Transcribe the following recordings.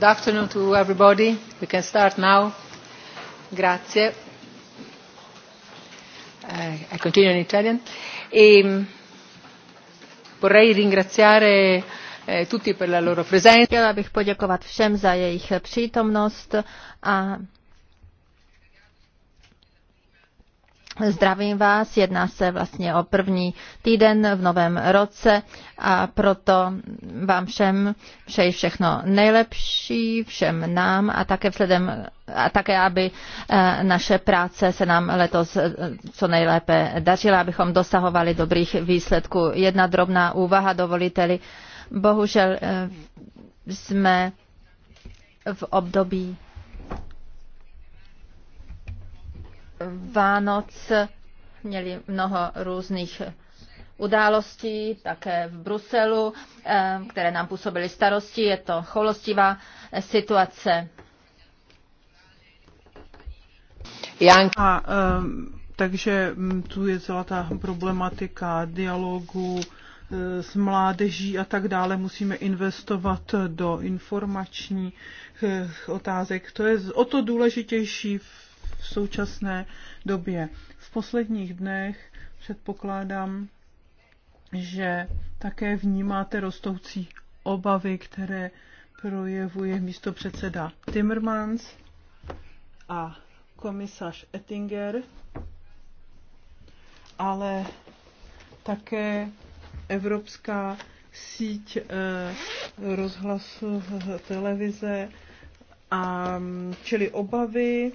Good afternoon to everybody. We can start now. Grazie. Eh, I continue in Italian. E vorrei ringraziare eh, tutti per la loro presenza. Chtěla bych poděkovat všem za jejich přítomnost a Zdravím vás, jedná se vlastně o první týden v novém roce a proto vám všem přeji všechno nejlepší, všem nám a také vzhledem a také, aby eh, naše práce se nám letos eh, co nejlépe dařila, abychom dosahovali dobrých výsledků. Jedna drobná úvaha, dovoliteli. Bohužel eh, jsme v období Vánoc měli mnoho různých událostí, také v Bruselu, eh, které nám působily starosti. Je to cholostivá situace. A, ehm, takže mm, tu je celá ta problematika dialogu eh, s mládeží a tak dále. Musíme investovat do informačních eh, otázek. To je o to důležitější v v současné době. V posledních dnech předpokládám, že také vnímáte rostoucí obavy, které projevuje místo předseda Timmermans a komisař Ettinger, ale také Evropská síť eh, rozhlasu televize a mm, čili obavy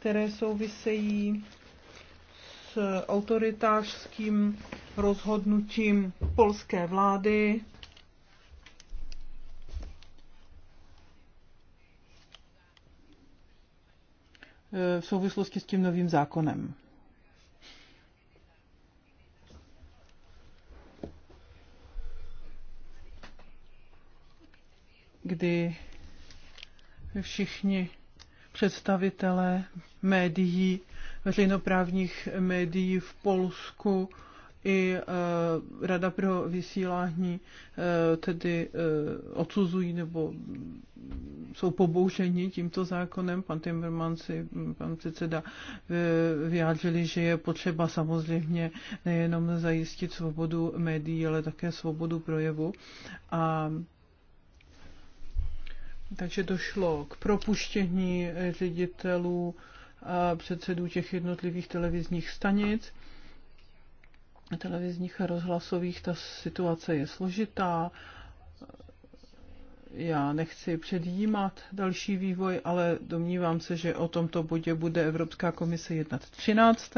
které souvisejí s autoritářským rozhodnutím polské vlády e, v souvislosti s tím novým zákonem. Kdy všichni představitelé médií, veřejnoprávních médií v Polsku i e, Rada pro vysílání e, tedy e, odsuzují nebo jsou pobouřeni tímto zákonem. Pan Timmermans i pan předseda vyjádřili, že je potřeba samozřejmě nejenom zajistit svobodu médií, ale také svobodu projevu. A takže došlo k propuštění eh, ředitelů a předsedů těch jednotlivých televizních stanic, televizních a rozhlasových. Ta situace je složitá. Já nechci předjímat další vývoj, ale domnívám se, že o tomto bodě bude Evropská komise jednat 13.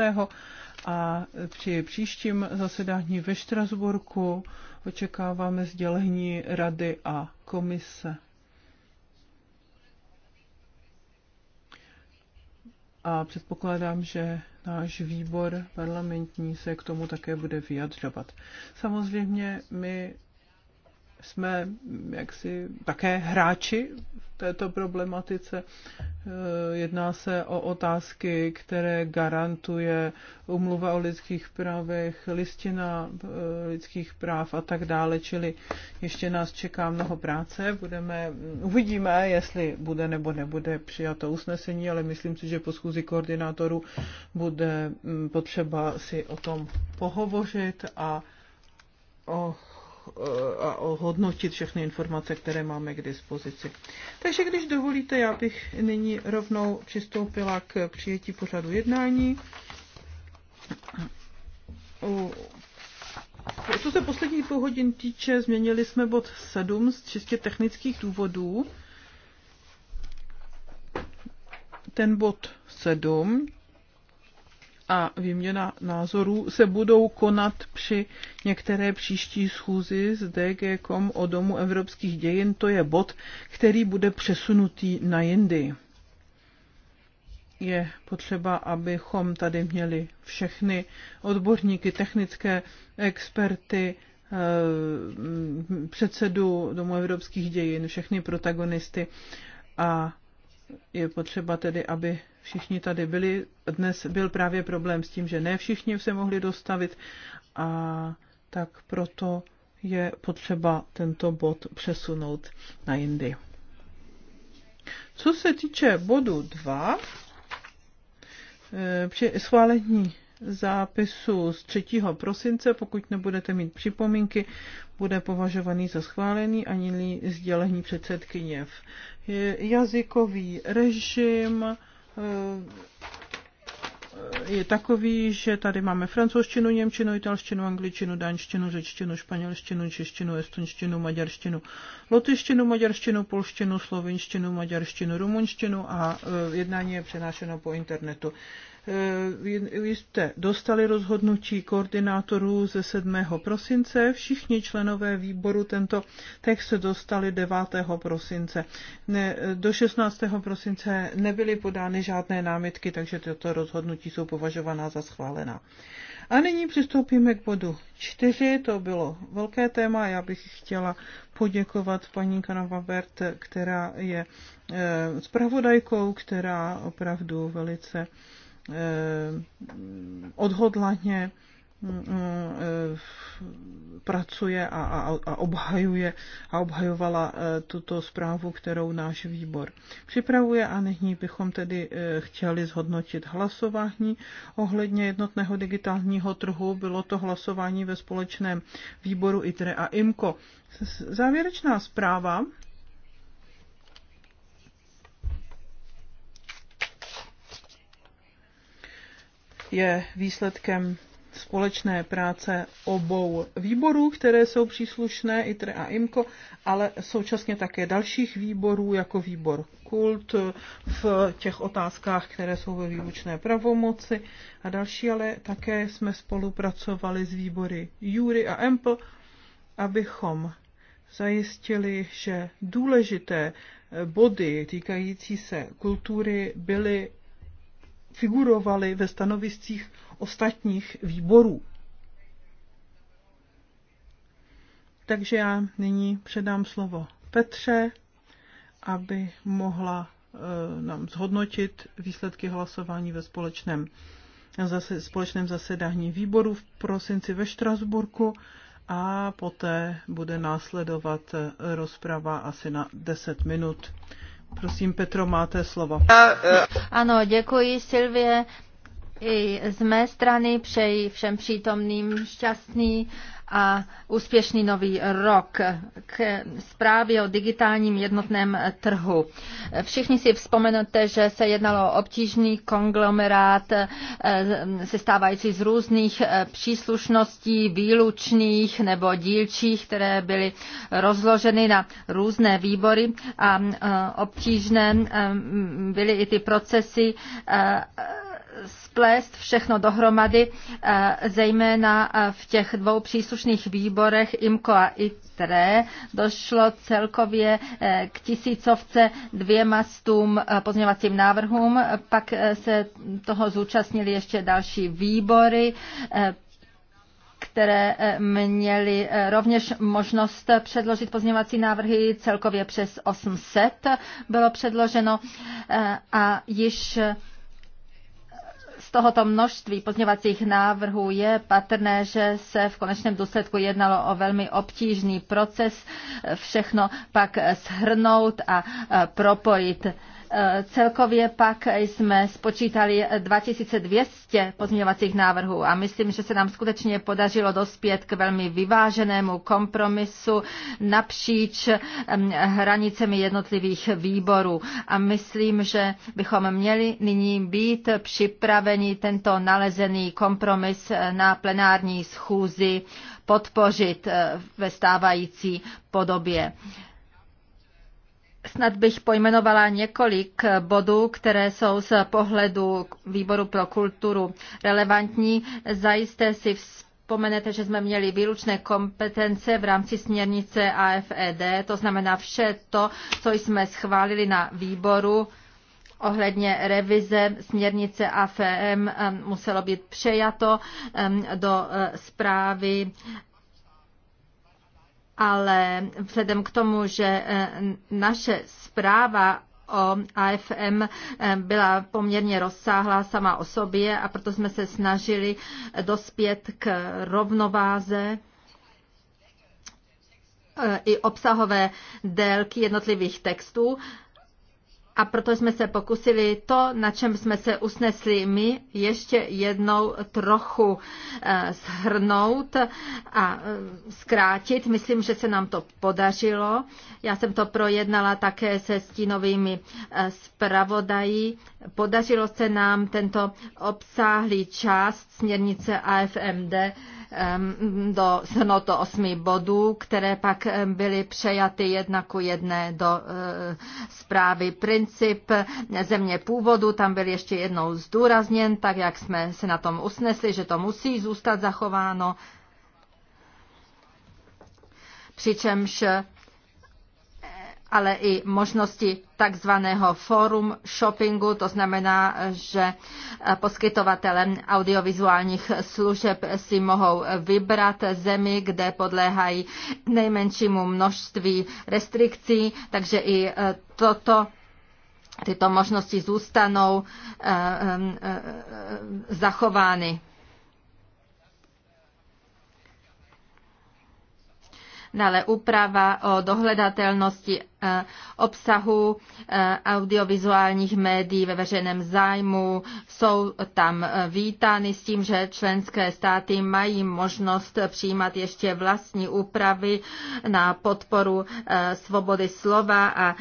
a při příštím zasedání ve Štrasburku očekáváme sdělení Rady a komise. a předpokládám, že náš výbor parlamentní se k tomu také bude vyjadřovat. Samozřejmě my jsme jaksi také hráči v této problematice. E, jedná se o otázky, které garantuje umluva o lidských právech, listina e, lidských práv a tak dále, čili ještě nás čeká mnoho práce. Budeme, uvidíme, jestli bude nebo nebude přijato usnesení, ale myslím si, že po schůzi koordinátorů bude potřeba si o tom pohovořit a o a hodnotit všechny informace, které máme k dispozici. Takže když dovolíte, já bych nyní rovnou přistoupila k přijetí pořadu jednání. Co se posledních dvou hodin týče, změnili jsme bod 7 z čistě technických důvodů. Ten bod 7 a výměna názorů se budou konat při některé příští schůzi s DG.com o Domu evropských dějin. To je bod, který bude přesunutý na jindy. Je potřeba, abychom tady měli všechny odborníky, technické experty, eh, předsedu Domu evropských dějin, všechny protagonisty a je potřeba tedy, aby všichni tady byli. Dnes byl právě problém s tím, že ne všichni se mohli dostavit a tak proto je potřeba tento bod přesunout na jindy. Co se týče bodu 2, eh, při schválení zápisu z 3. prosince, pokud nebudete mít připomínky, bude považovaný za schválený ani sdělení předsedkyně v jazykový režim eh, je takový, že tady máme francouzštinu, němčinu, italštinu, angličtinu, dánštinu, řečtinu, španělštinu, češtinu, estonštinu, maďarštinu, lotyštinu, maďarštinu, polštinu, slovinštinu, maďarštinu, rumunštinu a eh, jednání je přenášeno po internetu. Eh, jste dostali rozhodnutí koordinátorů ze 7. prosince. Všichni členové výboru tento text dostali 9. prosince. Ne, do 16. prosince nebyly podány žádné námitky, takže toto rozhodnutí jsou považovaná za schválená. A nyní přistoupíme k bodu 4. To bylo velké téma. Já bych chtěla poděkovat paní Bert, která je eh, zpravodajkou, která opravdu velice Eh, odhodlaně mm, eh, pracuje a, a, a obhajuje a obhajovala eh, tuto zprávu, kterou náš výbor připravuje a nyní bychom tedy chtěli zhodnotit hlasování ohledně jednotného digitálního trhu. Bylo to hlasování ve společném výboru ITRE a IMCO. Závěrečná zpráva je výsledkem společné práce obou výborů, které jsou příslušné, Itr a IMCO, ale současně také dalších výborů, jako výbor KULT v těch otázkách, které jsou ve výlučné pravomoci a další, ale také jsme spolupracovali s výbory JURY a EMPL, abychom zajistili, že důležité body týkající se kultury byly figurovaly ve stanoviscích ostatních výborů. Takže já nyní předám slovo Petře, aby mohla eh, nám zhodnotit výsledky hlasování ve společném, zase, společném zasedání výboru v prosinci ve Štrasburku a poté bude následovat eh, rozprava asi na 10 minut. Prosím, Petro, máte slovo. Eh, ano, děkuji, Silvie. I z mé strany přeji všem přítomným šťastný a úspěšný nový rok k zprávě o digitálním jednotném trhu. Všichni si vzpomenete, že se jednalo o obtížný konglomerát eh, sestávající z různých eh, příslušností výlučných nebo dílčích, které byly rozloženy na různé výbory a eh, obtížné byly i ty procesy splést všechno dohromady, eh, zejména eh, v těch dvou příslušných výborech IMCO a ITRE. Došlo celkově eh, k tisícovce dvěma stům pozměňovacím návrhům, pak se toho zúčastnili ještě další výbory, které měly rovněž možnost předložit pozměňovací návrhy, celkově přes 800 bylo předloženo a již z tohoto množství pozněvacích návrhů je patrné, že se v konečném důsledku jednalo o velmi obtížný proces všechno pak shrnout a propojit. Celkově pak jsme spočítali 2200 pozměňovacích návrhů a myslím, že se nám skutečně podařilo dospět k velmi vyváženému kompromisu napříč hranicemi jednotlivých výborů. A myslím, že bychom měli nyní být připraveni tento nalezený kompromis eh, na plenární schůzi podpořit eh, ve stávající podobě. Snad bych pojmenovala několik bodů, které jsou z pohledu výboru pro kulturu relevantní. Zajisté si vzpomenete, že jsme měli výlučné kompetence v rámci směrnice AFED, to znamená vše to, co jsme schválili na výboru ohledně revize směrnice AFM um, muselo být přejato um, do uh, zprávy ale vzhledem k tomu, že e, naše zpráva o AFM e, byla poměrně rozsáhlá sama o sobě a proto jsme se snažili dospět k rovnováze e, i obsahové délky jednotlivých textů a proto jsme se pokusili to, na čem jsme se usnesli my, ještě jednou trochu eh, shrnout a eh, zkrátit. Myslím, že se nám to podařilo. Já jsem to projednala také se stínovými eh, zpravodají Podařilo se nám tento obsáhlý část směrnice AFMD do shrnuto osmi bodů, které pak byly přejaty jedna ku jedné do e, zprávy princip země původu. Tam byl ještě jednou zdůrazněn, tak jak jsme se na tom usnesli, že to musí zůstat zachováno přičemž ale i možnosti takzvaného forum shoppingu, to znamená, že eh, poskytovatele audiovizuálních služeb si mohou vybrat zemi, kde podléhají nejmenšímu množství restrikcí, takže i eh, toto tyto možnosti zůstanou eh, zachovány. dále úprava o dohledatelnosti Eh, obsahu eh, audiovizuálních médií ve veřejném zájmu jsou tam eh, vítány s tím, že členské státy mají možnost přijímat ještě vlastní úpravy na podporu svobody slova a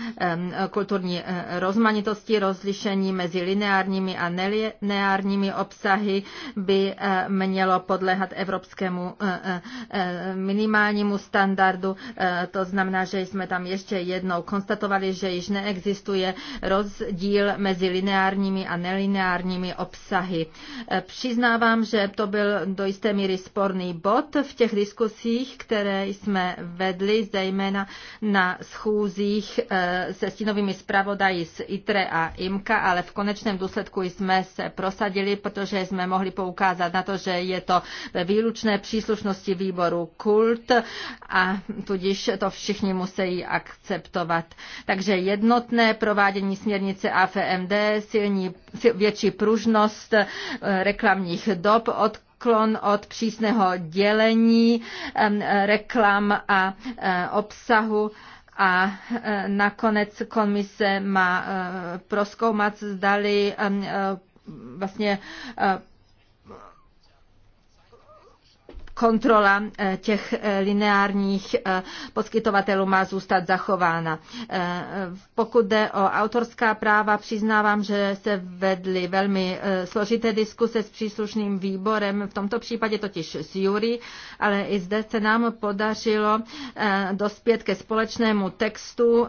kulturní rozmanitosti. Rozlišení mezi lineárními a nelineárními obsahy by mělo podléhat evropskému minimálnímu standardu. To znamená, že jsme tam ještě jedno jednou konstatovali, že již neexistuje rozdíl mezi lineárními a nelineárními obsahy. E, přiznávám, že to byl do jisté míry sporný bod v těch diskusích, které jsme vedli, zejména na schůzích e, se stínovými zpravodaji z ITRE a IMKA, ale v konečném důsledku jsme se prosadili, protože jsme mohli poukázat na to, že je to ve výlučné příslušnosti výboru KULT a tudíž to všichni musí akceptovat diskutovat. Takže jednotné provádění směrnice AFMD, silní, větší pružnost eh, reklamních dob, od odklon od přísného dělení reklam a eh, obsahu a eh, nakonec komise má proskoumat, zdali vlastně kontrola eh, těch eh, lineárních eh, poskytovatelů má zůstat zachována. Pokud jde o autorská práva, přiznávám, že se vedly velmi složité diskuse s příslušným výborem, v tomto případě totiž s Jury, ale i zde se nám podařilo dospět ke společnému textu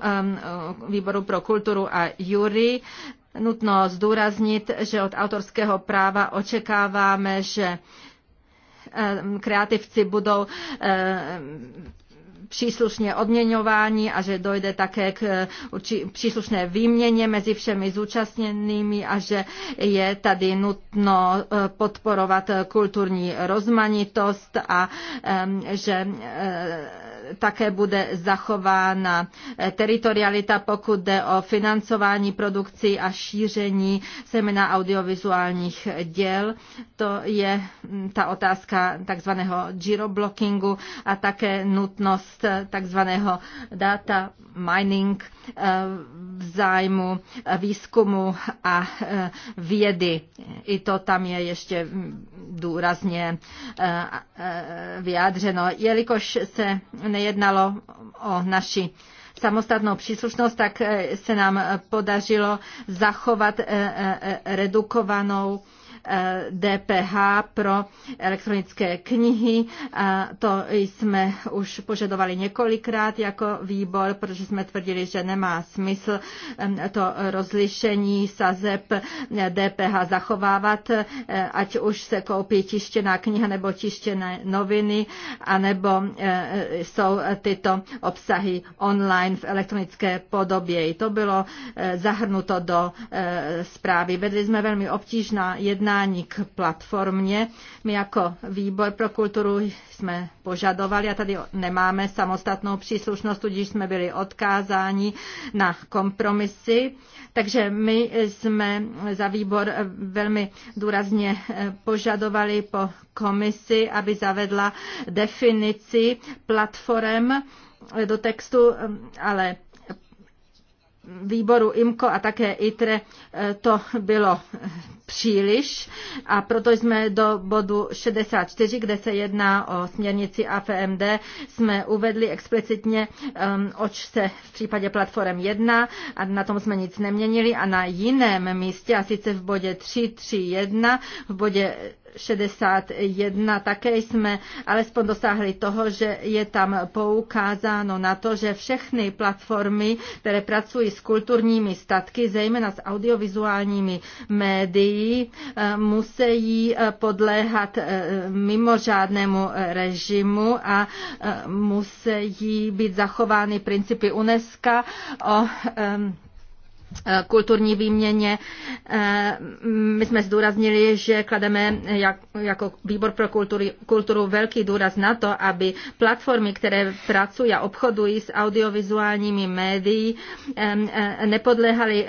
výboru pro kulturu a Jury, Nutno zdůraznit, že od autorského práva očekáváme, že Eh, kreativci budou eh, příslušně odměňováni a že dojde také k eh, příslušné výměně mezi všemi zúčastněnými a že je tady nutno podporovat kulturní rozmanitost a že také bude zachována teritorialita, pokud jde o financování, produkcí a šíření semena audiovizuálních děl. To je mm, ta otázka takzvaného geoblockingu a také nutnost takzvaného data mining v zájmu výzkumu a e, vědy. I to tam je ještě důrazně e, e, vyjádřeno. Jelikož se nejednalo o naši samostatnou příslušnost, tak se nám podařilo zachovat redukovanou DPH eh, pro elektronické knihy. Eh, to jsme už požadovali několikrát jako výbor, protože jsme tvrdili, že nemá smysl ehm, to rozlišení sazeb DPH eh, zachovávat, ať už se koupí tištěná kniha nebo tištěné noviny, anebo jsou tyto obsahy online v elektronické podobě. I to bylo zahrnuto do zprávy. Vedli jsme velmi obtížná jedna jednání k platformě. My jako výbor pro kulturu jsme požadovali a tady nemáme samostatnou příslušnost, tudíž jsme byli odkázáni na kompromisy. Takže my jsme za výbor velmi důrazně požadovali po komisi, aby zavedla definici platform do textu, ale výboru IMCO a také ITRE eh, to bylo příliš a proto jsme do bodu 64, kde se jedná o směrnici AFMD, jsme uvedli explicitně, ehm, oč se v případě platform 1 a na tom jsme nic neměnili a na jiném místě, a sice v bodě 331, v bodě 61 také jsme alespoň dosáhli toho, že je tam poukázáno na to, že všechny platformy, které pracují s kulturními statky, zejména s audiovizuálními médií, eh, musí eh, podléhat eh, mimořádnému režimu a musí být zachovány principy UNESCO o Eh, kulturní výměně. Eh, my jsme zdůraznili, že klademe jako výbor pro kultury, kulturu velký důraz na to, aby platformy, které pracují a obchodují s audiovizuálními médií, eh, nepodléhaly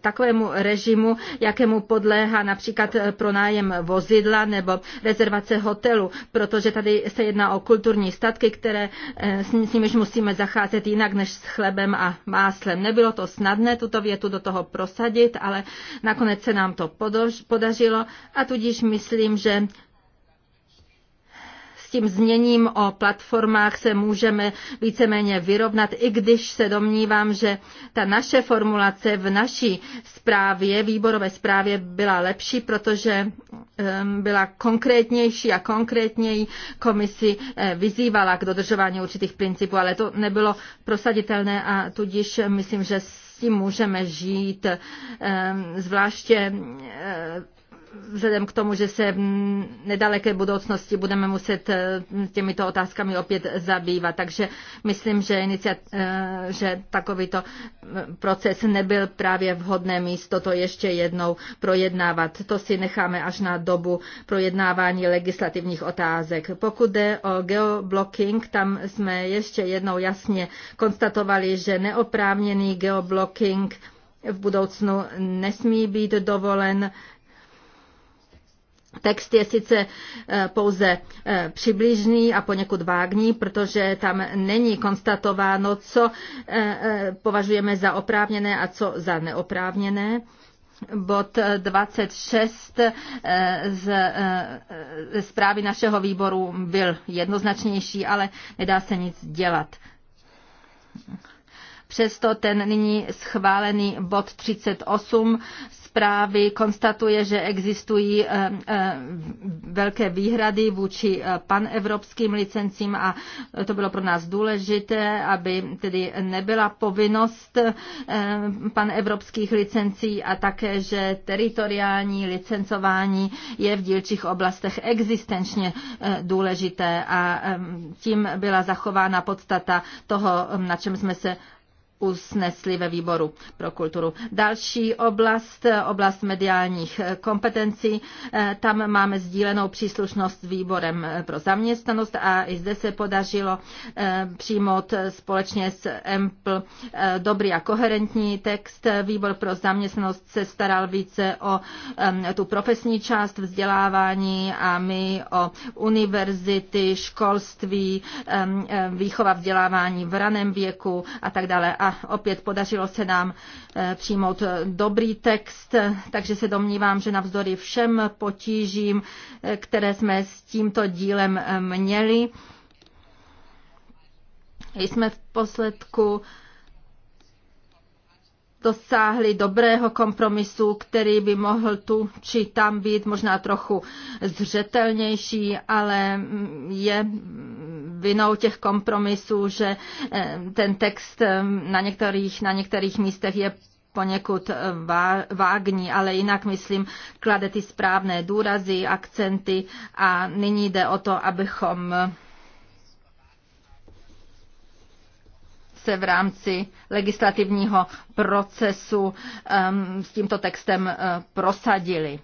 takovému režimu, jakému podléhá například pronájem vozidla nebo rezervace hotelu, protože tady se jedná o kulturní statky, které s nimiž musíme zacházet jinak než s chlebem a máslem. Nebylo to snadné tuto věc podnětu do toho prosadit, ale nakonec se nám to podařilo a tudíž myslím, že s tím změním o platformách se můžeme víceméně vyrovnat, i když se domnívám, že ta naše formulace v naší zprávě, výborové zprávě byla lepší, protože byla konkrétnější a konkrétněji komisi eh, vyzývala k dodržování určitých principů, ale to nebylo prosaditelné a tudíž myslím, že s tím můžeme žít, eh, zvláště eh, vzhledem k tomu, že se v nedaleké budoucnosti budeme muset eh, těmito otázkami opět zabývat. Takže myslím, že, iniciat, eh, že takovýto eh, proces nebyl právě vhodné místo to ještě jednou projednávat. To si necháme až na dobu projednávání legislativních otázek. Pokud jde o geoblocking, tam jsme ještě jednou jasně konstatovali, že neoprávněný geoblocking v budoucnu nesmí být dovolen Text je sice eh, pouze eh, přibližný a poněkud vágní, protože tam není konstatováno, co eh, považujeme za oprávněné a co za neoprávněné bod 26 z zprávy našeho výboru byl jednoznačnější, ale nedá se nic dělat. Přesto ten nyní schválený bod 38 zprávy konstatuje, že existují eh, eh, velké výhrady vůči eh, panevropským licencím a to bylo pro nás důležité, aby tedy nebyla povinnost panevropských licencí a také, že teritoriální licencování je v dílčích oblastech existenčně důležité a tím byla zachována podstata toho, na čem jsme se usnesli ve výboru pro kulturu. Další oblast, oblast mediálních kompetencí, eh, tam máme sdílenou příslušnost s výborem eh, pro zaměstnanost a i zde se podařilo eh, přijmout společně s EMPL dobrý a koherentní text. Výbor pro zaměstnanost se staral více o tu profesní část vzdělávání a my o univerzity, školství, výchova vzdělávání v raném věku a tak dále. A opět podařilo se nám eh, přijmout eh, dobrý text, takže se domnívám, že navzdory všem potížím, eh, které jsme s tímto dílem měli, jsme v posledku dosáhli dobrého kompromisu, který by mohl tu či tam být možná trochu zřetelnější, ale je vinou těch kompromisů, že eh, ten text eh, na některých, na některých místech je poněkud eh, vágní, ale jinak, myslím, klade ty správné důrazy, akcenty a nyní jde o to, abychom se v rámci legislativního procesu ehm, s tímto textem eh, prosadili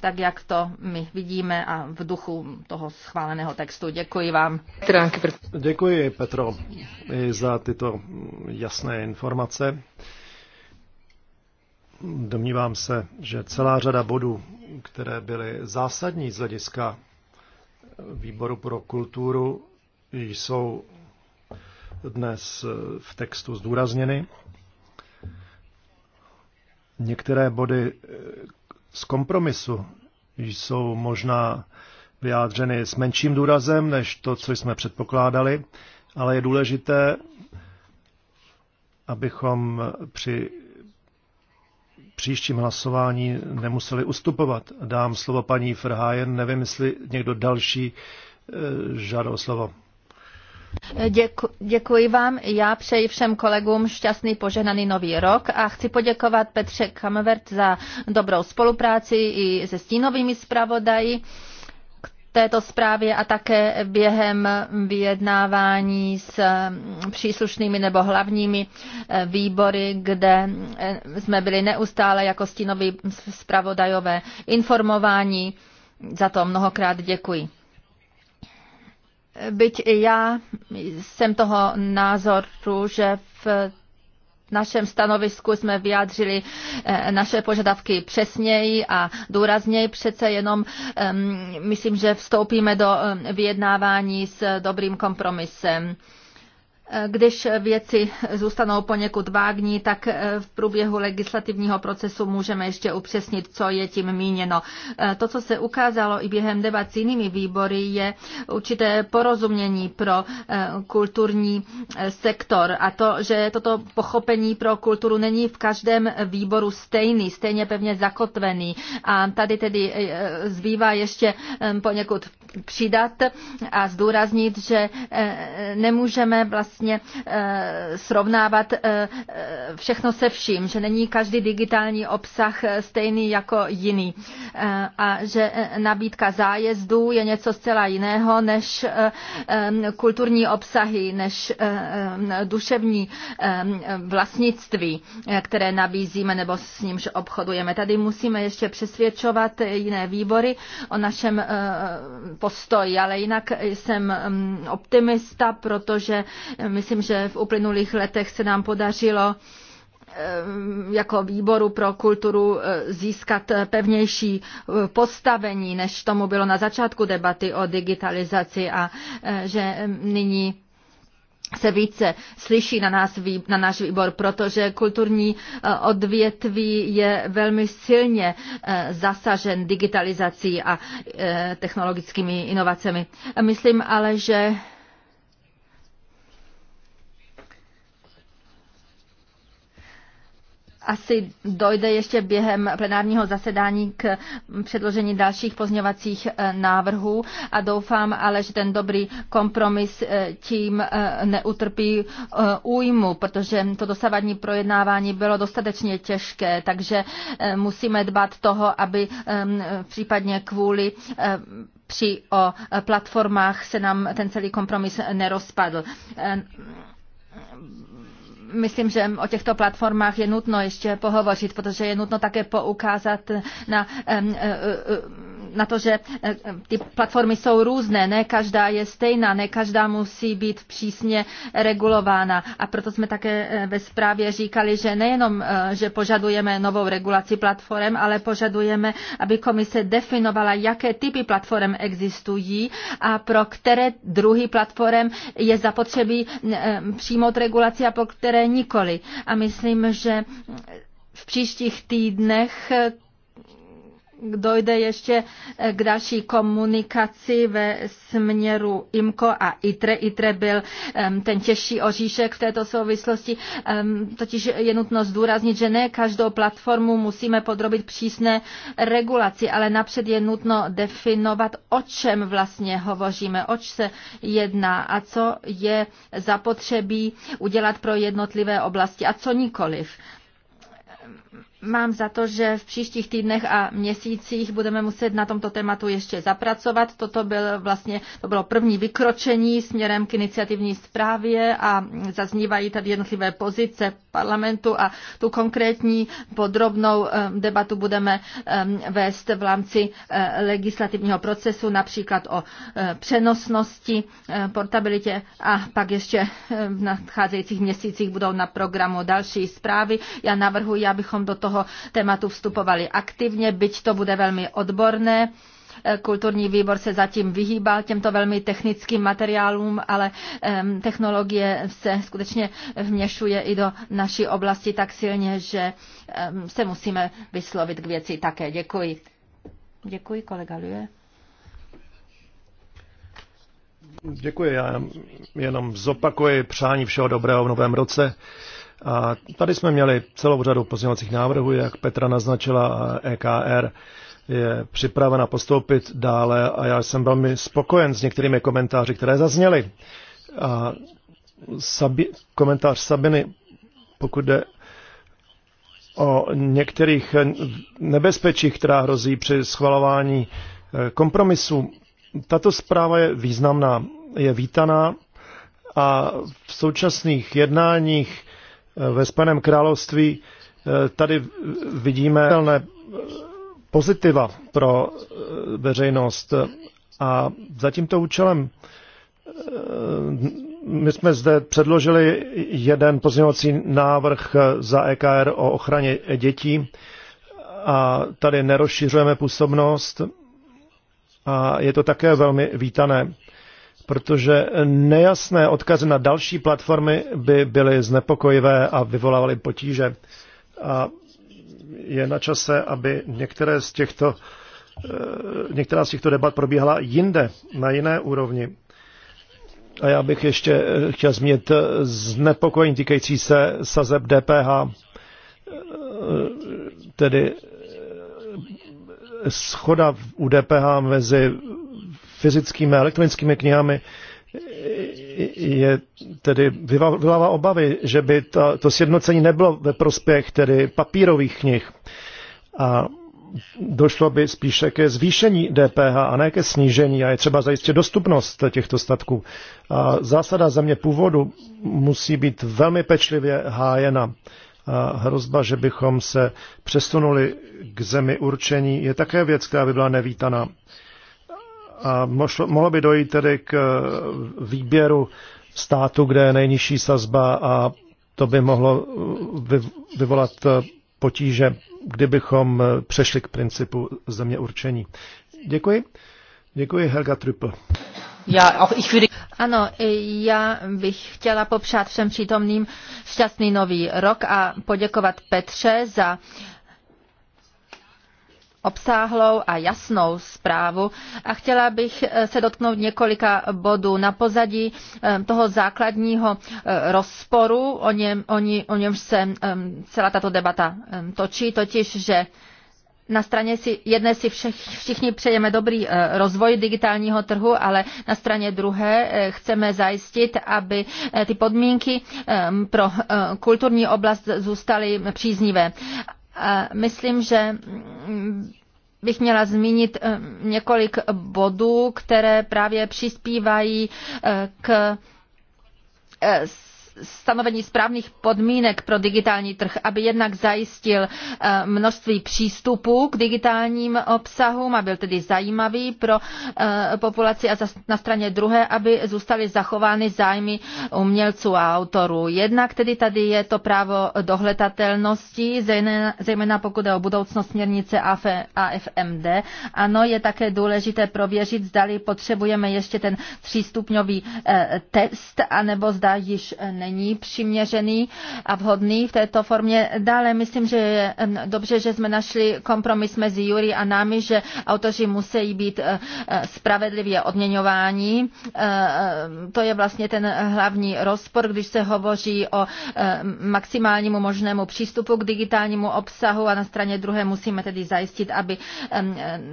tak jak to my vidíme a v duchu toho schváleného textu. Děkuji vám. Děkuji, Petro, i za tyto jasné informace. Domnívám se, že celá řada bodů, které byly zásadní z hlediska výboru pro kulturu, jsou dnes eh, v textu zdůrazněny. Některé body eh, z kompromisu jsou možná vyjádřeny s menším důrazem než to, co jsme předpokládali, ale je důležité, abychom při příštím hlasování nemuseli ustupovat. Dám slovo paní Frhájen, nevím, jestli někdo další eh, žádal slovo. Děku, děkuji vám. Já přeji všem kolegům šťastný požehnaný nový rok a chci poděkovat Petře Kamvert za dobrou spolupráci i se stínovými zpravodaji k této zprávě a také během vyjednávání s příslušnými nebo hlavními eh, výbory, kde eh, jsme byli neustále jako stínoví zpravodajové informováni. Za to mnohokrát děkuji. Byť i já jsem toho názoru, že v našem stanovisku jsme vyjádřili eh, naše požadavky přesněji a důrazněji. Přece jenom ehm, myslím, že vstoupíme do ehm, vyjednávání s dobrým kompromisem. Když věci zůstanou poněkud vágní, tak eh, v průběhu legislativního procesu můžeme ještě upřesnit, co je tím míněno. Eh, to, co se ukázalo i během debat s jinými výbory, je určité porozumění pro eh, kulturní sektor a to, že toto pochopení pro kulturu není v každém výboru stejný, stejně pevně zakotvený. A tady tedy zbývá ještě poněkud přidat a zdůraznit, že nemůžeme vlastně vlastně eh, srovnávat eh, eh, všechno se vším, že není každý digitální obsah stejný jako jiný a že nabídka zájezdů je něco zcela jiného než kulturní obsahy, než duševní vlastnictví, které nabízíme nebo s nímž obchodujeme. Tady musíme ještě přesvědčovat jiné výbory o našem postoji, ale jinak jsem optimista, protože Myslím, že v uplynulých letech se nám podařilo eh, jako výboru pro kulturu eh, získat pevnější eh, postavení, než tomu bylo na začátku debaty o digitalizaci a že nyní se více slyší na, nás, na náš výbor, protože kulturní odvětví je velmi silně zasažen digitalizací a technologickými inovacemi. Myslím ale, že asi dojde ještě během plenárního zasedání k předložení dalších pozměňovacích eh, návrhů a doufám ale, že ten dobrý kompromis eh, tím eh, neutrpí újmu, protože to dosavadní projednávání bylo dostatečně těžké, takže musíme dbat toho, aby ehm, případně kvůli při o platformách se nám ten celý kompromis nerozpadl Myslím, že o těchto platformách je nutno ještě pohovořit, protože je nutno také poukázat na e, e, na to, že eh, ty platformy jsou různé, ne každá je stejná, ne každá musí být přísně regulována. A proto jsme také eh, ve zprávě říkali, že nejenom, eh, že požadujeme novou regulaci platform, ale požadujeme, aby komise definovala, jaké typy platform existují a pro které druhy platform je zapotřebí přijmout regulaci a pro které nikoli. A myslím, že v příštích týdnech dojde ještě eh, k další komunikaci ve směru IMCO a ITRE. ITRE byl ten těžší oříšek v této souvislosti, totiž je nutno zdůraznit, že ne každou platformu musíme podrobit přísné regulaci, ale napřed je nutno definovat, o čem vlastně hovoříme, oč se jedná a co je zapotřebí udělat pro jednotlivé oblasti a co nikoliv Mám za to, že v příštích týdnech a měsících budeme muset na tomto tématu ještě zapracovat. Toto byl vlastně, to bylo první vykročení směrem k iniciativní zprávě a zaznívají tady jednotlivé pozice parlamentu a tu konkrétní podrobnou eh, debatu budeme eh, vést v rámci eh, legislativního procesu, například o přenosnosti, portabilitě a pak ještě v nadcházejících měsících budou na programu další zprávy. Já navrhuji, abychom do toho toho tématu vstupovali aktivně, byť to bude velmi odborné. Kulturní výbor se zatím vyhýbal těmto velmi technickým materiálům, ale technologie se skutečně vměšuje i do naší oblasti tak silně, že se musíme vyslovit k věci také. Děkuji. Děkuji, kolega Lue. Děkuji, já jenom zopakuji přání všeho dobrého v novém roce. A tady jsme měli celou řadu pozměňovacích návrhů, jak Petra naznačila, EKR je připravena postoupit dále a já jsem velmi spokojen s některými komentáři, které zazněly. A Sabi, komentář Sabiny, pokud jde o některých nebezpečích, která hrozí při schvalování e, kompromisu. Tato zpráva je významná, je vítaná a v současných jednáních Eh, ve Spojeném království eh, tady vidíme eh, pozitiva pro veřejnost a za tímto účelem my jsme zde předložili jeden pozměňovací návrh za EKR o ochraně dětí a tady nerozšiřujeme působnost a je to také velmi vítané protože nejasné odkazy na další platformy by byly znepokojivé a vyvolávaly potíže. A je na čase, aby některé z těchto, eh, některá z těchto debat probíhala jinde, na jiné úrovni. A já bych ještě eh, chtěl zmínit eh, znepokojení týkající se sazeb DPH, tedy schoda u DPH mezi fyzickými a elektronickými knihami, je tedy vyvolává obavy, že by to, to sjednocení nebylo ve prospěch tedy papírových knih. A došlo by spíše ke zvýšení DPH a ne ke snížení a je třeba zajistit dostupnost těchto statků. A zásada země původu musí být velmi pečlivě hájena. A hrozba, že bychom se přesunuli k zemi určení, je také věc, která by byla nevítaná a mošlo, mohlo by dojít tedy k eh, výběru státu, kde je nejnižší sazba a to by mohlo eh, vyvolat eh, potíže, kdybychom přešli k principu země určení. Děkuji. Děkuji Helga Trüppel. Ano, já bych chtěla popřát všem přítomným šťastný nový rok a poděkovat Petře za uh, obsáhlou a jasnou zprávu a chtěla bych eh, se dotknout několika bodů na pozadí eh, toho základního eh, rozporu, o, něm, o, ní, o němž se celá tato debata točí, totiž, že na straně si, jedné si všech, všichni přejeme dobrý rozvoj digitálního trhu, ale na straně druhé chceme zajistit, aby ty podmínky pro kulturní oblast zůstaly příznivé. Myslím, že mm, bych měla zmínit eh, několik bodů, které právě přispívají eh, k eh, stanovení správných podmínek pro digitální trh, aby jednak zajistil eh, množství přístupů k digitálním obsahům a byl tedy zajímavý pro eh, populaci a na straně druhé, aby zůstaly zachovány zájmy umělců a autorů. Jednak tedy tady je to právo dohledatelnosti, zejména pokud je o budoucnost směrnice AFMD. Ano, je také důležité prověřit, zdali potřebujeme ještě ten třístupňový eh, test, anebo zda již ne není přiměřený a vhodný v této formě. Dále myslím, že je dobře, že jsme našli kompromis mezi Jury a námi, že autoři musí být eh, eh, spravedlivě odměňováni. Eh, to je vlastně ten hlavní rozpor, když se hovoří o maximálnímu možnému přístupu k digitálnímu obsahu a na straně druhé musíme tedy zajistit, aby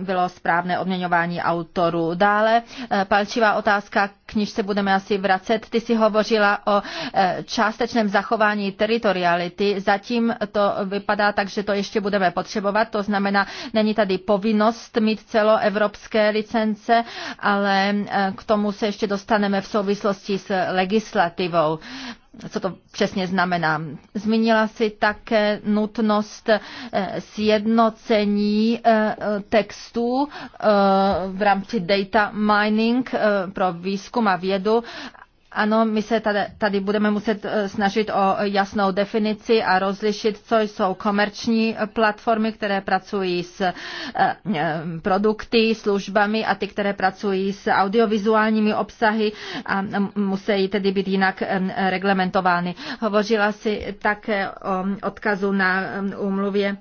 bylo správné odměňování autorů. Dále palčivá otázka, k níž se budeme asi vracet. Ty si hovořila o Eh, částečném zachování teritoriality. Zatím to vypadá tak, že to ještě budeme potřebovat, to znamená, není tady povinnost mít celoevropské licence, ale eh, k tomu se ještě dostaneme v souvislosti s legislativou co to přesně znamená. Zmínila si také nutnost eh, sjednocení textů v rámci data mining pro výzkum a vědu ano, my se tady, tady budeme muset eh, snažit o jasnou definici a rozlišit, co jsou komerční platformy, které pracují s eh, eh, produkty, službami a ty, které pracují s audiovizuálními obsahy a musí tedy být jinak reglementovány. Hovořila si také o odkazu na úmluvě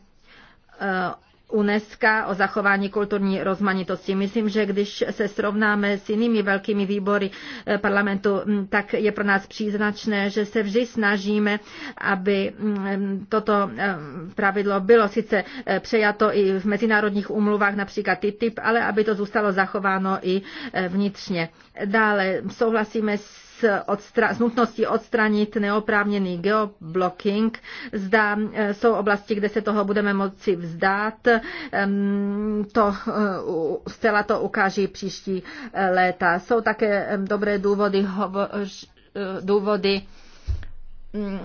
UNESCO o zachování kulturní rozmanitosti. Myslím, že když se srovnáme s jinými velkými výbory eh, parlamentu, mm, tak je pro nás příznačné, že se vždy snažíme, aby mm, toto eh, pravidlo bylo sice eh, přejato i v mezinárodních umluvách, například TTIP, ale aby to zůstalo zachováno i vnitřně. Dále souhlasíme s z odstra- s nutností odstranit neoprávněný geoblocking. Zda e, jsou oblasti, kde se toho budeme moci vzdát. To e, zcela to ukáží příští e, léta. Jsou také dobré důvody, důvody mm,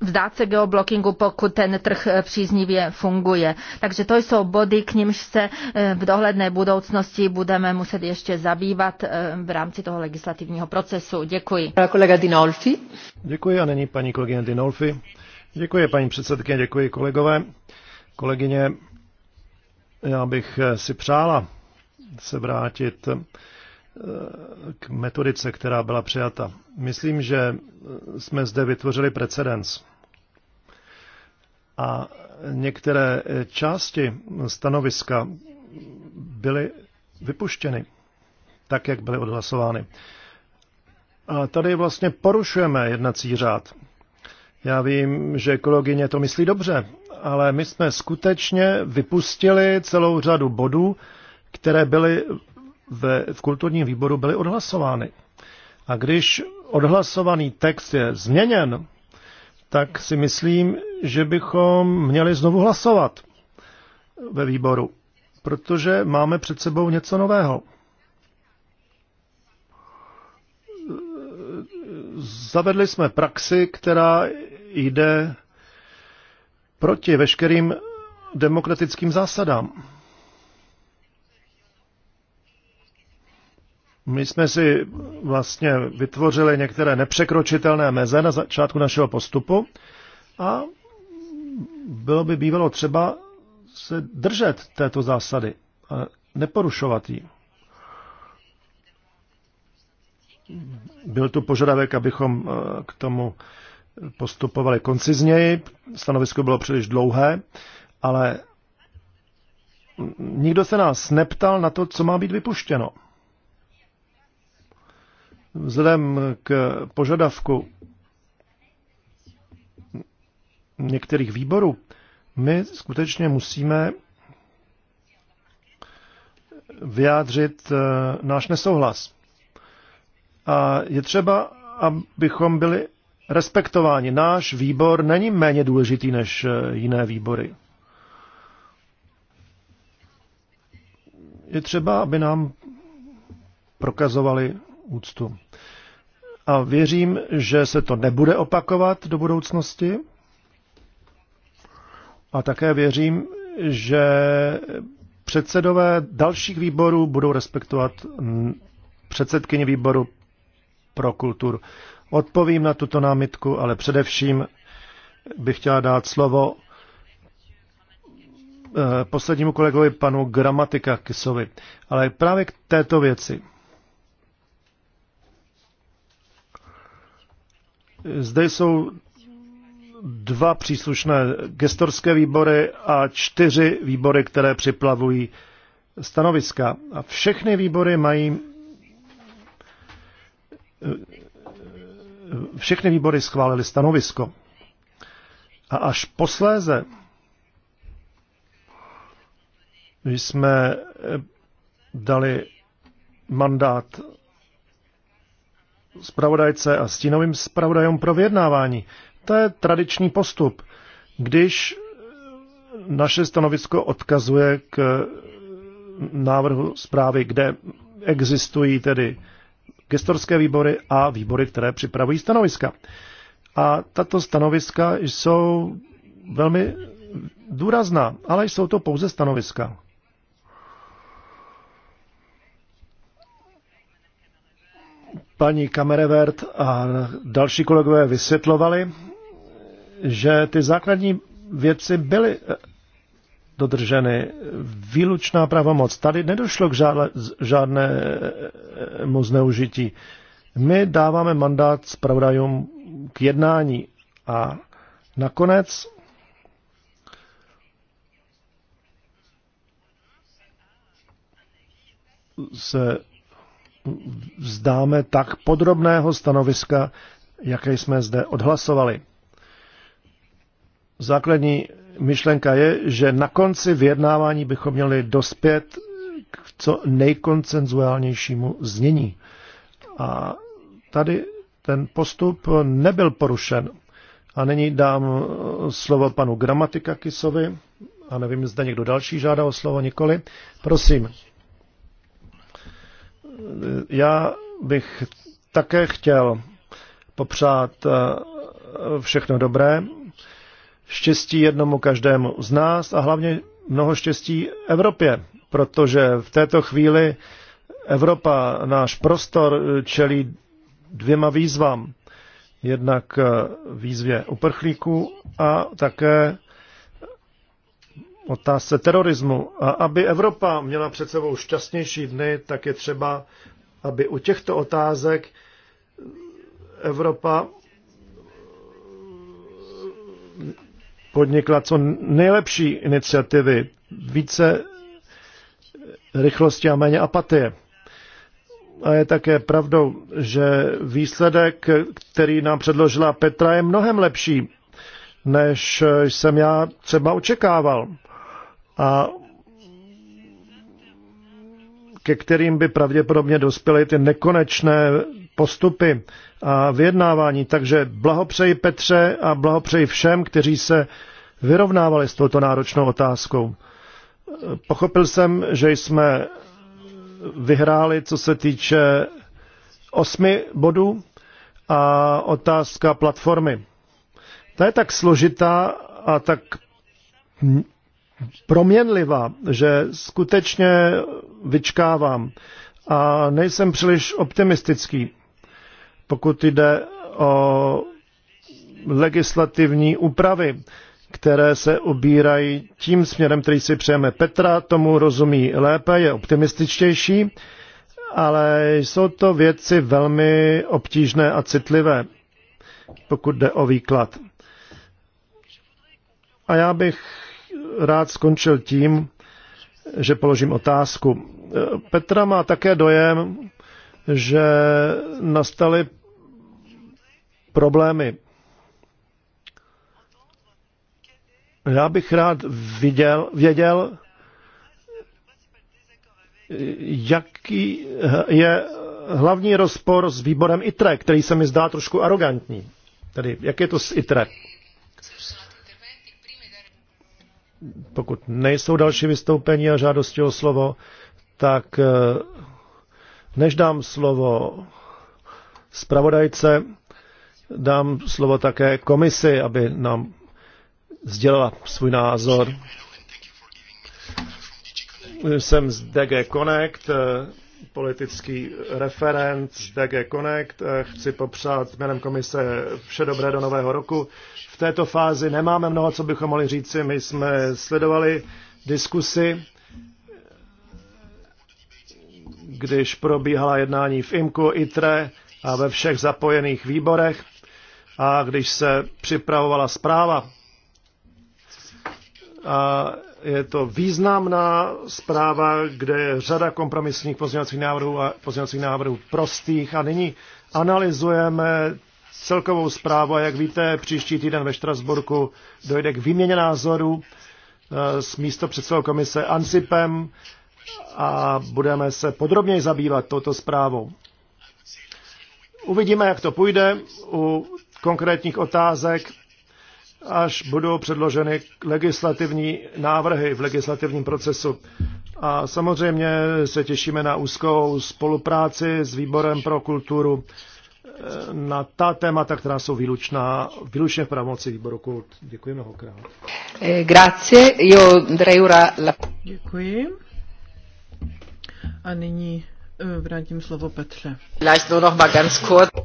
vzdát se geoblockingu, pokud ten trh eh, příznivě funguje. Takže to jsou body, k nimž se eh, v dohledné budoucnosti budeme muset ještě zabývat eh, v rámci toho legislativního procesu. Děkuji. Kolega Dinolfi. Děkuji a není paní kolegyně Dinolfi. Děkuji paní předsedkyně, děkuji kolegové. Kolegyně, já bych si přála se vrátit k metodice, která byla přijata. Myslím, že jsme zde vytvořili precedens a některé eh, části stanoviska byly vypuštěny, tak jak byly odhlasovány. A tady vlastně porušujeme jednací řád. Já vím, že kolegyně to myslí dobře, ale my jsme skutečně vypustili celou řadu bodů, které byly ve, v kulturním výboru byly odhlasovány. A když odhlasovaný text je změněn, tak si myslím, že bychom měli znovu hlasovat ve výboru, protože máme před sebou něco nového. Zavedli jsme praxi, která jde proti veškerým demokratickým zásadám. My jsme si vlastně vytvořili některé nepřekročitelné meze na začátku našeho postupu a bylo by bývalo třeba se držet této zásady a neporušovat ji. Byl tu požadavek, abychom eh, k tomu postupovali koncizněji, stanovisko bylo příliš dlouhé, ale nikdo se nás neptal na to, co má být vypuštěno. Vzhledem k požadavku některých výborů, my skutečně musíme vyjádřit eh, náš nesouhlas. A je třeba, abychom byli respektováni. Náš výbor není méně důležitý než eh, jiné výbory. Je třeba, aby nám prokazovali úctu. A věřím, že se to nebude opakovat do budoucnosti. A také věřím, že předsedové dalších výborů budou respektovat předsedkyně výboru pro kulturu. Odpovím na tuto námitku, ale především bych chtěla dát slovo eh, poslednímu kolegovi panu Gramatika Kisovi. Ale právě k této věci. Zde jsou dva příslušné gestorské výbory a čtyři výbory, které připlavují stanoviska. A všechny výbory mají všechny výbory schválili stanovisko. A až posléze jsme dali mandát zpravodajce a stínovým zpravodajům pro vyjednávání. To je tradiční postup. Když eh, naše stanovisko odkazuje k eh, návrhu zprávy, kde existují tedy gestorské výbory a výbory, které připravují stanoviska. A tato stanoviska jsou velmi důrazná, ale jsou to pouze stanoviska. paní Kamerevert a další kolegové vysvětlovali, že ty základní věci byly eh, dodrženy. Výlučná pravomoc. Tady nedošlo k žádnému zneužití. My dáváme mandát zpravodajům k jednání a nakonec se vzdáme tak podrobného stanoviska, jaké jsme zde odhlasovali. Základní myšlenka je, že na konci vyjednávání bychom měli dospět k co nejkoncenzuálnějšímu znění. A tady ten postup nebyl porušen. A nyní dám slovo panu Gramatika Kisovi. A nevím, zda někdo další žádá o slovo, nikoli. Prosím. Já bych také chtěl popřát eh, všechno dobré, štěstí jednomu každému z nás a hlavně mnoho štěstí Evropě, protože v této chvíli Evropa, náš prostor, eh, čelí dvěma výzvám. Jednak eh, výzvě uprchlíků a také otázce terorismu. A aby Evropa měla před sebou šťastnější dny, tak je třeba, aby u těchto otázek Evropa podnikla co nejlepší iniciativy, více rychlosti a méně apatie. A je také pravdou, že výsledek, který nám předložila Petra, je mnohem lepší, než jsem já třeba očekával a ke kterým by pravděpodobně dospěly ty nekonečné postupy a vyjednávání. Takže blahopřeji Petře a blahopřeji všem, kteří se vyrovnávali s touto náročnou otázkou. Pochopil jsem, že jsme vyhráli, co se týče osmi bodů a otázka platformy. Ta je tak složitá a tak proměnlivá, že skutečně vyčkávám a nejsem příliš optimistický, pokud jde o legislativní úpravy, které se obírají tím směrem, který si přejeme. Petra tomu rozumí lépe, je optimističtější, ale jsou to věci velmi obtížné a citlivé, pokud jde o výklad. A já bych rád skončil tím, že položím otázku. Petra má také dojem, že nastaly problémy. Já bych rád viděl, věděl, jaký je hlavní rozpor s výborem ITRE, který se mi zdá trošku arrogantní. Tedy, jak je to s ITRE? pokud nejsou další vystoupení a žádosti o slovo, tak eh, než dám slovo zpravodajce, dám slovo také komisi, aby nám sdělila svůj názor. Jsem z DG Connect, eh, politický referent z DG Connect. Eh, chci popřát jménem komise vše dobré do nového roku. V této fázi nemáme mnoho, co bychom mohli říci. My jsme sledovali diskusy, když probíhala jednání v IMKU, ITRE a ve všech zapojených výborech a když se připravovala zpráva. A je to významná zpráva, kde je řada kompromisních pozměňovacích návrhů a pozměňovacích návrhů prostých. A nyní analyzujeme celkovou zprávu a jak víte, příští týden ve Štrasburku dojde k výměně názorů eh, s místo předsedou komise Ansipem a budeme se podrobněji zabývat touto zprávou. Uvidíme, jak to půjde u konkrétních otázek až budou předloženy legislativní návrhy v legislativním procesu. A samozřejmě se těšíme na úzkou spolupráci s Výborem pro kulturu eh, na ta témata, která jsou výlučná, výlučně v pravomoci výboru kult. Děkuji mnohokrát. Eh, grazie, io dreura la... Děkuji. A nyní eh, vrátím slovo Petře.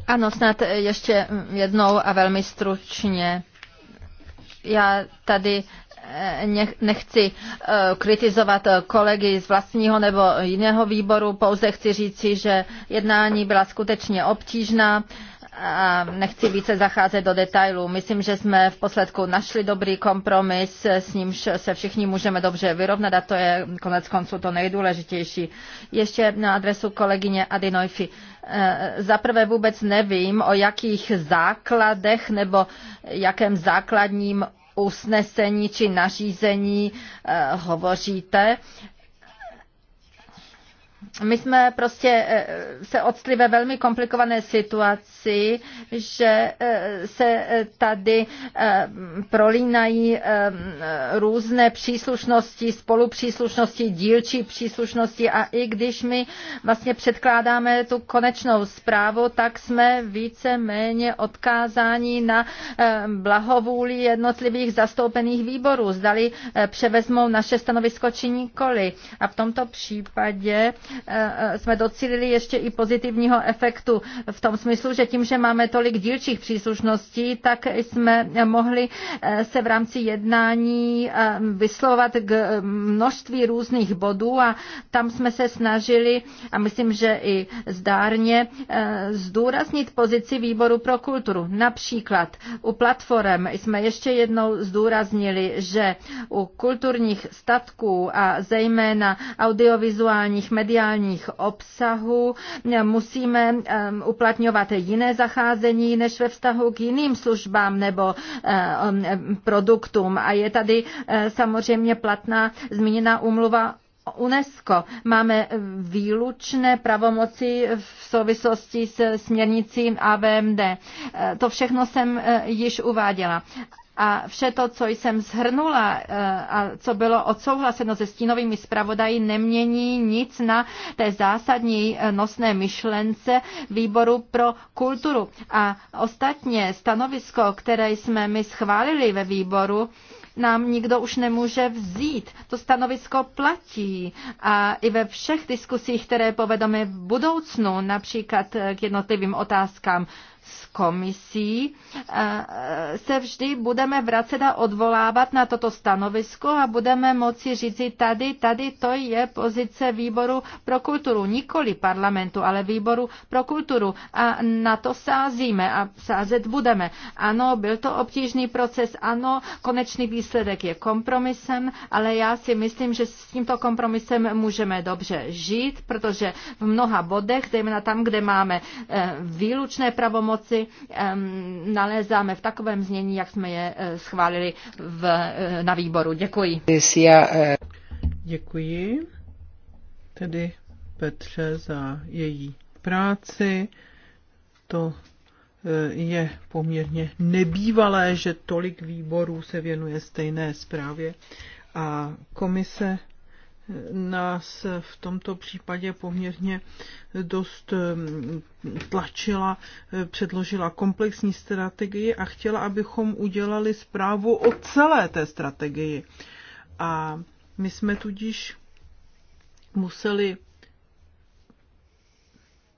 Ano, snad ještě mm, jednou a velmi stručně. Já tady eh, nechci eh, kritizovat eh, kolegy z vlastního nebo jiného výboru, pouze chci říci, že jednání byla skutečně obtížná a nechci více zacházet do detailů. Myslím, že jsme v posledku našli dobrý kompromis, s nímž se všichni můžeme dobře vyrovnat a to je konec konců to nejdůležitější. Ještě na adresu kolegyně Adinojfi. E, zaprvé vůbec nevím, o jakých základech nebo jakém základním usnesení či nařízení e, hovoříte my jsme prostě eh, se odstli ve velmi komplikované situaci, že eh, se eh, tady prolínají různé příslušnosti, spolupříslušnosti, dílčí příslušnosti a i když my vlastně předkládáme tu konečnou zprávu, tak jsme více méně odkázáni na blahovůli jednotlivých zastoupených výborů. Zdali převezmou naše stanovisko či nikoli. A v tomto případě Eh, jsme docílili ještě i pozitivního efektu v tom smyslu, že tím, že máme tolik dílčích příslušností, tak jsme mohli eh, se v rámci jednání eh, vyslovat k množství různých bodů a tam jsme se snažili, a myslím, že i zdárně, zdůraznit pozici výboru pro kulturu. Například u platform jsme ještě jednou zdůraznili, že u kulturních statků a zejména audiovizuálních mediálních sociálních obsahů musíme uplatňovat jiné zacházení než ve vztahu k jiným službám nebo produktům. A je tady eh, samozřejmě platná zmíněná umluva UNESCO máme výlučné pravomoci v souvislosti s směrnicí AVMD. Eh, to všechno jsem eh, již uváděla. A vše to, co jsem zhrnula eh, a co bylo odsouhlaseno se stínovými zpravodaji, nemění nic na té zásadní eh, nosné myšlence výboru pro kulturu. A ostatně stanovisko, které jsme my schválili ve výboru, nám nikdo už nemůže vzít. To stanovisko platí a i ve všech diskusích, které povedeme v budoucnu, například eh, k jednotlivým otázkám s komisí, eh, se vždy budeme vracet a odvolávat na toto stanovisko a budeme moci říci tady, tady to je pozice výboru pro kulturu, nikoli parlamentu, ale výboru pro kulturu a na to sázíme a sázet budeme. Ano, byl to obtížný proces, ano, konečný výsledek je kompromisem, ale já si myslím, že s tímto kompromisem můžeme dobře žít, protože v mnoha bodech, zejména tam, kde máme eh, výlučné pravomoci, pomoci nalézáme v takovém znění, jak jsme je eh, schválili v, eh, na výboru. Děkuji. Děkuji tedy Petře za její práci. To eh, je poměrně nebývalé, že tolik výborů se věnuje stejné zprávě a komise nás v tomto případě poměrně dost mm, tlačila, eh, předložila komplexní strategii a chtěla, abychom udělali zprávu o celé té strategii. A my jsme tudíž museli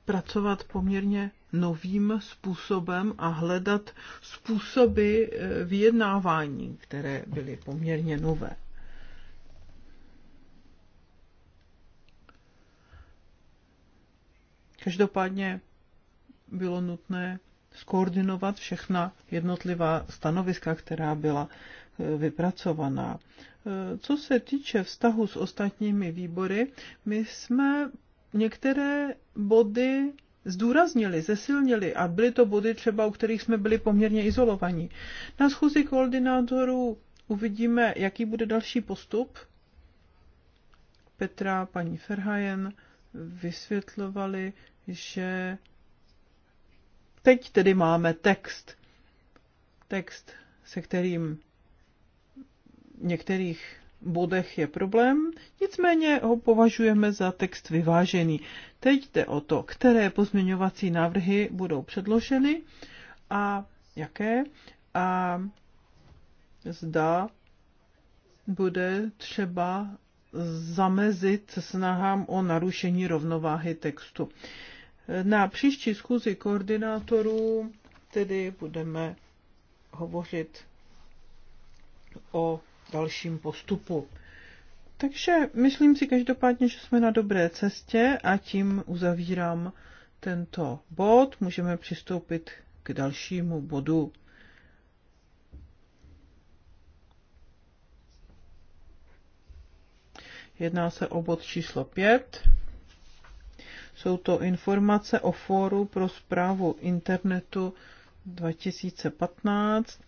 pracovat poměrně novým způsobem a hledat způsoby eh, vyjednávání, které byly poměrně nové. Každopádně bylo nutné skoordinovat všechna jednotlivá stanoviska, která byla e, vypracovaná. E, co se týče vztahu s ostatními výbory, my jsme některé body zdůraznili, zesilnili a byly to body třeba, u kterých jsme byli poměrně izolovaní. Na schůzi koordinátorů uvidíme, jaký bude další postup. Petra, paní Ferhajen vysvětlovali, že teď tedy máme text. Text, se kterým v některých bodech je problém, nicméně ho považujeme za text vyvážený. Teď jde o to, které pozměňovací návrhy budou předloženy a jaké a zda bude třeba zamezit snahám o narušení rovnováhy textu. Na příští schůzi koordinátorů tedy budeme hovořit o dalším postupu. Takže myslím si každopádně, že jsme na dobré cestě a tím uzavírám tento bod. Můžeme přistoupit k dalšímu bodu. Jedná se o bod číslo 5. Jsou to informace o fóru pro zprávu internetu 2015.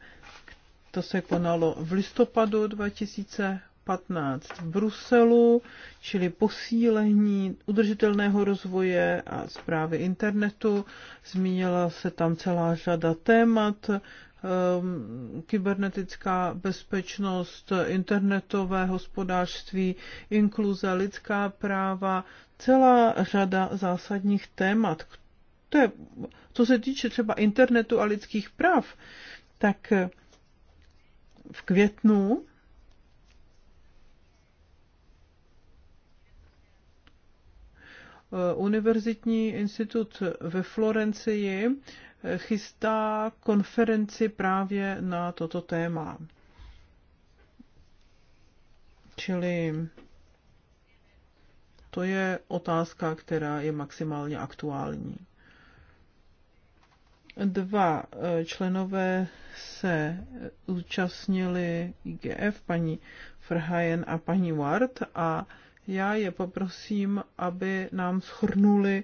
To se konalo v listopadu 2015 v Bruselu, čili posílení udržitelného rozvoje a zprávy internetu. Zmínila se tam celá řada témat, Ehm, kybernetická bezpečnost, internetové hospodářství, inkluze, lidská práva, celá řada zásadních témat. To je, co se týče třeba internetu a lidských práv, tak v květnu Univerzitní institut ve Florencii chystá konferenci právě na toto téma. Čili to je otázka, která je maximálně aktuální. Dva eh, členové se účastnili IGF, paní Frhajen a paní Ward, a já je poprosím, aby nám schrnuli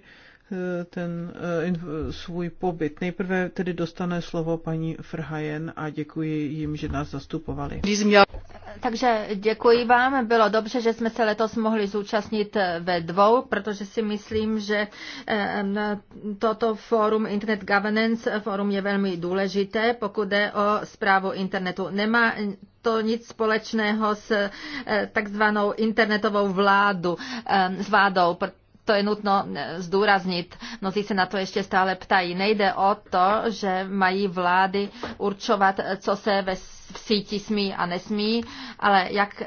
Eh, ten eh, svůj pobyt. Nejprve tedy dostane slovo paní Frhajen a děkuji jim, že nás zastupovali. Takže děkuji vám. Bylo dobře, že jsme se letos mohli zúčastnit eh, ve dvou, protože si myslím, že toto fórum Internet Governance fórum je velmi důležité, pokud jde o zprávu internetu. Nemá to nic společného s takzvanou internetovou vládu, s vládou, to je nutno eh, zdůraznit. Mnozí se na to ještě stále ptají. Nejde o to, že mají vlády určovat, eh, co se ve v síti smí a nesmí, ale jak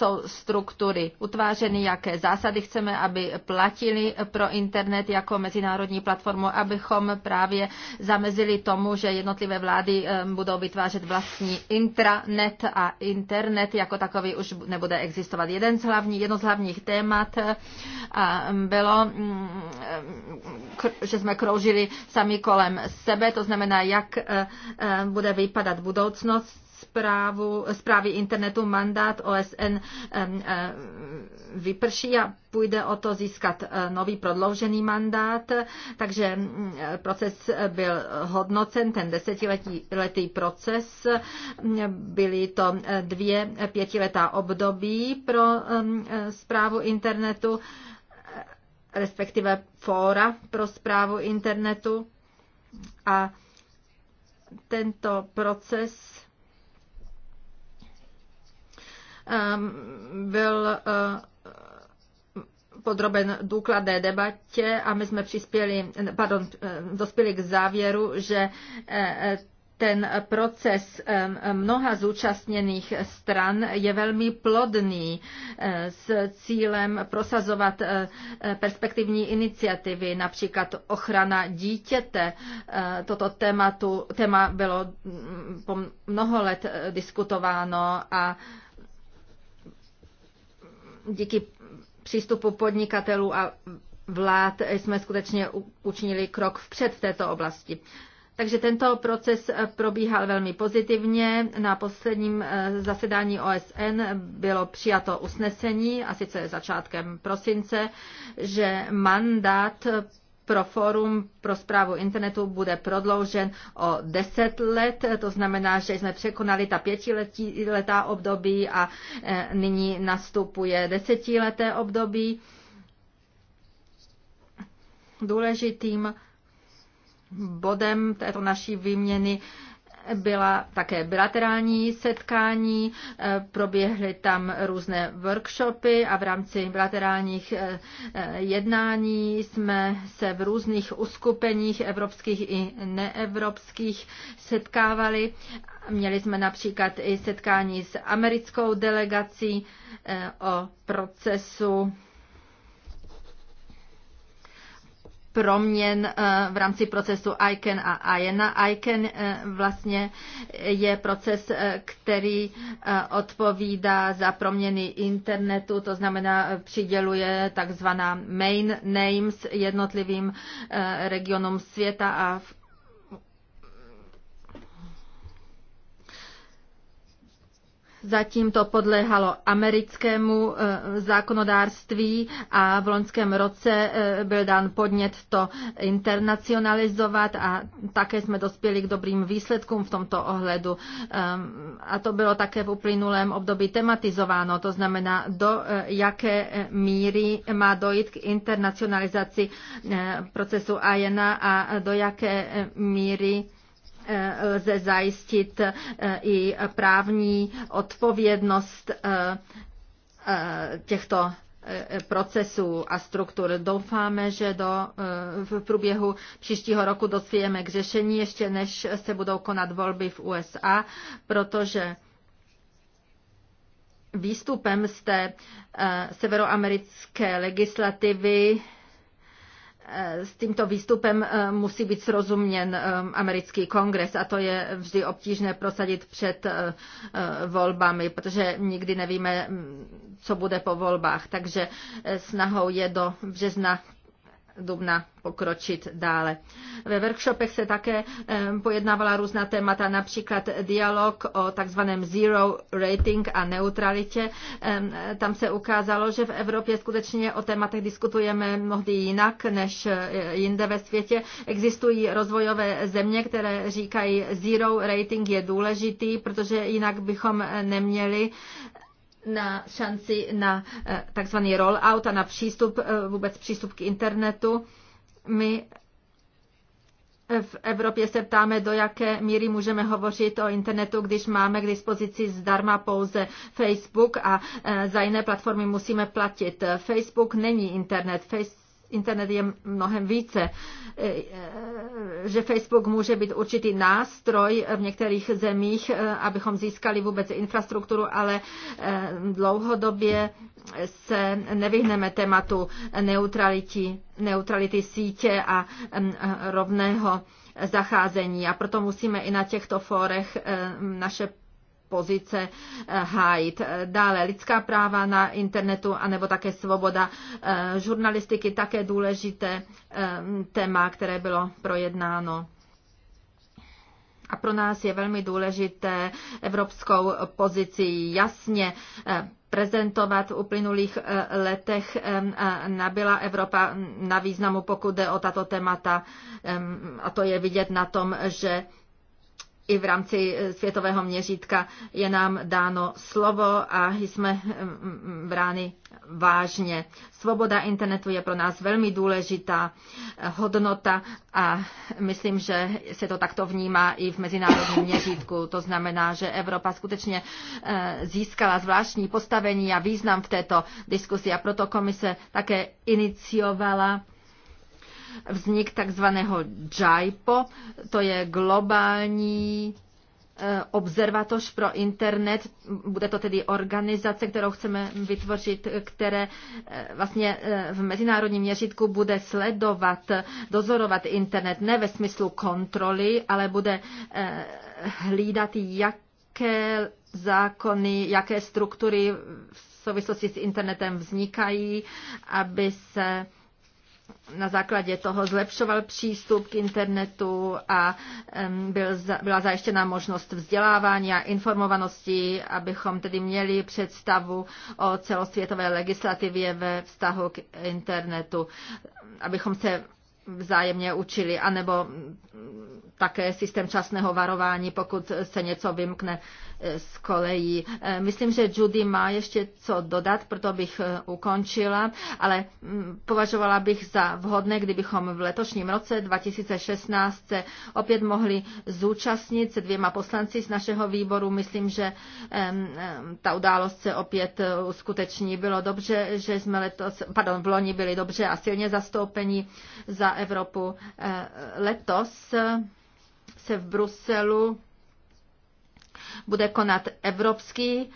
jsou struktury utvářeny, jaké zásady chceme, aby platili pro internet jako mezinárodní platformu, abychom právě zamezili tomu, že jednotlivé vlády budou vytvářet vlastní intranet a internet jako takový už nebude existovat. Jeden z hlavní, jedno z hlavních témat eh, bylo, mm, že jsme kroužili sami kolem sebe, to znamená, jak eh, eh, bude vypadat budoucnost zprávu, zprávy internetu mandát OSN vyprší a půjde o to získat eh, nový prodloužený mandát, takže mm, proces byl hodnocen, ten desetiletý proces, byly to eh, dvě pětiletá období pro eh, zprávu internetu, respektive fóra pro zprávu internetu a tento proces Ehm, byl eh, podroben důkladné debatě a my jsme přispěli, pardon, eh, dospěli k závěru, že eh, ten proces mnoha zúčastněných stran je velmi plodný s cílem prosazovat perspektivní iniciativy, například ochrana dítěte. Toto tématu, téma bylo hm, po mnoho let diskutováno a díky přístupu podnikatelů a vlád jsme skutečně učinili krok vpřed v této oblasti. Takže tento proces eh, probíhal velmi pozitivně. Na posledním eh, zasedání OSN bylo přijato usnesení, a sice začátkem prosince, že mandát pro fórum pro zprávu internetu bude prodloužen o 10 let, to znamená, že jsme překonali ta pětiletá období a e, nyní nastupuje desetileté období. Důležitým bodem této naší výměny byla také bilaterální setkání, eh, proběhly tam různé workshopy a v rámci bilaterálních eh, eh, jednání jsme se v různých uskupeních evropských i neevropských setkávali. Měli jsme například i setkání s americkou delegací o procesu proměn eh, v rámci procesu ICAN a IENA. ICAN eh, vlastně je proces, eh, který odpovídá za proměny internetu, to znamená přiděluje takzvaná main names jednotlivým regionům světa a v Zatím to podléhalo americkému eh, zákonodárství a v loňském roce eh, byl dán podnět to internacionalizovat a také jsme dospěli k dobrým výsledkům v tomto ohledu. Ehm, a to bylo také v uplynulém období tematizováno, to znamená, do eh, jaké míry má dojít k internacionalizaci procesu AJENA a do jaké míry Eh, lze zajistit eh, i právní odpovědnost eh, těchto procesů a struktur. Doufáme, že do, v průběhu příštího roku dospějeme k řešení, ještě než se budou konat volby v USA, protože výstupem z té severoamerické legislativy Eh, s tímto výstupem eh, musí být srozuměn eh, americký kongres a to je vždy obtížné prosadit před volbami, protože nikdy nevíme, mm, co bude po volbách. Takže snahou je do března dubna pokročit dále. Ve workshopech se také eh, pojednávala různá témata, například dialog o takzvaném zero rating a neutralitě. Tam se ukázalo, že v Evropě skutečně o tématech diskutujeme mnohdy jinak než eh, jinde ve světě. Existují rozvojové země, které říkají zero rating je důležitý, protože jinak bychom neměli na šanci na eh, takzvaný rollout a na přístup, eh, vůbec přístup k internetu. My eh, v Evropě se ptáme, do jaké míry můžeme hovořit o internetu, když máme k dispozici zdarma pouze Facebook a za jiné platformy musíme platit. Facebook není internet. Face internet je mnohem více, že Facebook může být určitý nástroj v některých zemích, abychom získali vůbec infrastrukturu, ale dlouhodobě se nevyhneme tématu neutrality, neutrality sítě a mm, rovného zacházení. A proto musíme i na těchto fórech mm, naše pozice eh, hájit. Dále lidská práva na internetu, anebo také svoboda eh, žurnalistiky, také důležité eh, téma, které bylo projednáno. A pro nás je velmi důležité evropskou pozici jasně prezentovat v uplynulých letech nabyla Evropa mm, na významu, pokud jde o tato témata. A to je vidět na tom, že i v rámci eh, světového měřítka je nám dáno slovo a jsme eh, brány vážně. Svoboda internetu je pro nás velmi důležitá eh, hodnota a myslím, že se to takto vnímá i v mezinárodním měřítku. To znamená, že Evropa skutečně získala zvláštní postavení a význam v této diskusi a proto komise také iniciovala vznik takzvaného JIPO, to je globální eh, observatoř pro internet, bude to tedy organizace, kterou chceme vytvořit, které eh, vlastně eh, v mezinárodním měřitku bude sledovat, dozorovat internet ne ve smyslu kontroly, ale bude hlídat, jaké zákony, jaké struktury v souvislosti s internetem vznikají, aby se na základě toho zlepšoval přístup k internetu a byl, byla zajištěna možnost vzdělávání a informovanosti, abychom tedy měli představu o celosvětové legislativě ve vztahu k internetu, abychom se vzájemně učili, anebo také systém časného varování, pokud se něco vymkne eh, z kolejí. Eh, myslím, že Judy má ještě co dodat, proto bych eh, ukončila, ale mm, považovala bych za vhodné, kdybychom v letošním roce 2016 se opět mohli zúčastnit se dvěma poslanci z našeho výboru. Myslím, že ta událost se opět uskuteční. Bylo dobře, že jsme letos, pardon, v loni byli dobře a silně zastoupeni za Evropu. Eh, letos se v Bruselu bude konat Evropský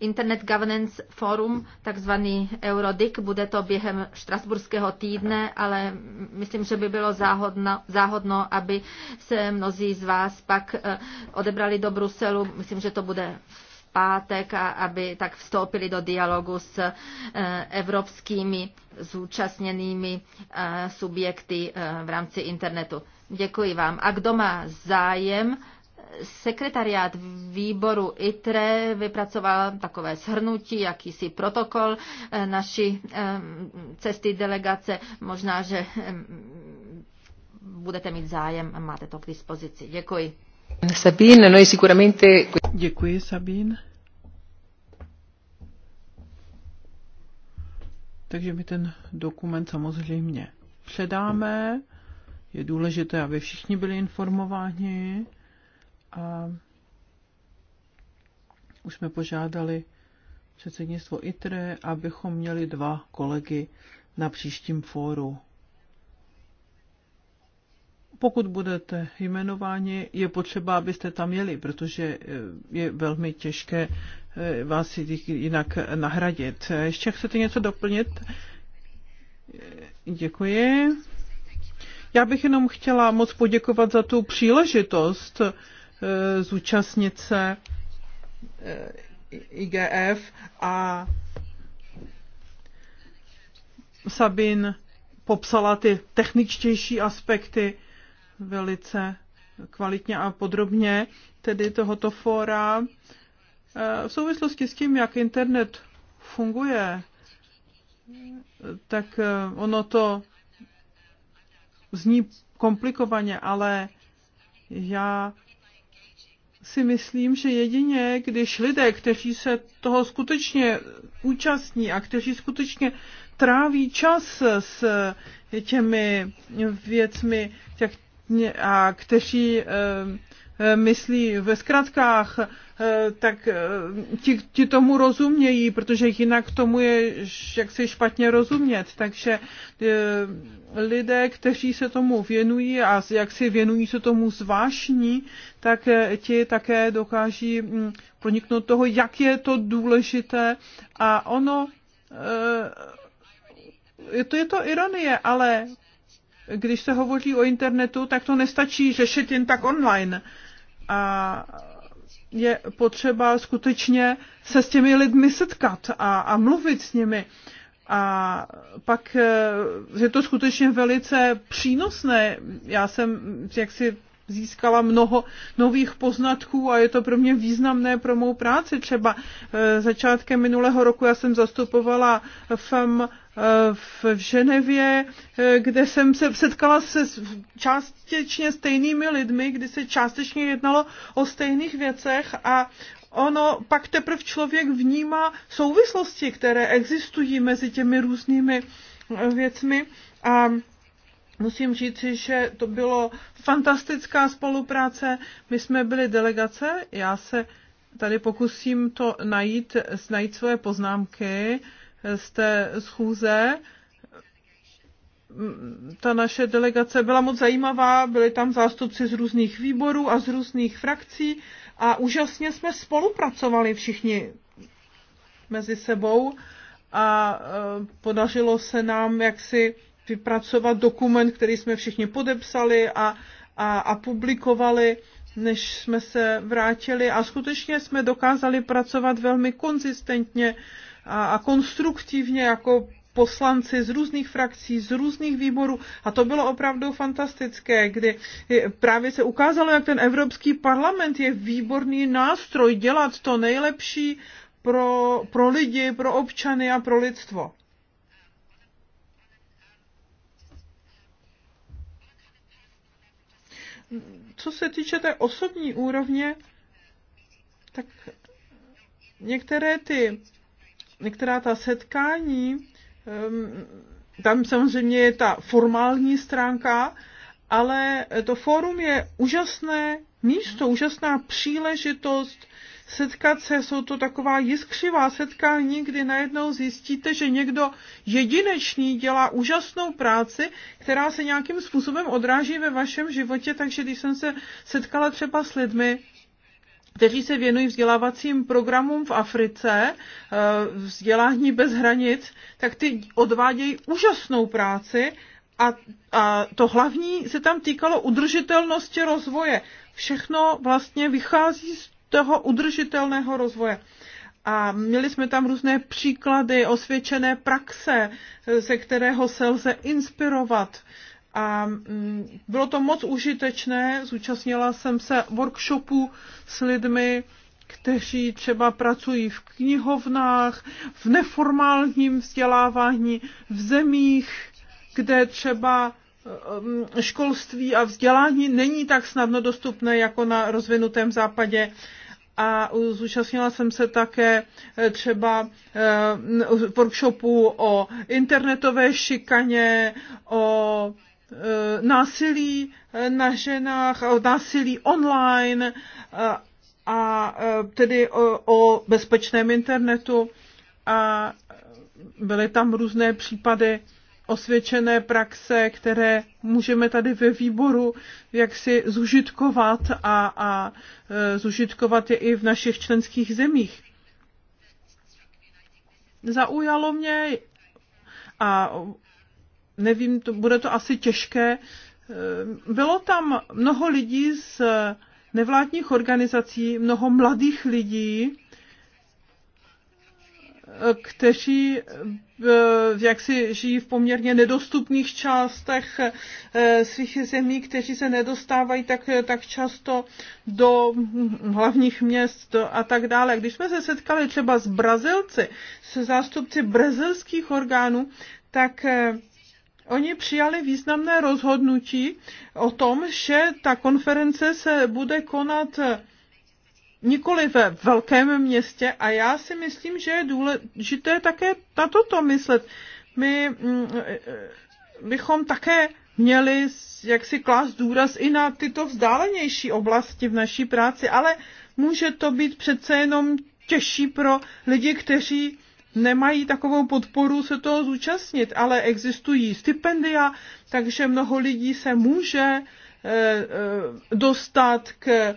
Internet Governance Forum, takzvaný Eurodic. Bude to během štrasburského týdne, ale myslím, že by bylo záhodno, záhodno, aby se mnozí z vás pak eh, odebrali do Bruselu. Myslím, že to bude v pátek, aby tak vstoupili do dialogu s eh, evropskými zúčastněnými eh, subjekty eh, v rámci internetu. Děkuji vám. A kdo má zájem, sekretariát výboru ITRE vypracoval takové shrnutí, jakýsi protokol naší cesty delegace. Možná, že budete mít zájem a máte to k dispozici. Děkuji. Sabine, noi sicuramente... Děkuji, Sabine. Takže my ten dokument samozřejmě předáme. Je důležité, aby všichni byli informováni. A už jsme požádali předsednictvo ITRE, abychom měli dva kolegy na příštím fóru pokud budete jmenováni, je potřeba, abyste tam jeli, protože eh, je velmi těžké eh, vás jinak nahradit. Eh, ještě chcete něco doplnit? Děkuji. Já bych jenom chtěla moc poděkovat za tu příležitost zúčastnit se IGF a Sabin popsala ty techničtější aspekty velice kvalitně a podrobně, tedy tohoto fóra. E, v souvislosti s tím, jak internet funguje, tak e, ono to zní komplikovaně, ale já si myslím, že jedině, když lidé, kteří se toho skutečně účastní a kteří skutečně tráví čas s těmi věcmi, tak a kteří eh, eh, myslí ve zkratkách, eh, tak ti, ti tomu rozumějí, protože jinak tomu je jak se špatně rozumět. Takže lidé, kteří se tomu věnují a jak si věnují se tomu zvášní, tak ti také dokáží hm, proniknout toho, jak je to důležité. A ono je to, je to ironie, ale když se hovoří o internetu, tak to nestačí řešit jen tak online. A je potřeba skutečně se s těmi lidmi setkat a, a mluvit s nimi. A pak eh, je to skutečně velice přínosné. Já jsem si získala mnoho nových poznatků a je to pro mě významné pro mou práci. Třeba eh, začátkem minulého roku já jsem zastupovala FEM eh, v Ženevě, eh, kde jsem se setkala se částečně stejnými lidmi, kdy se částečně jednalo o stejných věcech a ono pak teprve člověk vnímá souvislosti, které existují mezi těmi různými věcmi a Musím říci, že to bylo fantastická spolupráce. My jsme byli delegace, já se tady pokusím to najít, najít svoje poznámky z té schůze. Ta naše delegace byla moc zajímavá, byli tam zástupci z různých výborů a z různých frakcí a úžasně jsme spolupracovali všichni mezi sebou a e, podařilo se nám jaksi vypracovat dokument, který jsme všichni podepsali a, a, a publikovali, než jsme se vrátili. A skutečně jsme dokázali pracovat velmi konzistentně a, a konstruktivně jako poslanci z různých frakcí, z různých výborů a to bylo opravdu fantastické, kdy právě se ukázalo, jak ten Evropský parlament je výborný nástroj dělat to nejlepší pro, pro lidi, pro občany a pro lidstvo. co se týče té osobní úrovně, tak některé ty, některá ta setkání, tam samozřejmě je ta formální stránka, ale to fórum je úžasné místo, úžasná příležitost setkat se, jsou to taková jiskřivá setkání, kdy najednou zjistíte, že někdo jedinečný dělá úžasnou práci, která se nějakým způsobem odráží ve vašem životě, takže když jsem se setkala třeba s lidmi, kteří se věnují vzdělávacím programům v Africe, eh, vzdělání bez hranic, tak ty odvádějí úžasnou práci a, a to hlavní se tam týkalo udržitelnosti rozvoje. Všechno vlastně vychází z toho udržitelného rozvoje. A měli jsme tam různé příklady, osvědčené praxe, ze kterého se lze inspirovat. A mm, bylo to moc užitečné, zúčastnila jsem se workshopu s lidmi, kteří třeba pracují v knihovnách, v neformálním vzdělávání, v zemích, kde třeba mm, školství a vzdělání není tak snadno dostupné jako na rozvinutém západě a zúčastnila jsem se také eh, třeba eh, workshopu o internetové šikaně, o eh, násilí na ženách, o násilí online a tedy o, o bezpečném internetu. A byly tam různé případy osvědčené praxe, které můžeme tady ve výboru jaksi zužitkovat a, a e, zužitkovat je i v našich členských zemích. Zaujalo mě a nevím, to, bude to asi těžké. E, bylo tam mnoho lidí z nevládních organizací, mnoho mladých lidí, kteří eh, jak si žijí v poměrně nedostupných částech eh, svých zemí, kteří se nedostávají tak, eh, tak často do hm, hlavních měst a tak dále. Když jsme se setkali třeba s Brazilci, se zástupci brazilských orgánů, tak Oni přijali významné rozhodnutí o tom, že ta konference se bude konat nikoli ve velkém městě a já si myslím, že je důležité také na toto myslet. My mm, eh, bychom také měli jak si klást důraz i na tyto vzdálenější oblasti v naší práci, ale může to být přece jenom těžší pro lidi, kteří nemají takovou podporu se toho zúčastnit, ale existují stipendia, takže mnoho lidí se může uh, Eh, eh, dostat k,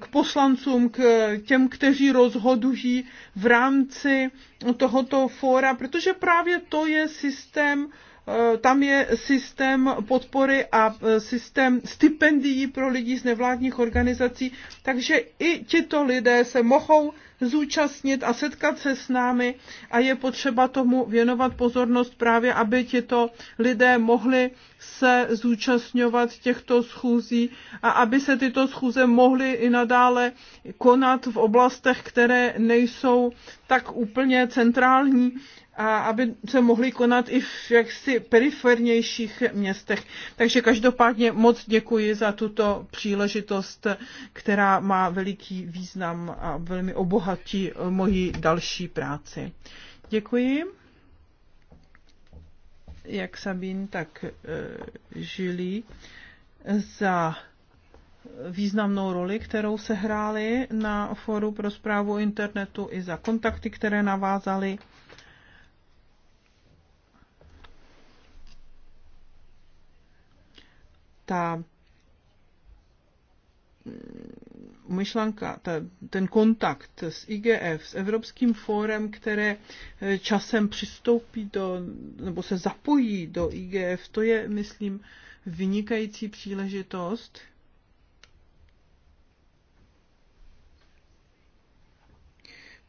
k poslancům, k těm, kteří rozhodují v rámci tohoto fóra, protože právě to je systém Eh, tam je systém podpory a eh, systém stipendií pro lidi z nevládních organizací, takže i tito lidé se mohou zúčastnit a setkat se s námi a je potřeba tomu věnovat pozornost právě, aby tito lidé mohli se zúčastňovat těchto schůzí a aby se tyto schůze mohly i nadále konat v oblastech, které nejsou tak úplně centrální a aby se mohly konat i v jaksi perifernějších městech. Takže každopádně moc děkuji za tuto příležitost, která má veliký význam a velmi obohatí moji další práci. Děkuji. Jak Sabín, tak eh, Žili za významnou roli, kterou se hráli na Foru pro zprávu internetu i za kontakty, které navázali ta mm, myšlenka, ten kontakt s IGF, s Evropským fórem, které eh, časem přistoupí do, nebo se zapojí do IGF, to je, myslím, vynikající příležitost.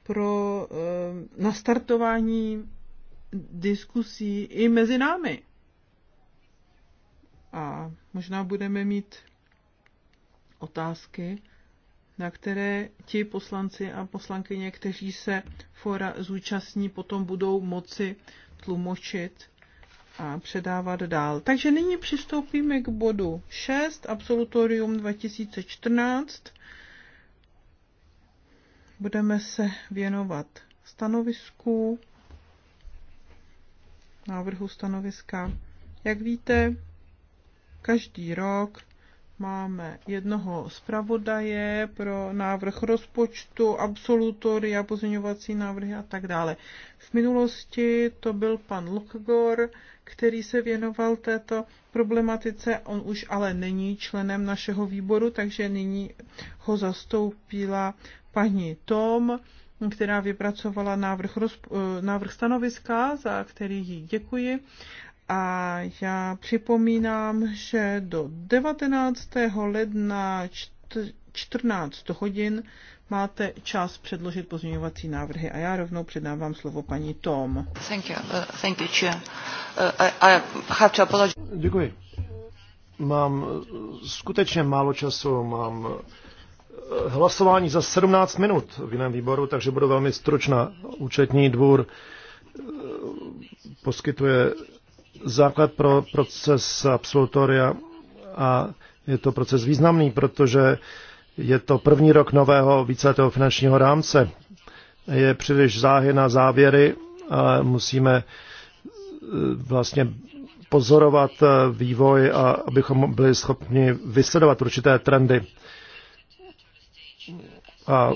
pro eh, nastartování diskusí i mezi námi a možná budeme mít otázky, na které ti poslanci a poslankyně, kteří se fora zúčastní, potom budou moci tlumočit a předávat dál. Takže nyní přistoupíme k bodu 6, Absolutorium 2014. Budeme se věnovat stanovisku, návrhu stanoviska. Jak víte, Každý rok máme jednoho zpravodaje pro návrh rozpočtu, a pozměňovací návrhy a tak dále. V minulosti to byl pan Lukgor, který se věnoval této problematice. On už ale není členem našeho výboru, takže nyní ho zastoupila paní Tom, která vypracovala návrh, rozpo, eh, návrh stanoviska, za který jí děkuji. A já připomínám, že do 19. ledna 14 hodin máte čas předložit pozměňovací návrhy a já rovnou předávám slovo paní Tom. Thank you. Uh, thank you, Chair. Uh, I, I have to Děkuji. Mám uh, skutečně málo času, mám uh, hlasování za 17 minut v jiném výboru, takže budu velmi stručná. Účetní dvůr uh, poskytuje základ pro proces absolutoria a je to proces významný, protože je to první rok nového víceletého finančního rámce. Je příliš záhy na závěry, ale musíme e, vlastně pozorovat e, vývoj a abychom byli schopni vysledovat určité trendy. A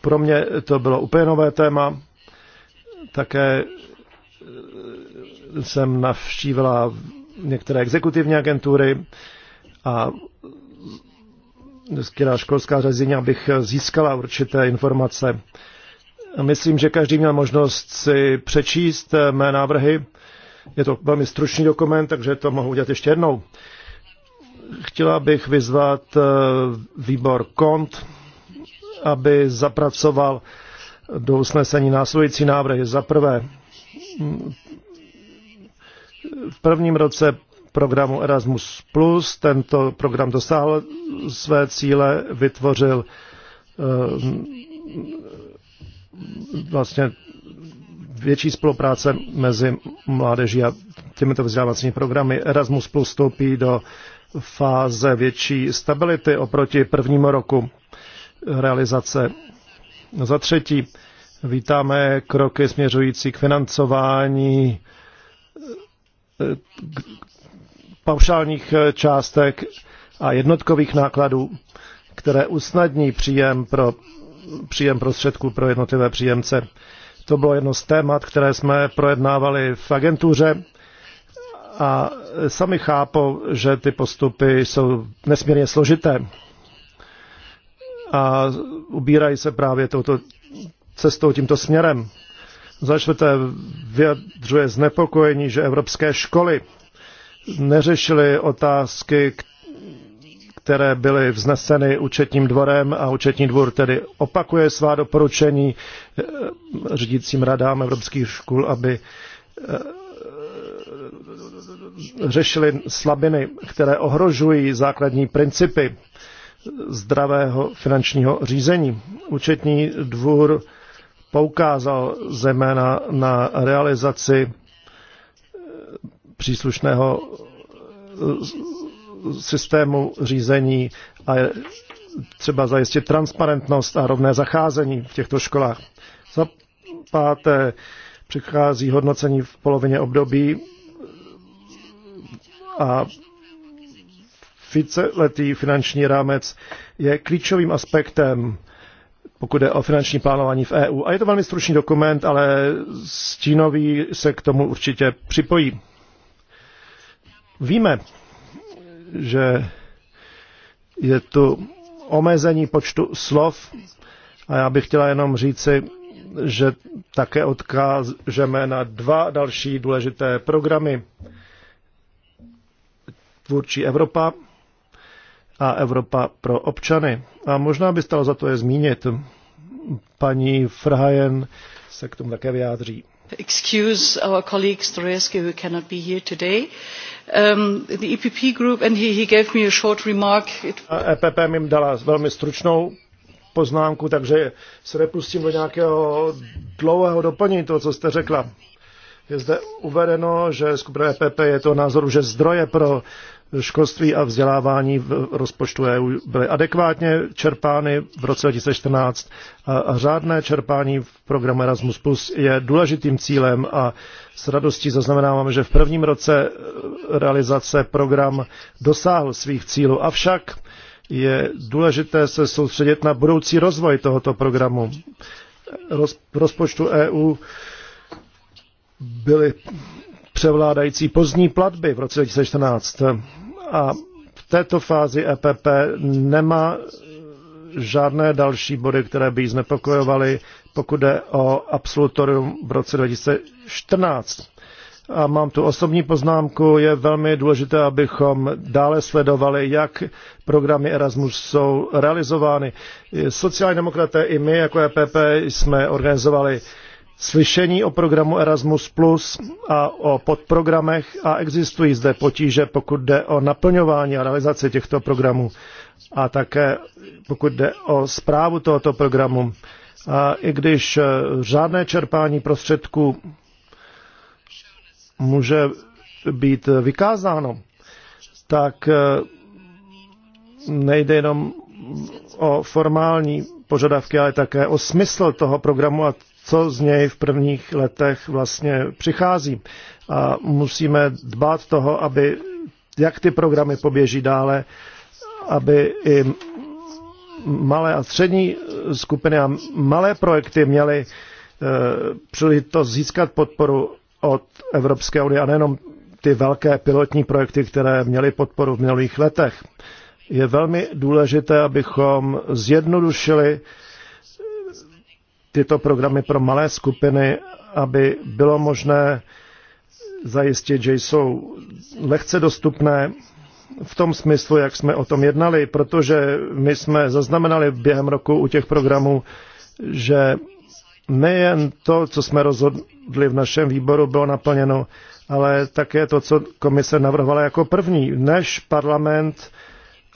pro mě to bylo úplně nové téma. Také jsem navštívila některé exekutivní agentury a skvělá školská řazení, abych získala určité informace. Myslím, že každý měl možnost si přečíst eh, mé návrhy. Je to velmi stručný dokument, takže to mohu udělat ještě jednou. Chtěla bych vyzvat eh, výbor KONT, aby zapracoval do usnesení následující návrhy. Za prvé, v prvním roce programu Erasmus+. Tento program dosáhl své cíle, vytvořil ehm, vlastně větší spolupráce mezi mládeží a těmito vzdělávacími programy. Erasmus Plus vstoupí do fáze větší stability oproti prvnímu roku realizace. Za třetí, vítáme kroky směřující k financování Eh, paušálních eh, částek a jednotkových nákladů, které usnadní příjem pro příjem prostředků pro jednotlivé příjemce. To bylo jedno z témat, které jsme projednávali v agentuře a sami chápou, že ty postupy jsou nesmírně složité a ubírají se právě touto cestou, tímto směrem. Za čtvrté vyjadřuje znepokojení, že evropské školy neřešily otázky, které byly vzneseny účetním dvorem a účetní dvor tedy opakuje svá doporučení eh, řídícím radám evropských škol, aby eh, řešili slabiny, které ohrožují základní principy zdravého finančního řízení. Účetní dvůr poukázal zejména na realizaci eh, příslušného eh, systému řízení a třeba zajistit transparentnost a rovné zacházení v těchto školách. Za páté přichází hodnocení v polovině období eh, a víceletý finanční rámec je klíčovým aspektem pokud je o finanční plánování v EU. A je to velmi stručný dokument, ale Stínový se k tomu určitě připojí. Víme, že je tu omezení počtu slov a já bych chtěla jenom říci, že také odkážeme na dva další důležité programy. Tvůrčí Evropa a Evropa pro občany. A možná by stalo za to je zmínit. Paní Frhajen se k tomu také vyjádří. Excuse our colleague Storescu who cannot be here today. Um, the EPP group and he, he gave me a short remark. It... A EPP mi dala velmi stručnou poznámku, takže se nepustím do nějakého dlouhého doplnění toho, co jste řekla. Je zde uvedeno, že skupina EPP je to názoru, že zdroje pro školství a vzdělávání v rozpočtu EU byly adekvátně čerpány v roce 2014 a, řádné čerpání v programu Erasmus Plus je důležitým cílem a s radostí zaznamenáváme, že v prvním roce realizace program dosáhl svých cílů. Avšak je důležité se soustředit na budoucí rozvoj tohoto programu. Roz, rozpočtu EU byly převládající pozdní platby v roce 2014. A v této fázi EPP nemá žádné další body, které by ji znepokojovaly, pokud jde o absolutorium v roce 2014. A mám tu osobní poznámku, je velmi důležité, abychom dále sledovali, jak programy Erasmus jsou realizovány. Sociální demokraté i my jako EPP jsme organizovali slyšení o programu Erasmus Plus a o podprogramech a existují zde potíže, pokud jde o naplňování a realizaci těchto programů a také pokud jde o zprávu tohoto programu. A i když eh, žádné čerpání prostředků může být vykázáno, tak eh, nejde jenom o formální požadavky, ale také o smysl toho programu a co z něj v prvních letech vlastně přichází. A musíme dbát toho, aby jak ty programy poběží dále, aby i malé a střední skupiny a malé projekty měly e, příležitost získat podporu od Evropské unie a nejenom ty velké pilotní projekty, které měly podporu v minulých letech. Je velmi důležité, abychom zjednodušili tyto programy pro malé skupiny, aby bylo možné zajistit, že jsou lehce dostupné v tom smyslu, jak jsme o tom jednali, protože my jsme zaznamenali během roku u těch programů, že nejen to, co jsme rozhodli v našem výboru, bylo naplněno, ale také to, co komise navrhovala jako první, než parlament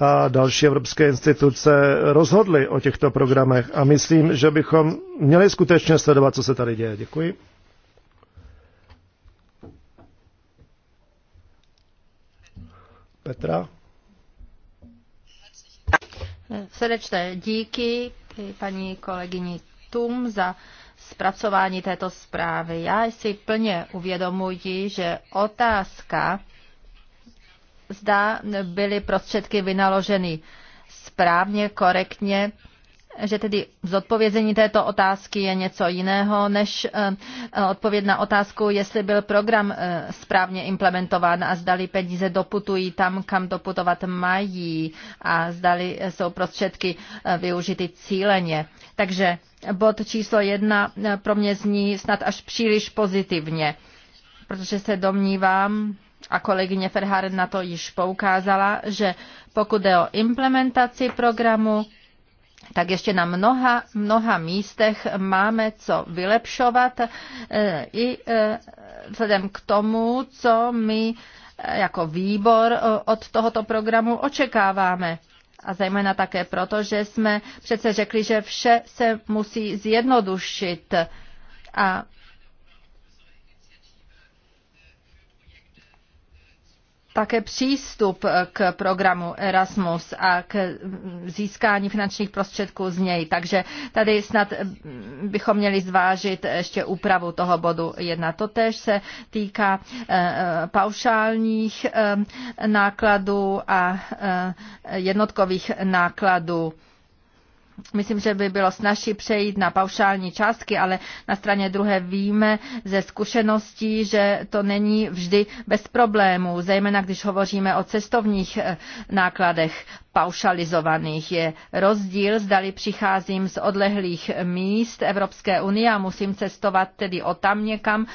a další evropské instituce rozhodly o těchto programech. A myslím, že bychom měli skutečně sledovat, co se tady děje. Děkuji. Petra? Srdečné díky paní kolegyni Tum za zpracování této zprávy. Já si plně uvědomuji, že otázka zda byly prostředky vynaloženy správně, korektně, že tedy zodpovězení této otázky je něco jiného než eh, odpověď na otázku, jestli byl program eh, správně implementován a zdali peníze doputují tam, kam doputovat mají a zdali jsou prostředky eh, využity cíleně. Takže bod číslo jedna pro mě zní snad až příliš pozitivně, protože se domnívám, a kolegyně Ferharen na to již poukázala, že pokud jde o implementaci programu, tak ještě na mnoha, mnoha místech máme co vylepšovat e, i e, vzhledem k tomu, co my e, jako výbor od tohoto programu očekáváme. A zejména také proto, že jsme přece řekli, že vše se musí zjednodušit a také přístup k programu Erasmus a k získání finančních prostředků z něj. Takže tady snad bychom měli zvážit ještě úpravu toho bodu 1. tež se týká eh, paušálních eh, nákladů a eh, jednotkových nákladů. Myslím, že by bylo snažší přejít na paušální částky, ale na straně druhé víme ze zkušeností, že to není vždy bez problémů, zejména když hovoříme o cestovních eh, nákladech paušalizovaných. Je rozdíl, zdali přicházím z odlehlých míst Evropské unie a musím cestovat tedy o tam někam,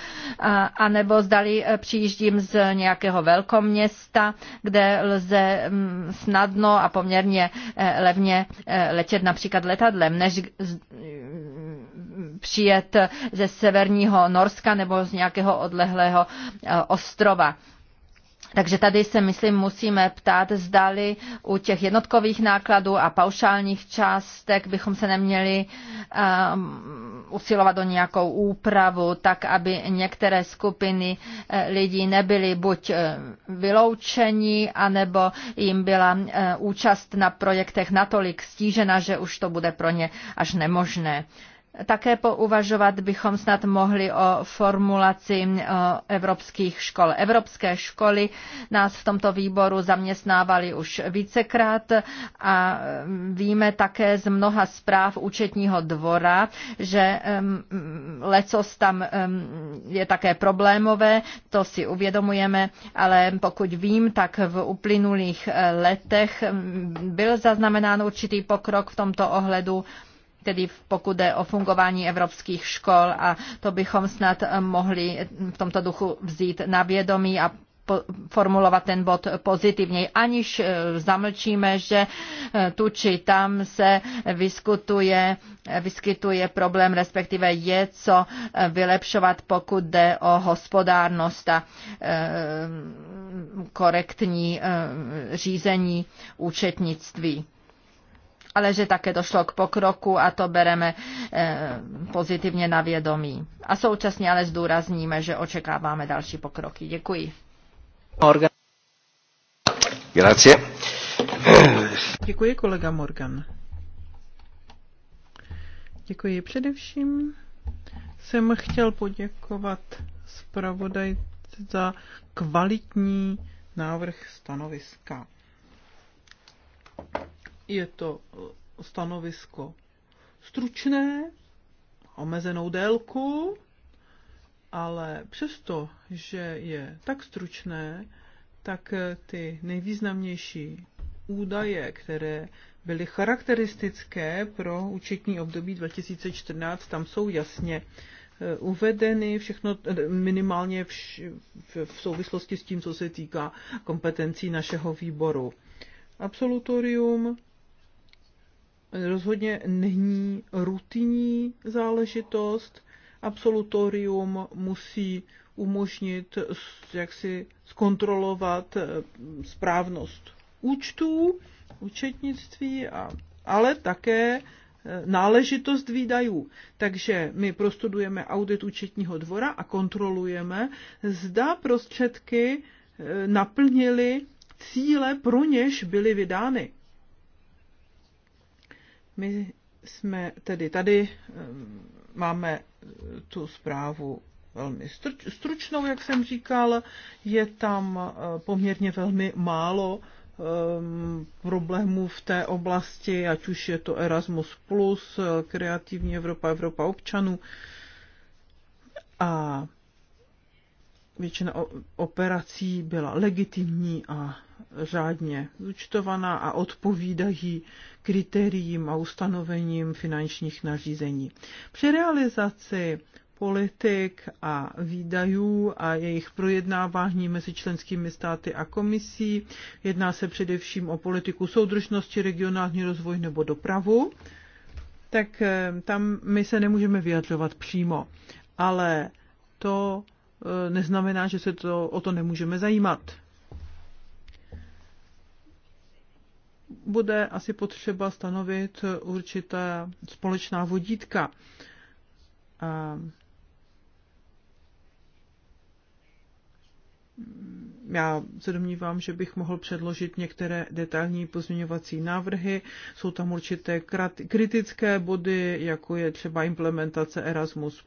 anebo zdali eh, přijíždím z nějakého velkoměsta, kde lze mm, snadno a poměrně eh, levně letět například například letadlem, než přijet ze severního Norska nebo z nějakého odlehlého eh, ostrova. Takže tady se, myslím, musíme ptát, zdali u těch jednotkových nákladů a paušálních částek bychom se neměli um, usilovat o nějakou úpravu, tak aby některé skupiny eh, lidí nebyly buď eh, vyloučení, anebo jim byla eh, účast na projektech natolik stížena, že už to bude pro ně až nemožné. Také pouvažovat bychom snad mohli o formulaci eh, evropských škol. Evropské školy nás v tomto výboru zaměstnávali už vícekrát a mm, víme také z mnoha zpráv účetního dvora, že mm, lecos tam mm, je také problémové, to si uvědomujeme, ale pokud vím, tak v uplynulých eh, letech byl zaznamenán určitý pokrok v tomto ohledu tedy pokud jde o fungování evropských škol a to bychom snad mohli v tomto duchu vzít na vědomí a formulovat ten bod pozitivněji, aniž eh, zamlčíme, že eh, tu či tam se vyskutuje, eh, vyskytuje problém, respektive je co vylepšovat, pokud jde o hospodárnost a korektní řízení účetnictví ale že také došlo k pokroku a to bereme eh, pozitivně na vědomí. A současně ale zdůrazníme, že očekáváme další pokroky. Děkuji. Morgan. Grazie. Děkuji kolega Morgan. Děkuji především. Jsem chtěl poděkovat zpravodaj za kvalitní návrh stanoviska. Je to eh, stanovisko stručné, omezenou délku, ale přesto, že je tak stručné, tak eh, ty nejvýznamnější údaje, které byly charakteristické pro účetní období 2014, tam jsou jasně eh, uvedeny, všechno minimálně v, v, v souvislosti s tím, co se týká kompetencí našeho výboru. Absolutorium rozhodně není rutinní záležitost. Absolutorium musí umožnit jak si zkontrolovat eh, správnost účtů, účetnictví, a, ale také eh, náležitost výdajů. Takže my prostudujeme audit účetního dvora a kontrolujeme, zda prostředky eh, naplnily cíle, pro něž byly vydány. My jsme tedy tady, ehm, máme eh, tu zprávu velmi stručnou, jak jsem říkal, je tam eh, poměrně velmi málo ehm, problémů v té oblasti, ať už je to Erasmus+, eh, Kreativní Evropa, Evropa občanů. A většina operací byla legitimní a řádně účtovaná a odpovídají kritériím a ustanovením finančních nařízení. Při realizaci politik a výdajů a jejich projednávání mezi členskými státy a komisí. Jedná se především o politiku soudržnosti, regionální rozvoj nebo dopravu. Tak eh, tam my se nemůžeme vyjadřovat přímo, ale to eh, neznamená, že se to, o to nemůžeme zajímat. bude asi potřeba stanovit určitá společná vodítka. A já se domnívám, že bych mohl předložit některé detailní pozměňovací návrhy. Jsou tam určité kritické body, jako je třeba implementace Erasmus+.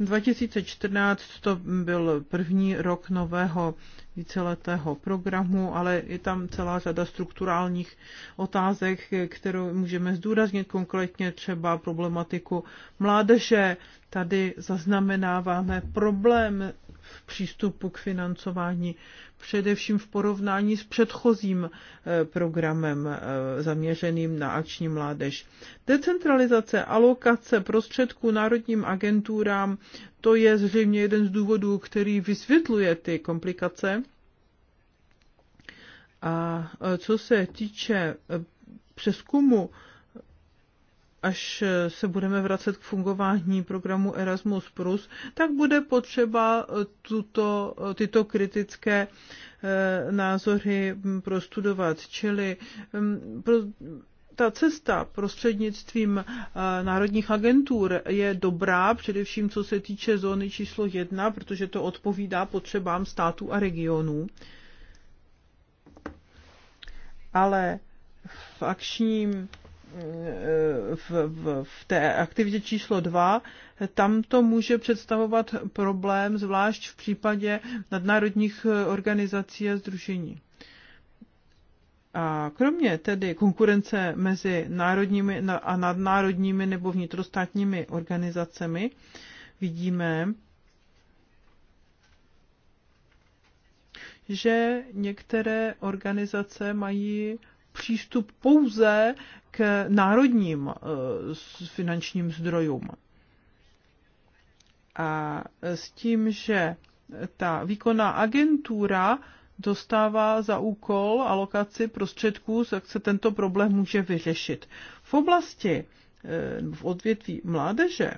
2014 to byl první rok nového víceletého programu, ale je tam celá řada strukturálních otázek, kterou můžeme zdůraznit, konkrétně třeba problematiku mládeže. Tady zaznamenáváme problém přístupu k financování, především v porovnání s předchozím eh, programem eh, zaměřeným na akční mládež. Decentralizace alokace prostředků národním agenturám, to je zřejmě jeden z důvodů, který vysvětluje ty komplikace. A eh, co se týče přeskumu až eh, se budeme vracet k fungování programu Erasmus+, tak bude potřeba eh, tuto, eh, tyto kritické názory hm, prostudovat. Čili hm, pro, ta cesta prostřednictvím národních agentur je dobrá, především co se týče zóny číslo jedna, protože to odpovídá potřebám států a regionů. Ale v akčním v, v, v té aktivitě číslo 2, tam to může představovat problém, zvlášť v případě nadnárodních organizací a združení. A kromě tedy konkurence mezi národními a nadnárodními nebo vnitrostátními organizacemi, vidíme, že některé organizace mají přístup pouze k národním eh, finančním zdrojům. A s tím, že ta výkonná agentura dostává za úkol alokaci prostředků, jak se tento problém může vyřešit. V oblasti eh, v odvětví mládeže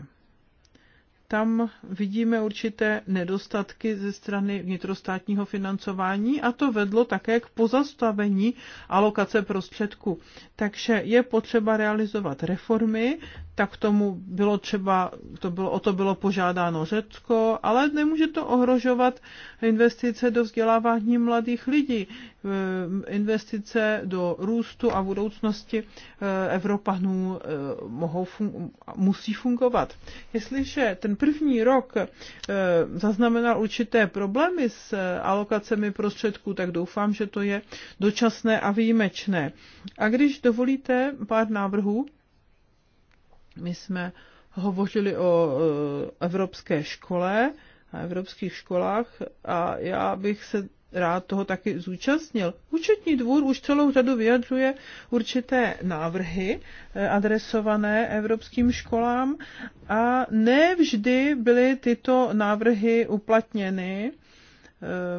tam vidíme určité nedostatky ze strany vnitrostátního financování a to vedlo také k pozastavení alokace prostředků. Takže je potřeba realizovat reformy tak tomu bylo třeba, to bylo, o to bylo požádáno Řecko, ale nemůže to ohrožovat investice do vzdělávání mladých lidí, eh, investice do růstu a budoucnosti eh, Evropanů eh, mohou fun- musí fungovat. Jestliže ten první rok zaznamenal určité problémy s alokacemi prostředků, tak doufám, že to je dočasné a výjimečné. A když dovolíte pár návrhů, my jsme hovořili o e, evropské škole a evropských školách a já bych se rád toho taky zúčastnil. Účetní dvůr už celou řadu vyjadřuje určité návrhy e, adresované evropským školám a nevždy byly tyto návrhy uplatněny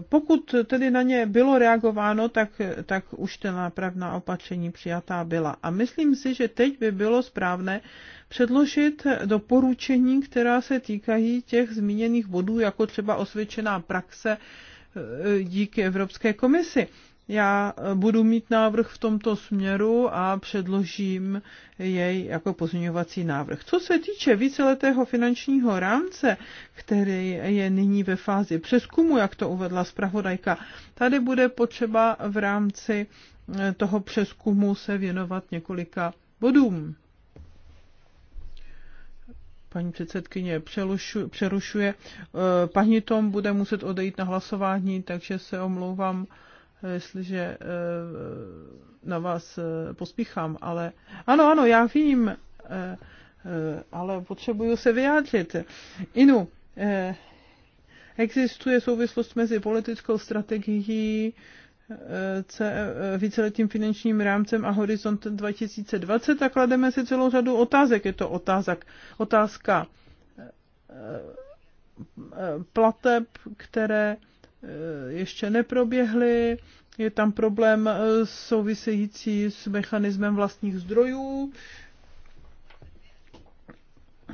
pokud tedy na ně bylo reagováno, tak, tak už ta nápravná opatření přijatá byla. A myslím si, že teď by bylo správné předložit doporučení, která se týkají těch zmíněných bodů, jako třeba osvědčená praxe eh, díky Evropské komisi. Já eh, budu mít návrh v tomto směru a předložím jej jako pozměňovací návrh. Co se týče víceletého finančního rámce, který je nyní ve fázi přeskumu, jak to uvedla zpravodajka, tady bude potřeba v rámci eh, toho přeskumu se věnovat několika bodům. Paní předsedkyně přerušuje. Eh, paní Tom bude muset odejít na hlasování, takže se omlouvám Eh, jestliže eh, na vás eh, pospíchám, ale ano, ano, já vím, ale potřebuju se vyjádřit. Inu, existuje souvislost mezi politickou strategií víceletým finančním rámcem a Horizont 2020 a klademe si celou řadu otázek. Je to otázek, otázka plateb, které Eh, ještě neproběhly. Je tam problém eh, související s mechanismem vlastních zdrojů,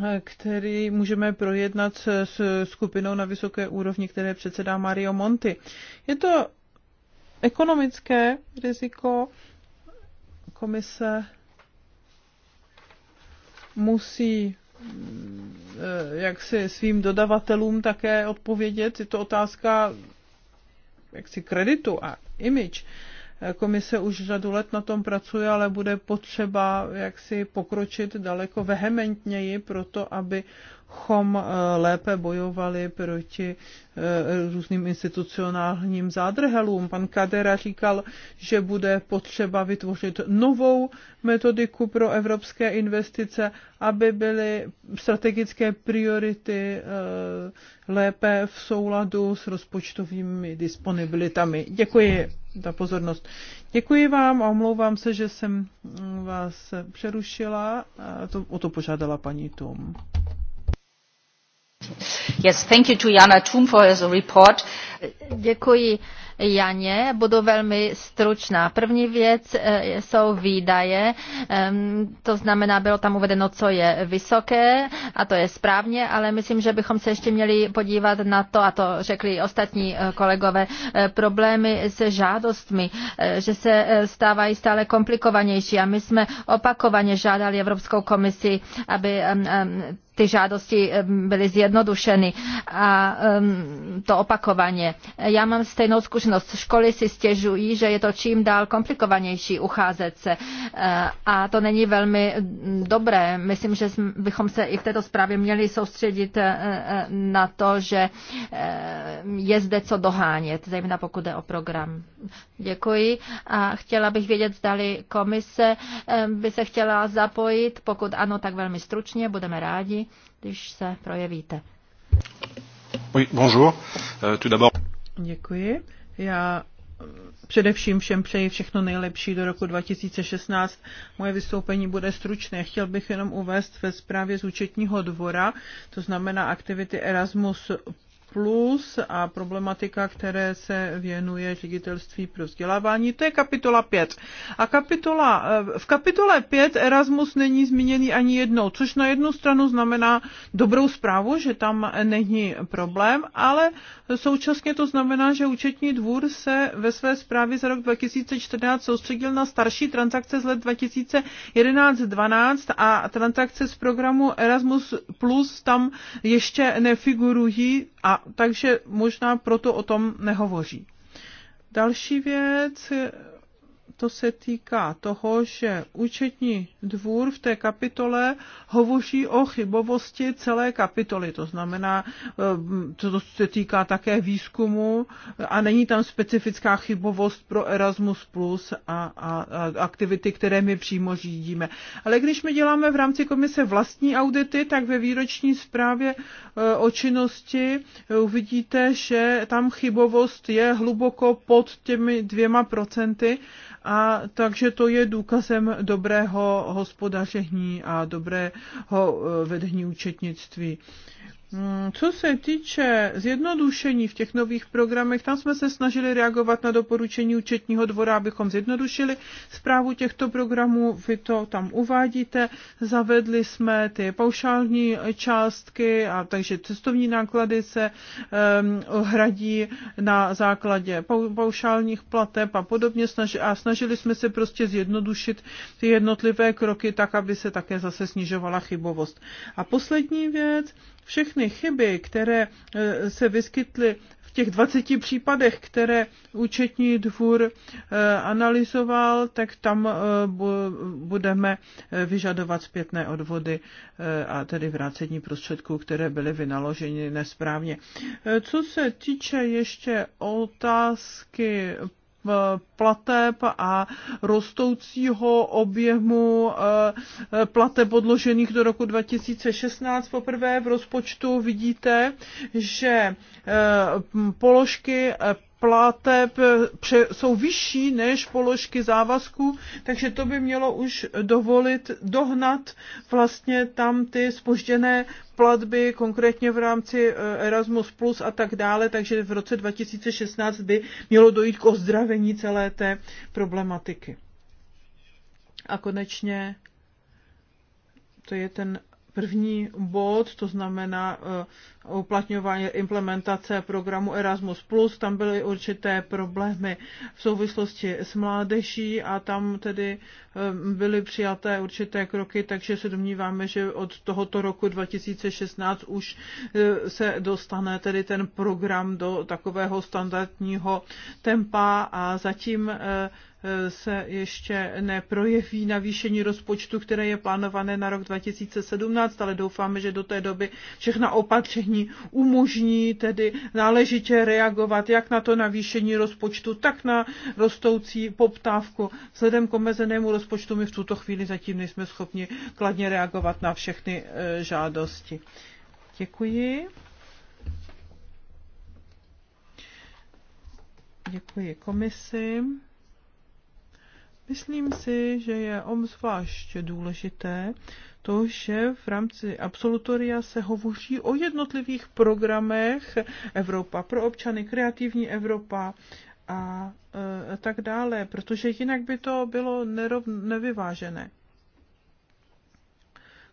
eh, který můžeme projednat s skupinou na vysoké úrovni, které předsedá Mario Monti. Je to ekonomické riziko. Komise musí mm, jak si svým dodavatelům také odpovědět. Je to otázka jaksi kreditu a image, Komise už řadu let na tom pracuje, ale bude potřeba jaksi pokročit daleko vehementněji pro to, abychom eh, lépe bojovali proti eh, různým institucionálním zádrhelům. Pan Kadera říkal, že bude potřeba vytvořit novou metodiku pro evropské investice, aby byly strategické priority eh, lépe v souladu s rozpočtovými disponibilitami. Děkuji za pozornost. Děkuji vám a omlouvám se, že jsem mm, vás přerušila. To, o to požádala paní Tum. Yes, thank you to Jana Tum for his report. Děkuji Janě. Budu velmi stručná. První věc eh, jsou výdaje, to znamená, bylo tam uvedeno, co je vysoké a to je správně, ale myslím, že bychom se ještě měli podívat na to, a to řekli ostatní eh, kolegové, eh, problémy se žádostmi, že se stávají stále komplikovanější a my jsme opakovaně žádali Evropskou komisi, aby ty žádosti byly zjednodušeny a to opakovaně. Já mám stejnou zkušenost. Školy si stěžují, že je to čím dál komplikovanější ucházet se e, a to není velmi dobré. Myslím, že bychom se i v této zprávě měli soustředit e, e, na to, že je zde co dohánět, zejména pokud jde o program. Děkuji a chtěla bych vědět, zdali komise by se chtěla zapojit. Pokud ano, tak velmi stručně, budeme rádi když se projevíte. bonjour. Euh, tout d'abord. Děkuji. Já eh, Především všem přeji všechno nejlepší do roku 2016. Moje vystoupení bude stručné. Chtěl bych jenom uvést ve zprávě z účetního dvora, to znamená aktivity Erasmus plus a problematika, které se věnuje ředitelství pro vzdělávání, to je kapitola 5. A kapitola, eh, v kapitole 5 Erasmus není zmíněný ani jednou, což na jednu stranu znamená dobrou zprávu, že tam není problém, ale současně to znamená, že účetní dvůr se ve své zprávě za rok 2014 soustředil na starší transakce z let 2011-12 a transakce z programu Erasmus Plus tam ještě nefigurují, a takže možná proto o tom nehovoří. Další věc, to se týká toho, že účetní dvůr v té kapitole hovoří o chybovosti celé kapitoly. To znamená, eh, to se týká také výzkumu a není tam specifická chybovost pro Erasmus Plus a, a, a aktivity, které my přímo řídíme. Ale když my děláme v rámci komise vlastní audity, tak ve výroční zprávě eh, o činnosti eh, uvidíte, že tam chybovost je hluboko pod těmi dvěma procenty a takže to je důkazem dobrého hospodaření a dobrého vedení účetnictví. Mm, co se týče zjednodušení v těch nových programech, tam jsme se snažili reagovat na doporučení účetního dvora, abychom zjednodušili zprávu těchto programů. Vy to tam uvádíte. Zavedli jsme ty paušální částky, a takže cestovní náklady se um, hradí na základě paušálních plateb a podobně. a snažili jsme se prostě zjednodušit ty jednotlivé kroky tak, aby se také zase snižovala chybovost. A poslední věc, všechny chyby, které eh, se vyskytly v těch 20 případech, které účetní dvůr eh, analyzoval, tak tam eh, budeme vyžadovat zpětné odvody a tedy vrácení prostředků, které byly vynaloženy nesprávně. Co se týče ještě otázky Eh, plateb a rostoucího objemu eh, plateb odložených do roku 2016. Poprvé v rozpočtu vidíte, že eh, položky plateb eh, jsou vyšší než položky závazků, takže to by mělo už dovolit dohnat vlastně tam ty spožděné platby, konkrétně v rámci eh, Erasmus Plus a tak dále, takže v roce 2016 by mělo dojít k ozdravení celé té problematiky. A konečně to je ten první bod, to znamená eh, uplatňování implementace programu Erasmus+. Tam byly určité problémy v souvislosti s mládeží a tam tedy eh, byly přijaté určité kroky, takže se domníváme, že od tohoto roku 2016 už eh, se dostane tedy ten program do takového standardního tempa a zatím eh, se ještě neprojeví navýšení rozpočtu, které je plánované na rok 2017, ale doufáme, že do té doby všechna opatření opatření umožní tedy náležitě reagovat jak na to navýšení rozpočtu, tak na rostoucí poptávku. Vzhledem k omezenému rozpočtu my v tuto chvíli zatím nejsme schopni kladně reagovat na všechny e, žádosti. Děkuji. Děkuji komisi. Myslím si, že je obzvlášť důležité to, že v rámci absolutoria se hovoří o jednotlivých programech Evropa pro občany, kreativní Evropa a e, tak dále, protože jinak by to bylo nerov, nevyvážené.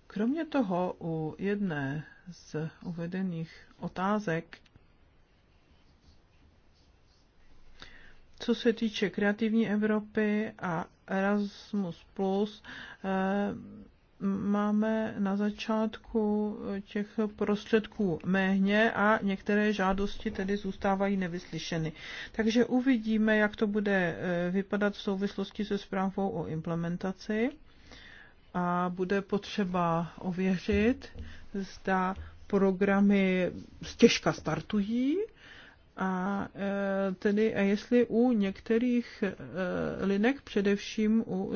Kromě toho u jedné z uvedených otázek, co se týče kreativní Evropy a Erasmus+, e, máme na začátku těch prostředků méně a některé žádosti tedy zůstávají nevyslyšeny. Takže uvidíme, jak to bude eh, vypadat v souvislosti se zprávou o implementaci a bude potřeba ověřit, zda programy stěžka startují a e, tedy a jestli u některých e, linek, především u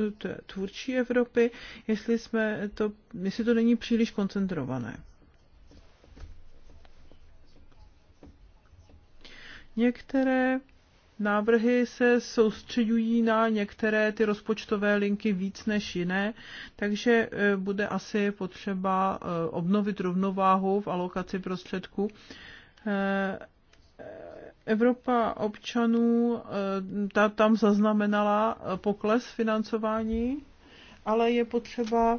tvůrčí Evropy, jestli, jsme to, jestli to není příliš koncentrované. Některé návrhy se soustředují na některé ty rozpočtové linky víc než jiné, takže e, bude asi potřeba obnovit rovnováhu v alokaci prostředků Evropa občanů, eh, ta tam zaznamenala eh, pokles financování, ale je potřeba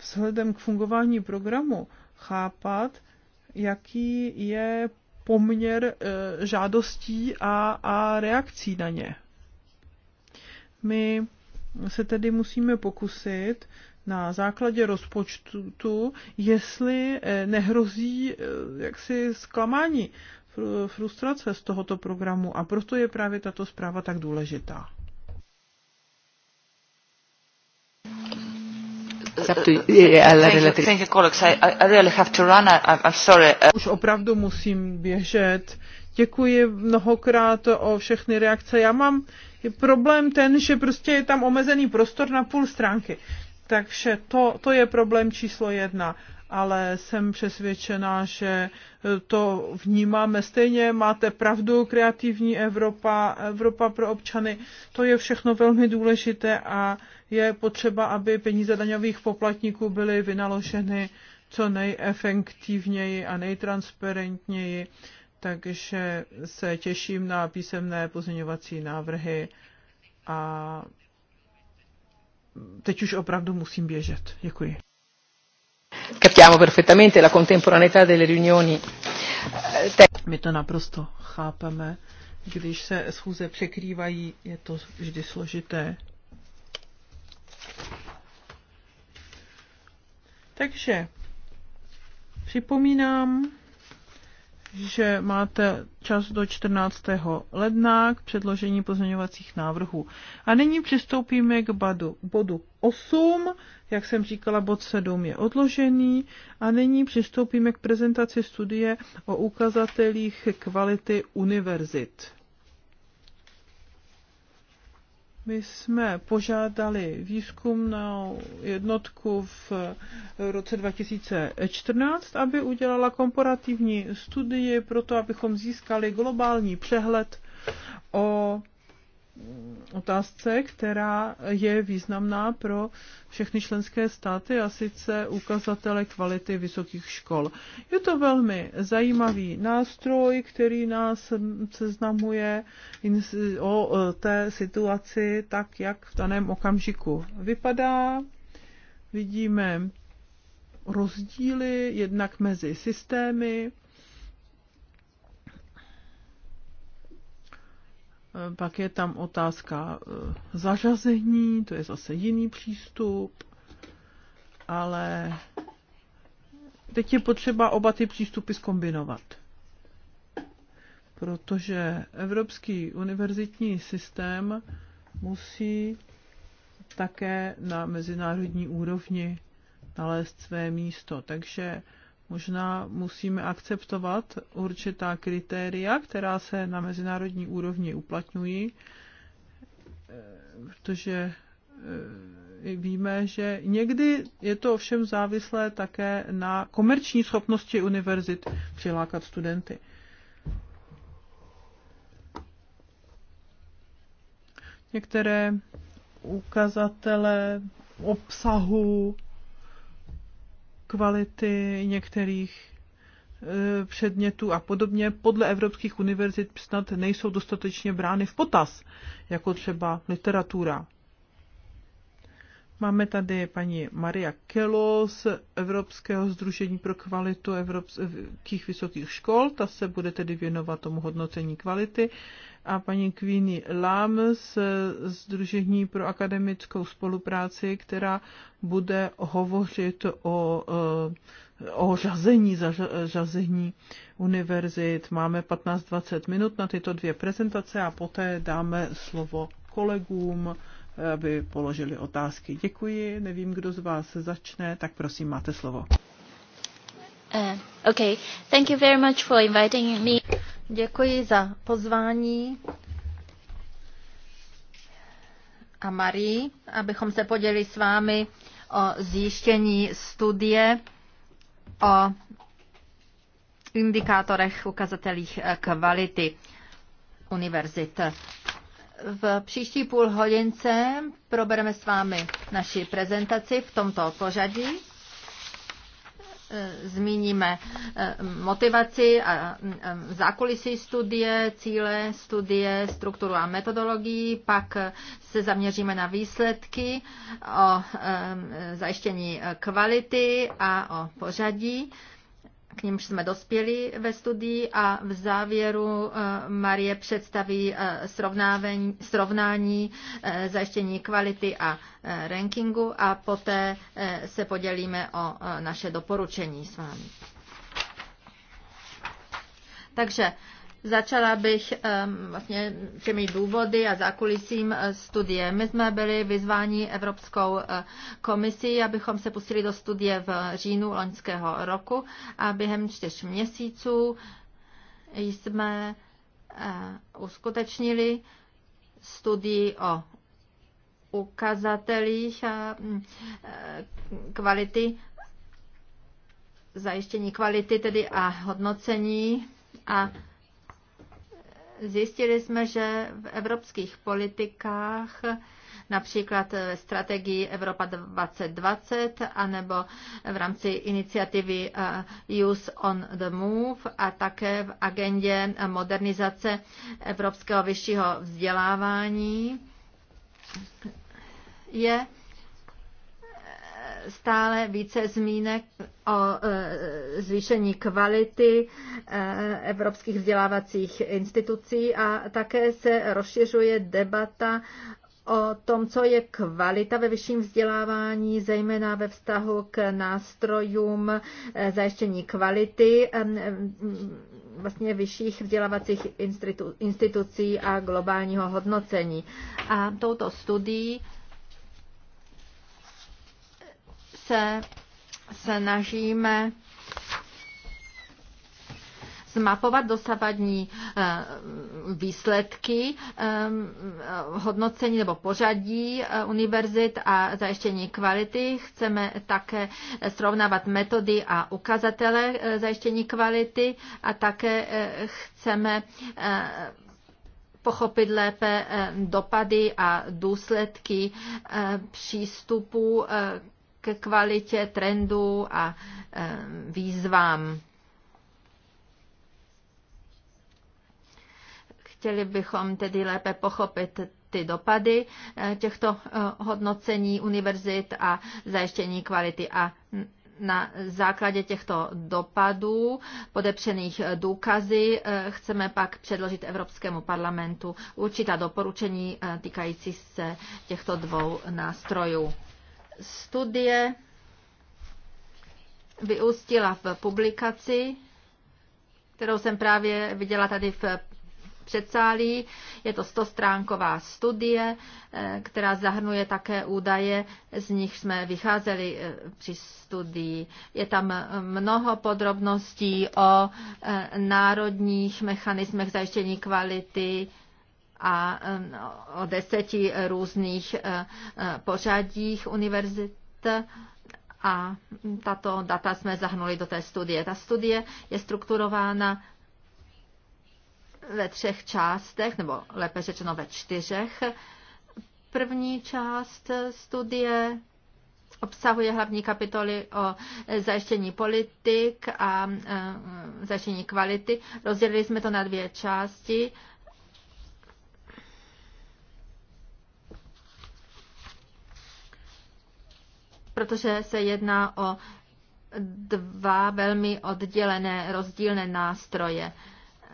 vzhledem k fungování programu chápat, jaký je poměr eh, žádostí a, a reakcí na ně. My se tedy musíme pokusit na základě rozpočtu, jestli nehrozí jaksi zklamání frustrace z tohoto programu a proto je právě tato zpráva tak důležitá. Už opravdu musím běžet. Děkuji mnohokrát o všechny reakce. Já mám problém ten, že prostě je tam omezený prostor na půl stránky. Takže to, to je problém číslo jedna ale jsem přesvědčená, že to vnímáme stejně. Máte pravdu, kreativní Evropa, Evropa pro občany, to je všechno velmi důležité a je potřeba, aby peníze daňových poplatníků byly vynaloženy co nejefektivněji a nejtransparentněji, takže se těším na písemné pozměňovací návrhy a teď už opravdu musím běžet. Děkuji. Capiamo perfettamente la contemporaneità delle riunioni. Eh, My to naprosto chápeme. Když se schůze překrývají, je to vždy složité. Takže připomínám, že máte čas do 14. ledna k předložení pozměňovacích návrhů. A nyní přistoupíme k bodu, bodu 8. Jak jsem říkala, bod 7 je odložený. A nyní přistoupíme k prezentaci studie o ukazatelích kvality univerzit. My jsme požádali výzkumnou jednotku v roce 2014, aby udělala komparativní studii pro to, abychom získali globální přehled o otázce, která je významná pro všechny členské státy a sice ukazatele kvality vysokých škol. Je to velmi zajímavý nástroj, který nás seznamuje o e, té situaci tak, jak v daném okamžiku vypadá. Vidíme rozdíly jednak mezi systémy, Eh, pak je tam otázka eh, zařazení, to je zase jiný přístup, ale teď je potřeba oba ty přístupy zkombinovat. Protože evropský univerzitní systém musí také na mezinárodní úrovni nalézt své místo. Takže Možná musíme akceptovat určitá kritéria, která se na mezinárodní úrovni uplatňují, eh, protože eh, víme, že někdy je to ovšem závislé také na komerční schopnosti univerzit přilákat studenty. Některé ukazatele obsahu kvality některých e, předmětů a podobně podle evropských univerzit snad nejsou dostatečně brány v potaz, jako třeba literatura. Máme tady paní Maria Kelo z Evropského združení pro kvalitu evropských e, vysokých škol. Ta se bude tedy věnovat tomu hodnocení kvality a paní Queenie Lam z Združení pro akademickou spolupráci, která bude hovořit o, eh, o řazení, řazení univerzit. Máme 15-20 minut na tyto dvě prezentace a poté dáme slovo kolegům, eh, aby položili otázky. Děkuji, nevím, kdo z vás začne, tak prosím, máte slovo. Uh, okay. Thank you very much for inviting me. Děkuji za pozvání a Marii, abychom se podělili s vámi o zjištění studie o indikátorech, ukazatelích eh, kvality univerzit. V příští půl hodince probereme s vámi naši prezentaci v tomto pořadí. Eh, zmíníme eh, motivaci a eh, zákulisí studie, cíle studie, strukturu a metodologii, pak se zaměříme na výsledky, o zajištění kvality a o pořadí k němž jsme dospěli ve studii a v závěru eh, Marie představí eh, srovnání eh, zajištění kvality a rankingu a poté se podělíme o naše doporučení s vámi. Takže Začala bych vlastně těmi důvody a zákulisím eh, studie. My jsme byli vyzváni Evropskou eh, komisí, abychom se pustili do studie v říjnu loňského roku a během čtyř měsíců jsme eh, uskutečnili studii o ukazatelích a mm, kvality, zajištění kvality tedy a hodnocení a zjistili jsme, že v evropských politikách například ve strategii Evropa 2020 anebo v rámci iniciativy eh, Use on the Move a také v agendě modernizace evropského vyššího vzdělávání je stále více zmínek o e, zvýšení kvality e, evropských vzdělávacích institucí a také se rozšiřuje debata o tom, co je kvalita ve vyšším vzdělávání, zejména ve vztahu k nástrojům e, zajištění kvality vlastně vyšších vzdělávacích institucí a globálního hodnocení. A touto studií se snažíme zmapovat dosavadní eh, výsledky eh, hodnocení nebo pořadí eh, univerzit a zajištění kvality. Chceme také srovnávat metody a ukazatele zajištění kvality a také chceme pochopit lépe dopady a důsledky přístupu ke kvalitě trendů a eh, výzvám. Chtěli bychom tedy lépe pochopit ty dopady eh, těchto eh, hodnocení univerzit a zajištění kvality. A na základě těchto dopadů podepřených důkazy chceme pak předložit Evropskému parlamentu určitá doporučení týkající se těchto dvou nástrojů studie vyústila v publikaci, kterou jsem právě viděla tady v předsálí. Je to stostránková studie, eh, která zahrnuje také údaje, z nich jsme vycházeli eh, při studii. Je tam mnoho podrobností o eh, národních mechanismech zajištění kvality a o deseti různých e, e, pořadích univerzit a tato data jsme zahnuli do té studie. Ta studie je strukturována ve třech částech, nebo lépe řečeno ve čtyřech. První část studie obsahuje hlavní kapitoly o zajištění politik a e, zajištění kvality. Rozdělili jsme to na dvě části. protože se jedná o dva velmi oddělené, rozdílné nástroje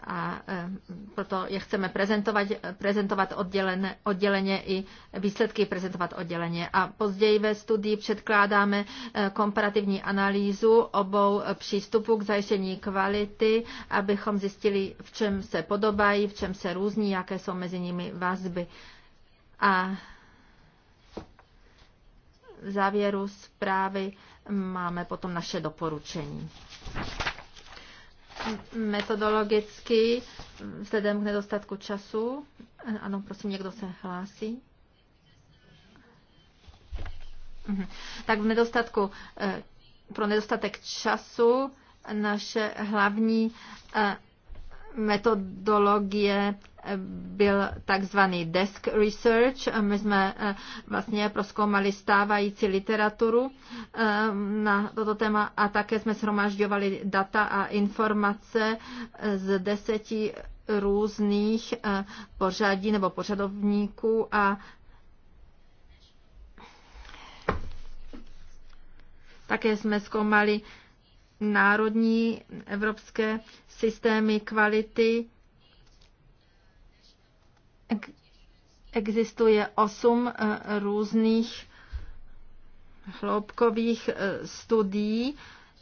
a e, proto je chceme prezentovat, prezentovat oddělené, odděleně i výsledky prezentovat odděleně. A později ve studii předkládáme e, komparativní analýzu obou přístupů k zajištění kvality, abychom zjistili, v čem se podobají, v čem se různí, jaké jsou mezi nimi vazby. A v závěru zprávy máme potom naše doporučení. Metodologicky, vzhledem k nedostatku času, ano, prosím, někdo se hlásí. Mhm. Tak v nedostatku, eh, pro nedostatek času naše hlavní eh, metodologie byl takzvaný desk research. My jsme eh, vlastně proskoumali stávající literaturu eh, na toto téma a také jsme shromažďovali data a informace z deseti různých eh, pořadí nebo pořadovníků a také jsme zkoumali národní evropské systémy kvality. Existuje osm eh, různých hloubkových eh, studií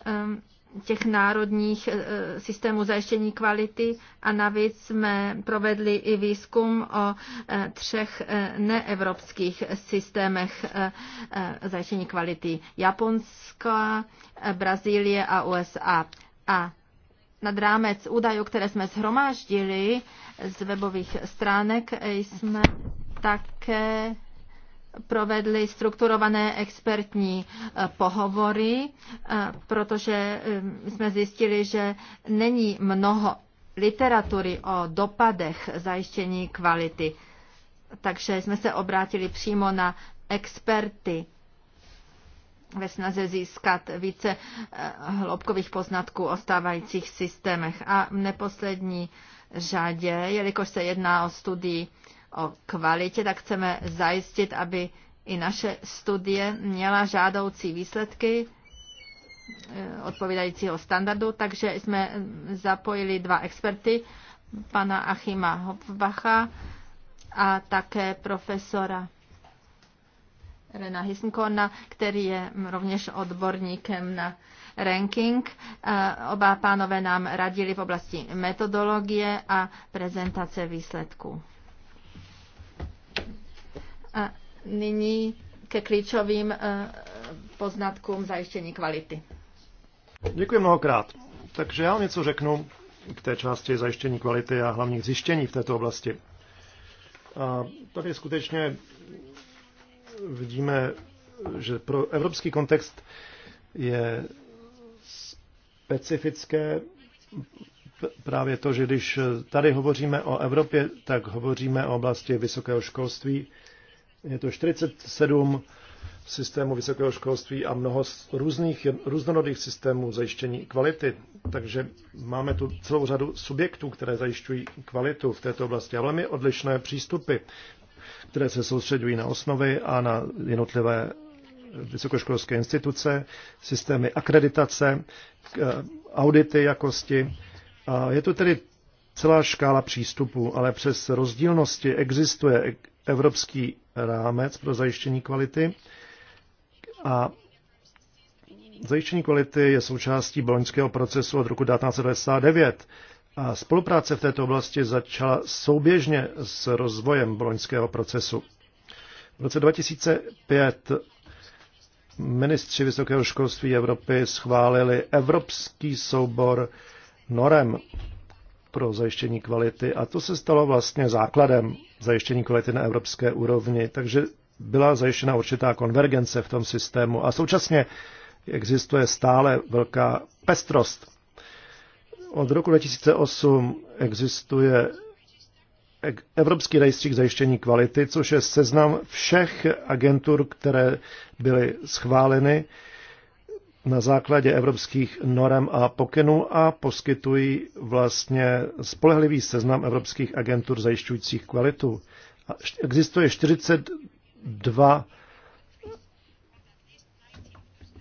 ehm, těch národních eh, systémů zajištění kvality a navíc jsme provedli i výzkum o eh, třech eh, neevropských systémech zajištění kvality. Japonska, Brazílie a USA. A nad rámec údajů, které jsme zhromáždili z webových stránek, jsme také provedli strukturované expertní eh, pohovory, eh, protože eh, jsme zjistili, že není mnoho literatury o dopadech zajištění kvality. Takže jsme se obrátili přímo na experty ve snaze získat více hloubkových poznatků o stávajících systémech. A v neposlední řadě, jelikož se jedná o studii o kvalitě, tak chceme zajistit, aby i naše studie měla žádoucí výsledky eh, odpovídajícího standardu, takže jsme zapojili dva experty, pana Achima Hopbacha a také profesora Rena Hisnkona, který je rovněž odborníkem na ranking. Eh, oba pánové nám radili v oblasti metodologie a prezentace výsledků. A nyní ke klíčovým eh, poznatkům zajištění kvality. Děkuji mnohokrát. Takže já vám něco řeknu k té části zajištění kvality a hlavních zjištění v této oblasti. A tady skutečně vidíme, že pro evropský kontext je specifické právě to, že když tady hovoříme o Evropě, tak hovoříme o oblasti vysokého školství je to 47 systémů vysokého školství a mnoho různých, různorodých systémů zajištění kvality. Takže máme tu celou řadu subjektů, které zajišťují kvalitu v této oblasti a velmi odlišné přístupy, které se soustředují na osnovy a na jednotlivé vysokoškolské instituce, systémy akreditace, audity jakosti. A je tu tedy celá škála přístupů, ale přes rozdílnosti existuje evropský rámec pro zajištění kvality a zajištění kvality je součástí boloňského procesu od roku 1999 a spolupráce v této oblasti začala souběžně s rozvojem boloňského procesu. V roce 2005 ministři vysokého školství Evropy schválili evropský soubor norem pro zajištění kvality a to se stalo vlastně základem zajištění kvality na evropské úrovni. Takže byla zajištěna určitá konvergence v tom systému a současně existuje stále velká pestrost. Od roku 2008 existuje Evropský rejstřík zajištění kvality, což je seznam všech agentur, které byly schváleny na základě evropských norem a pokynů a poskytují vlastně spolehlivý seznam evropských agentur zajišťujících kvalitu. Existuje 42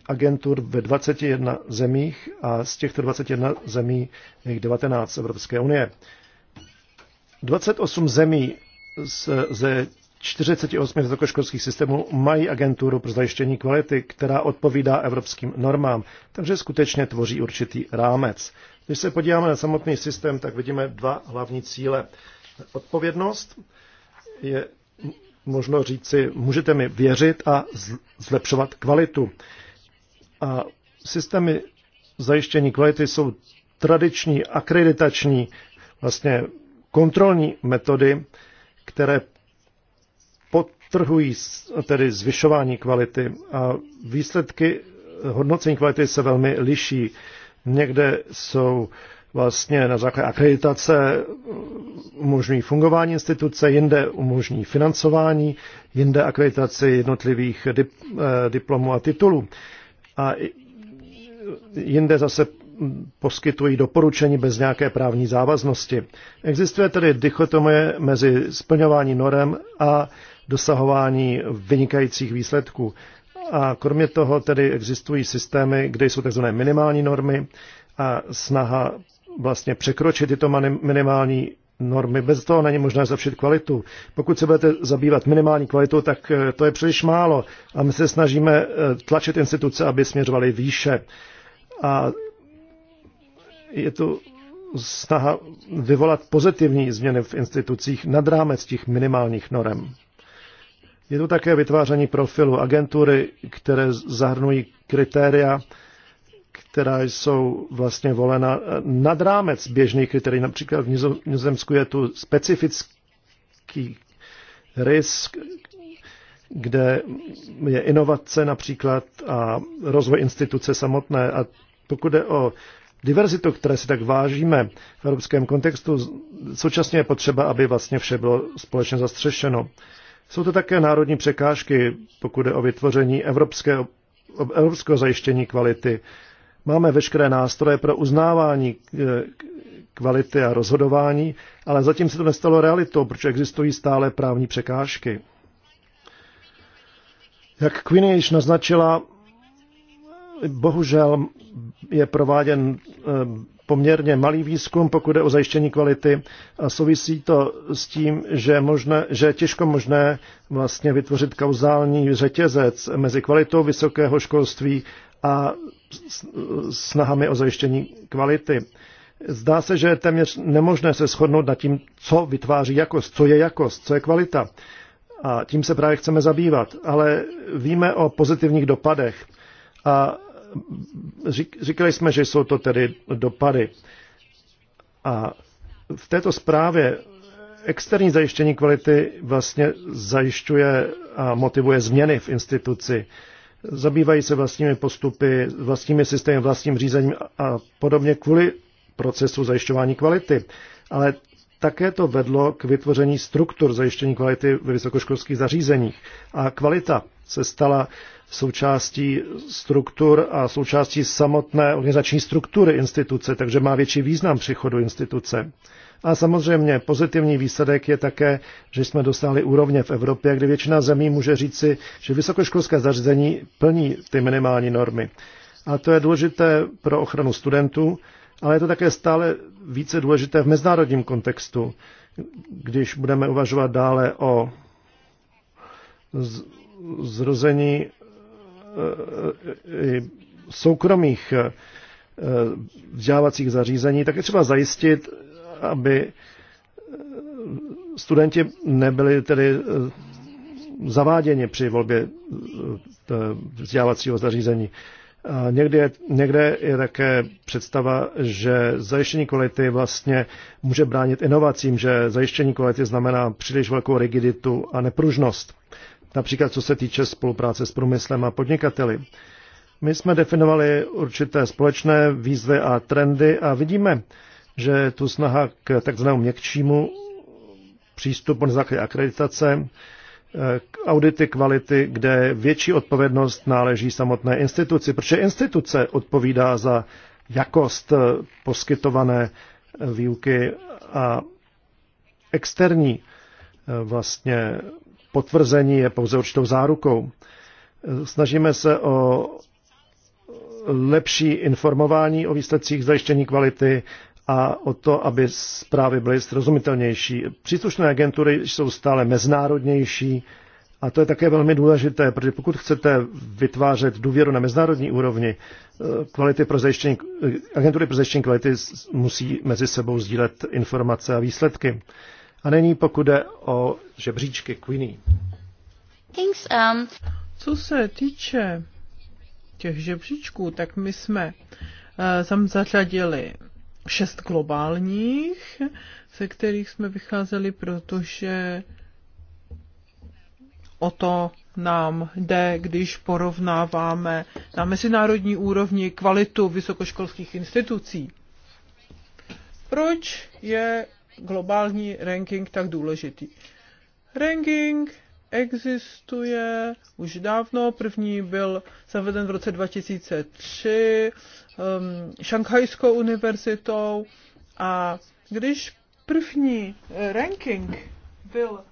agentur ve 21 zemích a z těchto 21 zemí je jich 19 Evropské unie. 28 zemí z, ze 48 vysokoškolských systémů mají agenturu pro zajištění kvality, která odpovídá evropským normám, takže skutečně tvoří určitý rámec. Když se podíváme na samotný systém, tak vidíme dva hlavní cíle. Odpovědnost je možno říci, můžete mi věřit a zlepšovat kvalitu. A systémy zajištění kvality jsou tradiční, akreditační, vlastně kontrolní metody, které podtrhují tedy zvyšování kvality a výsledky hodnocení kvality se velmi liší. Někde jsou vlastně na základě akreditace umožňují fungování instituce, jinde umožní financování, jinde akreditaci jednotlivých dip, eh, diplomů a titulů. A jinde zase poskytují doporučení bez nějaké právní závaznosti. Existuje tedy dichotomie mezi splňováním norem a dosahování vynikajících výsledků. A kromě toho tedy existují systémy, kde jsou tzv. minimální normy a snaha vlastně překročit tyto minimální normy. Bez toho není možné zlepšit kvalitu. Pokud se budete zabývat minimální kvalitou, tak eh, to je příliš málo. A my se snažíme eh, tlačit instituce, aby směřovaly výše. A je tu snaha vyvolat pozitivní změny v institucích nad rámec těch minimálních norem. Je tu také vytváření profilu agentury, které zahrnují kritéria, která jsou vlastně volena nad rámec běžných kritérií. Například v Nizozemsku je tu specifický risk, kde je inovace například a rozvoj instituce samotné. A pokud jde o diverzitu, které si tak vážíme v evropském kontextu, současně je potřeba, aby vlastně vše bylo společně zastřešeno. Jsou to také národní překážky, pokud je o vytvoření evropského, evropského zajištění kvality. Máme veškeré nástroje pro uznávání eh, kvality a rozhodování, ale zatím se to nestalo realitou, protože existují stále právní překážky. Jak Queen již naznačila, bohužel je prováděn eh, poměrně malý výzkum, pokud je o zajištění kvality a souvisí to s tím, že, je možné, že je těžko možné vlastně vytvořit kauzální řetězec mezi kvalitou vysokého školství a snahami o zajištění kvality. Zdá se, že je téměř nemožné se shodnout nad tím, co vytváří jakost, co je jakost, co je kvalita. A tím se právě chceme zabývat. Ale víme o pozitivních dopadech. A Říkali jsme, že jsou to tedy dopady. A v této zprávě externí zajištění kvality vlastně zajišťuje a motivuje změny v instituci. Zabývají se vlastními postupy, vlastními systémy, vlastním řízením a podobně kvůli procesu zajišťování kvality. Ale také to vedlo k vytvoření struktur zajištění kvality ve vysokoškolských zařízeních. A kvalita se stala součástí struktur a součástí samotné organizační struktury instituce, takže má větší význam přichodu instituce. A samozřejmě pozitivní výsledek je také, že jsme dosáhli úrovně v Evropě, kde většina zemí může říci, že vysokoškolské zařízení plní ty minimální normy. A to je důležité pro ochranu studentů, ale je to také stále více důležité v mezinárodním kontextu, když budeme uvažovat dále o zrození Eh, eh, eh, soukromých vzdělávacích zařízení, tak je třeba zajistit, aby studenti nebyli tedy zaváděni při volbě vzdělávacího zařízení. A někde, někde je také představa, že zajištění kvality vlastně může bránit inovacím, že zajištění kvality znamená příliš velkou rigiditu a nepružnost například co se týče spolupráce s průmyslem a podnikateli. My jsme definovali určité společné výzvy a trendy a vidíme, že tu snaha k takzvanému měkčímu přístupu na základě akreditace, eh, k audity kvality, kde větší odpovědnost náleží samotné instituci, protože instituce odpovídá za jakost eh, poskytované eh, výuky a externí vlastně potvrzení je pouze určitou zárukou. Snažíme se o lepší informování o výsledcích zajištění kvality a o to, aby zprávy byly srozumitelnější. Příslušné agentury jsou stále mezinárodnější a to je také velmi důležité, protože pokud chcete vytvářet důvěru na mezinárodní úrovni, kvality pro zajištění, agentury pro zajištění kvality musí mezi sebou sdílet informace a výsledky. A není pokud jde o žebříčky Queenie. um... Co se týče těch žebříčků, tak my jsme uh, tam zařadili šest globálních, ze kterých jsme vycházeli, protože o to nám jde, když porovnáváme na mezinárodní úrovni kvalitu vysokoškolských institucí. Proč je globální ranking tak důležitý. Ranking existuje už dávno. První byl zaveden v roce 2003 um, Šanghajskou univerzitou a když první eh, ranking byl uh,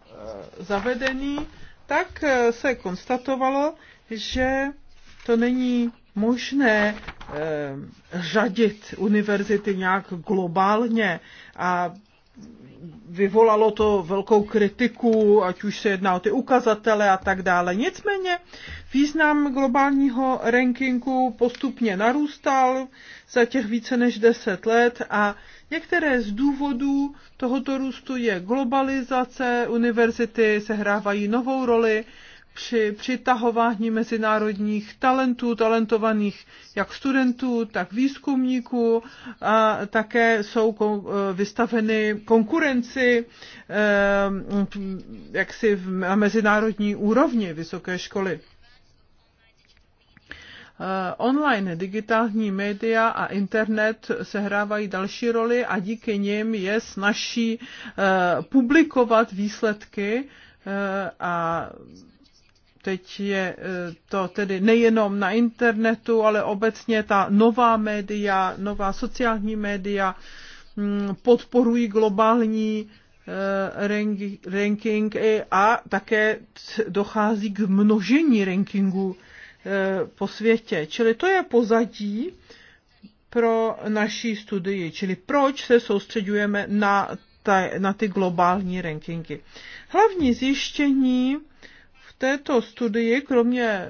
zavedený, tak eh, se konstatovalo, že to není možné eh, řadit univerzity nějak globálně a vyvolalo to velkou kritiku, ať už se jedná o ty ukazatele a tak dále. Nicméně význam globálního rankingu postupně narůstal za těch více než 10 let a některé z důvodů tohoto růstu je globalizace, univerzity sehrávají novou roli při přitahování mezinárodních talentů, talentovaných jak studentů, tak výzkumníků. A také jsou eh, vystaveny konkurenci eh, jaksi na mezinárodní úrovni vysoké školy eh, online digitální média a internet sehrávají další roli a díky nim je snažší publikovat výsledky a teď je e, to tedy nejenom na internetu, ale obecně ta nová média, nová sociální média mm, podporují globální e, ranking a také dochází k množení rankingů e, po světě. Čili to je pozadí pro naší studii, čili proč se soustředujeme na, ta, na ty globální rankingy. Hlavní zjištění této studii, kromě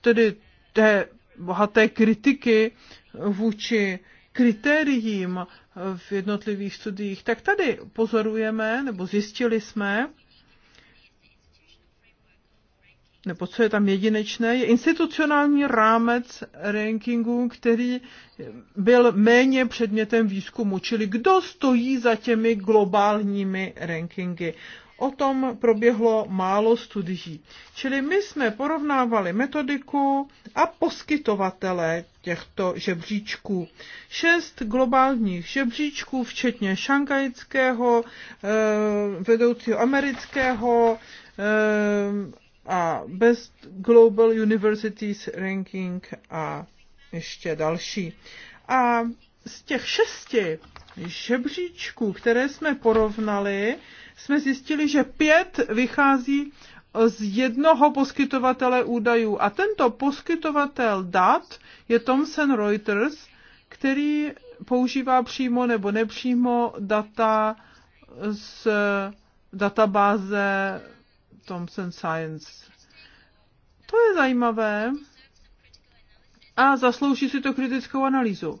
tedy té bohaté kritiky vůči kritériím v jednotlivých studiích, tak tady pozorujeme nebo zjistili jsme, nebo co je tam jedinečné, je institucionální rámec rankingu, který byl méně předmětem výzkumu, čili kdo stojí za těmi globálními rankingy o tom proběhlo málo studií. Čili my jsme porovnávali metodiku a poskytovatele těchto žebříčků. Šest globálních žebříčků, včetně šangajského eh, vedoucího amerického eh, a Best Global Universities Ranking a ještě další. A z těch šesti žebříčků, které jsme porovnali, jsme zjistili, že pět vychází z jednoho poskytovatele údajů. A tento poskytovatel dat je Thomson Reuters, který používá přímo nebo nepřímo data z databáze Thomson Science. To je zajímavé a zaslouží si to kritickou analýzu.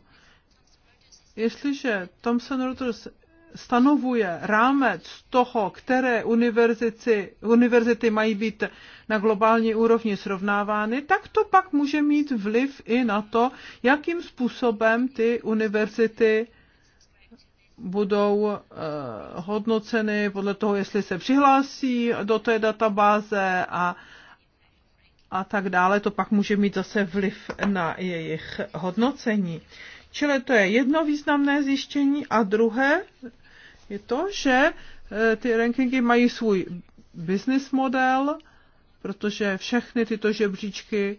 Jestliže Thomson Reuters stanovuje rámec toho, které univerzity, univerzity mají být na globální úrovni srovnávány, tak to pak může mít vliv i na to, jakým způsobem ty univerzity budou uh, hodnoceny podle toho, jestli se přihlásí do té databáze a, a tak dále. To pak může mít zase vliv na jejich hodnocení. Čili to je jedno významné zjištění a druhé je to, že e, ty rankingy mají svůj business model, protože všechny tyto žebříčky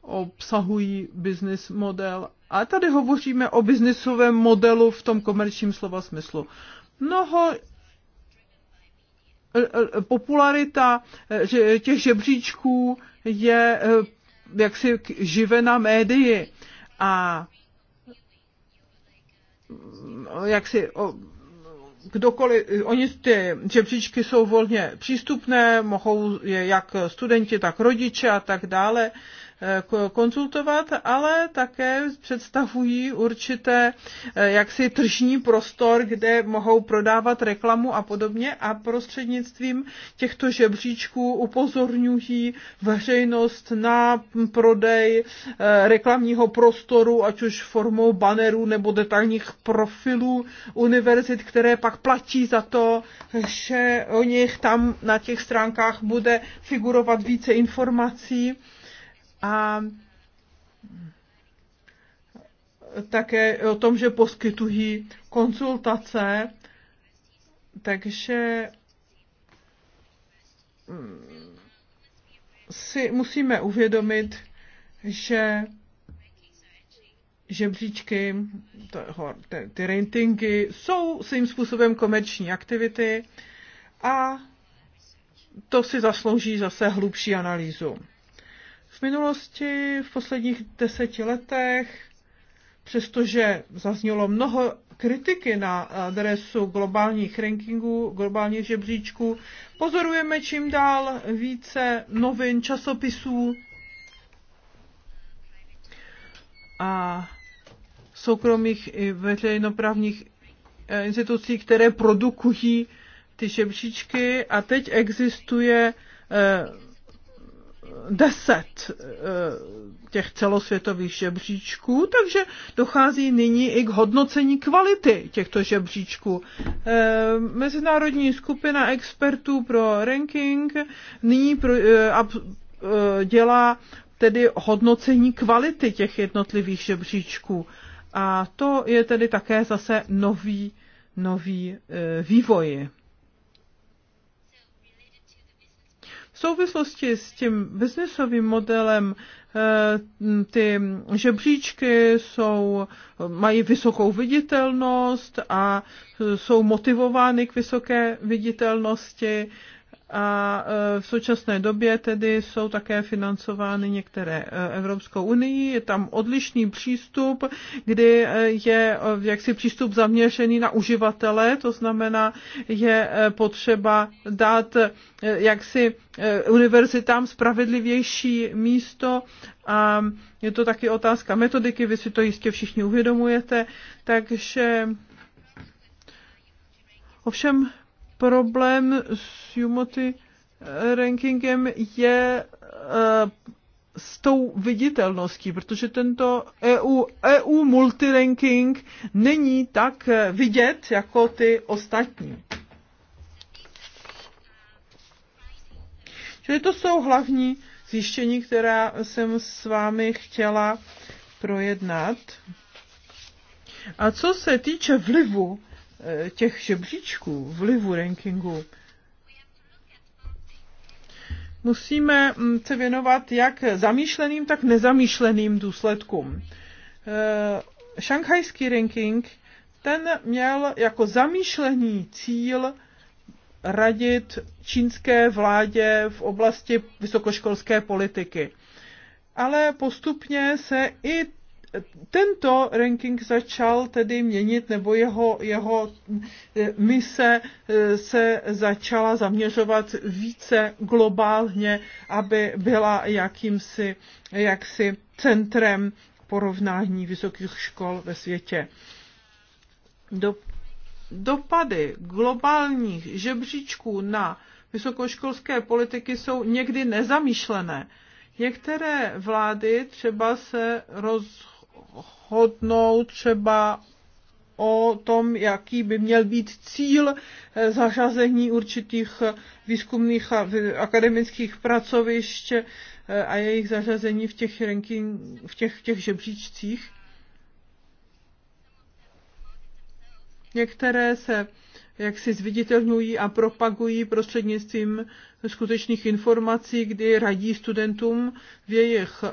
obsahují business model. A tady hovoříme o businessovém modelu v tom komerčním slova smyslu. Mnoho e, e, popularita těch žebříčků je jaksi živena médii a jaksi kdokoliv, oni ty žebříčky jsou volně přístupné, mohou je jak studenti, tak rodiče a tak dále. Eh, konzultovat, ale také představují určité eh, jaksi tržní prostor, kde mohou prodávat reklamu a podobně a prostřednictvím těchto žebříčků upozorňují veřejnost na prodej eh, reklamního prostoru, ať už formou banerů nebo detailních profilů univerzit, které pak platí za to, že o nich tam na těch stránkách bude figurovat více informací a také o tom, že poskytují konzultace, takže mm, si musíme uvědomit, že žebříčky, ty, ty ratingy jsou svým způsobem komerční aktivity a to si zaslouží zase hlubší analýzu minulosti, v posledních deseti letech, přestože zaznělo mnoho kritiky na adresu globálních rankingů, globálních žebříčků, pozorujeme čím dál více novin, časopisů a soukromých i veřejnoprávních eh, institucí, které produkují ty žebříčky a teď existuje eh, deset eh, těch celosvětových žebříčků, takže dochází nyní i k hodnocení kvality těchto žebříčků. Eh, mezinárodní skupina expertů pro ranking nyní eh, dělá tedy hodnocení kvality těch jednotlivých žebříčků. A to je tedy také zase nový, nový vývoj. souvislosti s tím biznesovým modelem eh, ty žebříčky jsou, mají vysokou viditelnost a jsou motivovány k vysoké viditelnosti a e, v současné době tedy jsou také financovány některé e, Evropskou unii. Je tam odlišný přístup, kdy e, je jaksi přístup zaměřený na uživatele, to znamená, je potřeba dát jaksi univerzitám spravedlivější místo a je to taky otázka metodiky, vy si to jistě všichni uvědomujete, takže ovšem problém s Jumoty eh, rankingem je eh, s tou viditelností, protože tento EU, EU multiranking není tak eh, vidět jako ty ostatní. Čili to jsou hlavní zjištění, která jsem s vámi chtěla projednat. A co se týče vlivu Eh, těch žebříčků, vlivu rankingu, musíme mm, se věnovat jak zamýšleným, tak nezamýšleným důsledkům. Eh, šanghajský ranking, ten měl jako zamýšlený cíl radit čínské vládě v oblasti vysokoškolské politiky. Ale postupně se i tento ranking začal tedy měnit, nebo jeho, jeho eh, mise eh, se začala zaměřovat více globálně, aby byla jakýmsi jaksi centrem porovnání vysokých škol ve světě. Do, dopady globálních žebříčků na vysokoškolské politiky jsou někdy nezamýšlené. Některé vlády třeba se roz, rozhodnout třeba o tom, jaký by měl být cíl eh, zařazení určitých eh, výzkumných a akademických pracovišť eh, a jejich zařazení v těch, ranking, v těch, těch žebříčcích. Některé se jak si zviditelňují a propagují prostřednictvím skutečných informací, kdy radí studentům v jejich eh,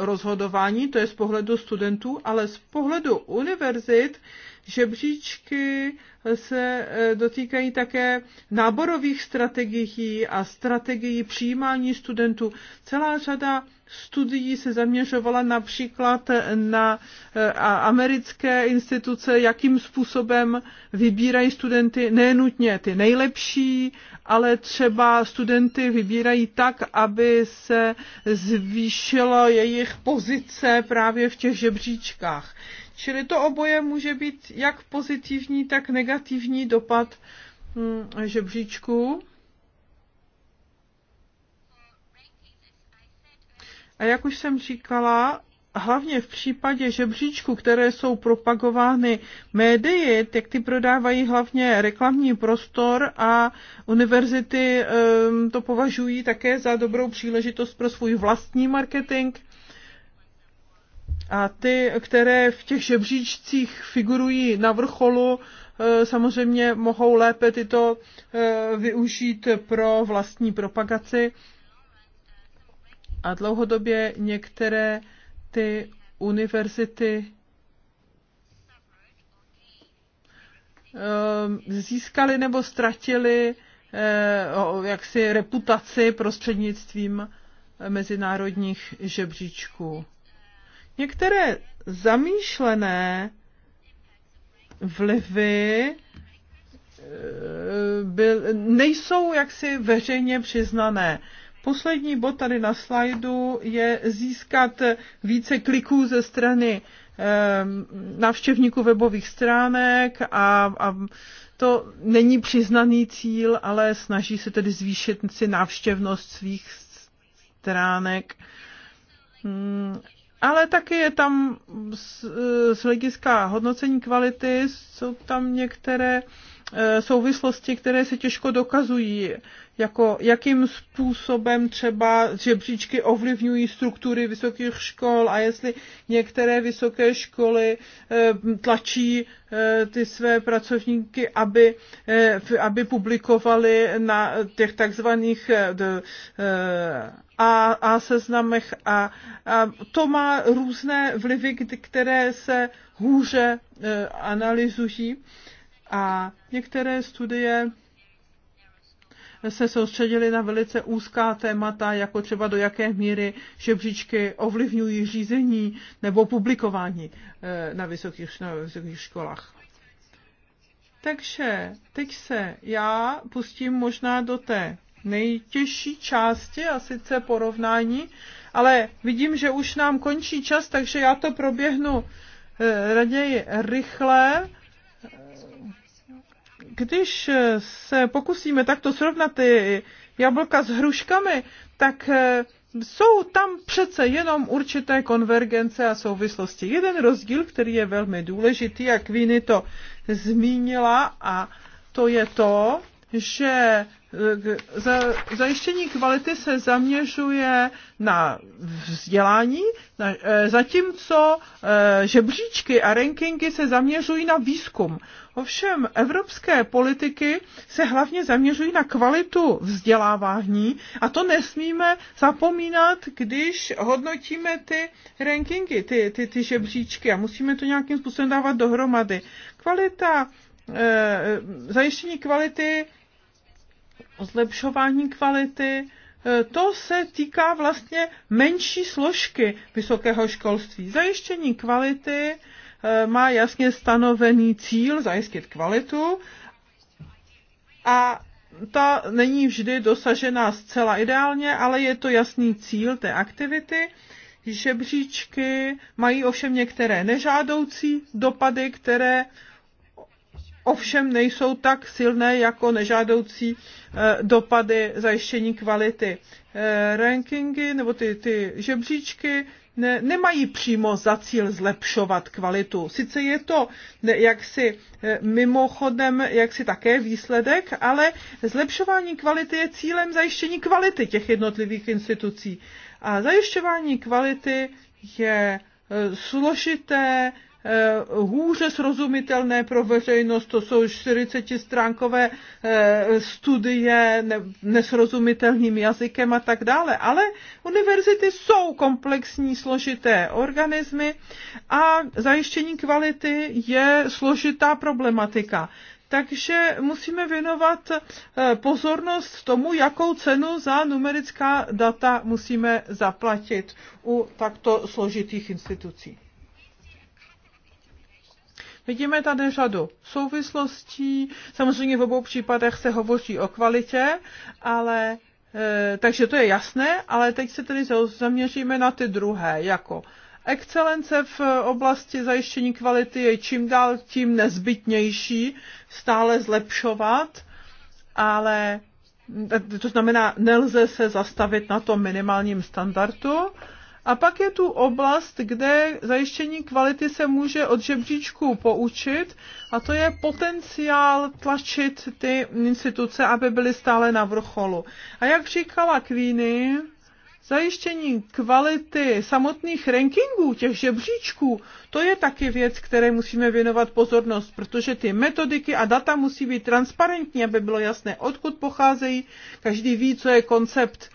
rozhodování, to je z pohledu studentů, ale z pohledu univerzit žebříčky se eh, dotýkají také náborových strategií a strategií přijímání studentů. Celá řada studií se zaměřovala například na eh, americké instituce, jakým způsobem vybírají studenty, nenutně ty nejlepší, ale třeba studenty vybírají tak, aby se zvýšilo jejich pozice právě v těch žebříčkách. Čili to oboje může být jak pozitivní, tak negativní dopad hm, žebříčků. A jak už jsem říkala, hlavně v případě žebříčku, které jsou propagovány médii, tak ty prodávají hlavně reklamní prostor a univerzity ehm, to považují také za dobrou příležitost pro svůj vlastní marketing. A ty, které v těch žebříčcích figurují na vrcholu, eh, samozřejmě mohou lépe tyto eh, využít pro vlastní propagaci. A dlouhodobě některé ty univerzity ehm, získali nebo ztratili eh, jaksi reputaci prostřednictvím mezinárodních žebříčků. Některé zamýšlené vlivy eh, byl, nejsou jaksi veřejně přiznané. Poslední bod tady na slajdu je získat více kliků ze strany ehm, návštěvníků webových stránek a, a to není přiznaný cíl, ale snaží se tedy zvýšit si návštěvnost svých stránek. Hmm, ale taky je tam z, z hlediska hodnocení kvality, jsou tam některé eh, souvislosti, které se těžko dokazují jako jakým způsobem třeba žebříčky ovlivňují struktury vysokých škol a jestli některé vysoké školy eh, tlačí eh, ty své pracovníky, aby, eh, aby publikovali na těch takzvaných a, a seznamech a, a to má různé vlivy, které se hůře analyzují a některé studie se soustředili na velice úzká témata, jako třeba do jaké míry žebříčky ovlivňují řízení nebo publikování eh, na vysokých, na vysokých školách. Takže teď se já pustím možná do té nejtěžší části, a sice porovnání, ale vidím, že už nám končí čas, takže já to proběhnu eh, raději rychle když eh, se pokusíme takto srovnat ty jablka s hruškami, tak eh, jsou tam přece jenom určité konvergence a souvislosti. Jeden rozdíl, který je velmi důležitý, jak Viny to zmínila, a to je to, že eh, zajištění kvality se zaměřuje na vzdělání, Eh, zatímco eh, žebříčky a rankingy se zaměřují na výzkum. Ovšem evropské politiky se hlavně zaměřují na kvalitu vzdělávání a to nesmíme zapomínat, když hodnotíme ty rankingy, ty, ty, ty žebříčky a musíme to nějakým způsobem dávat dohromady. Kvalita, eh, zajištění kvality, zlepšování kvality, E, to se týká vlastně menší složky vysokého školství. Zajištění kvality e, má jasně stanovený cíl zajistit kvalitu a ta není vždy dosažená zcela ideálně, ale je to jasný cíl té aktivity. Žebříčky mají ovšem některé nežádoucí dopady, které ovšem nejsou tak silné jako nežádoucí eh, dopady zajištění kvality. Eh, rankingy nebo ty, ty žebříčky ne, nemají přímo za cíl zlepšovat kvalitu. Sice je to jaksi eh, mimochodem jaksi také výsledek, ale zlepšování kvality je cílem zajištění kvality těch jednotlivých institucí. A zajišťování kvality je složité, Eh, hůře srozumitelné pro veřejnost, to jsou 40-stránkové eh, studie nesrozumitelným jazykem a tak dále. Ale univerzity jsou komplexní, složité organismy a zajištění kvality je složitá problematika. Takže musíme věnovat eh, pozornost tomu, jakou cenu za numerická data musíme zaplatit u takto složitých institucí. Vidíme tady řadu souvislostí, samozřejmě v obou případech se hovoří o kvalitě, ale e, takže to je jasné, ale teď se tedy zaměříme na ty druhé, jako Excelence v oblasti zajištění kvality je čím dál tím nezbytnější stále zlepšovat, ale e, to znamená, nelze se zastavit na tom minimálním standardu, a pak je tu oblast, kde zajištění kvality se může od žebříčku poučit a to je potenciál tlačit ty instituce, aby byly stále na vrcholu. A jak říkala Queenie, zajištění kvality samotných rankingů, těch žebříčků, to je taky věc, které musíme věnovat pozornost, protože ty metodiky a data musí být transparentní, aby bylo jasné, odkud pocházejí. Každý ví, co je koncept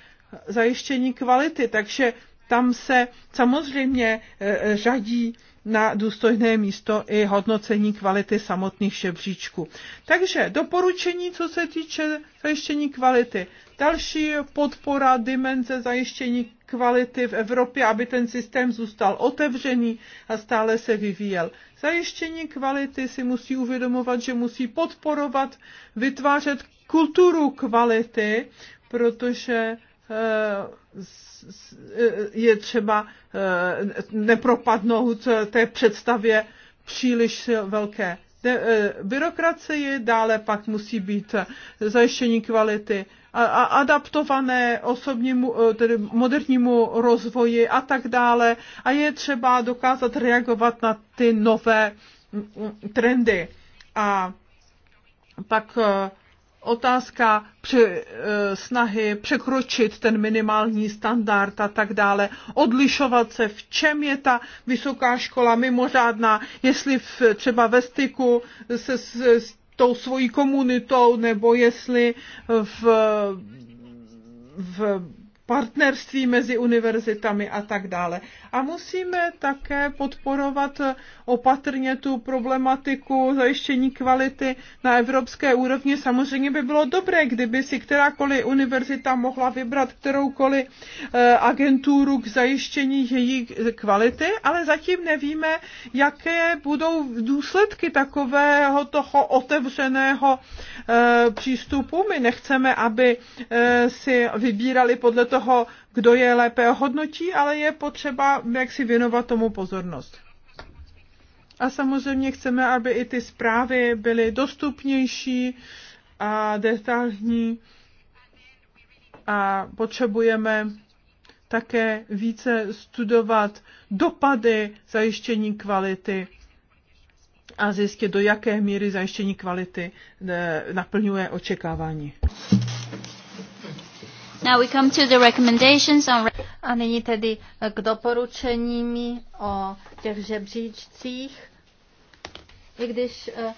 zajištění kvality, takže tam se samozřejmě e, e, řadí na důstojné místo i hodnocení kvality samotných šebříčků. Takže doporučení, co se týče zajištění kvality. Další podpora dimenze zajištění kvality v Evropě, aby ten systém zůstal otevřený a stále se vyvíjel. Zajištění kvality si musí uvědomovat, že musí podporovat, vytvářet kulturu kvality, protože Eh, eh, je třeba eh, nepropadnout té představě příliš velké byrokracie, dále pak musí být zajištění kvality a adaptované osobnímu, tedy modernímu rozvoji a tak dále. A je třeba dokázat reagovat na ty nové mm, mm, trendy. A pak otázka při eh, snahy překročit ten minimální standard a tak dále, odlišovat se, v čem je ta vysoká škola mimořádná, jestli v, třeba ve styku se s, s tou svojí komunitou, nebo jestli v, v partnerství mezi univerzitami a tak dále a musíme také podporovat opatrně tu problematiku zajištění kvality na evropské úrovni. Samozřejmě by bylo dobré, kdyby si kterákoliv univerzita mohla vybrat kteroukoliv eh, agenturu k zajištění její kvality, ale zatím nevíme, jaké budou důsledky takového toho otevřeného eh, přístupu. My nechceme, aby eh, si vybírali podle toho, kdo je lépe hodnotí, ale je potřeba jak si věnovat tomu pozornost. A samozřejmě chceme, aby i ty zprávy byly dostupnější a detailní a potřebujeme také více studovat dopady zajištění kvality a zjistit, do jaké míry zajištění kvality eh, naplňuje očekávání. Now we come to the recommendations on... A nyní tedy k doporučením o těch žebříčcích. I když eh,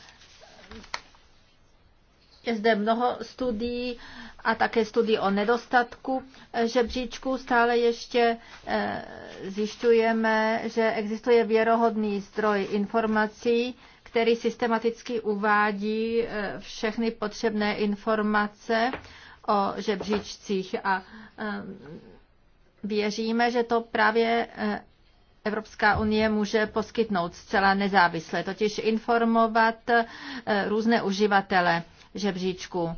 je zde mnoho studií a také studií o nedostatku eh, žebříčku. Stále ještě eh, zjišťujeme, že existuje věrohodný zdroj informací, který systematicky uvádí všechny potřebné informace o žebříčcích a eh, věříme, že to právě eh, Evropská unie může poskytnout zcela nezávisle, totiž informovat eh, různé uživatele žebříčku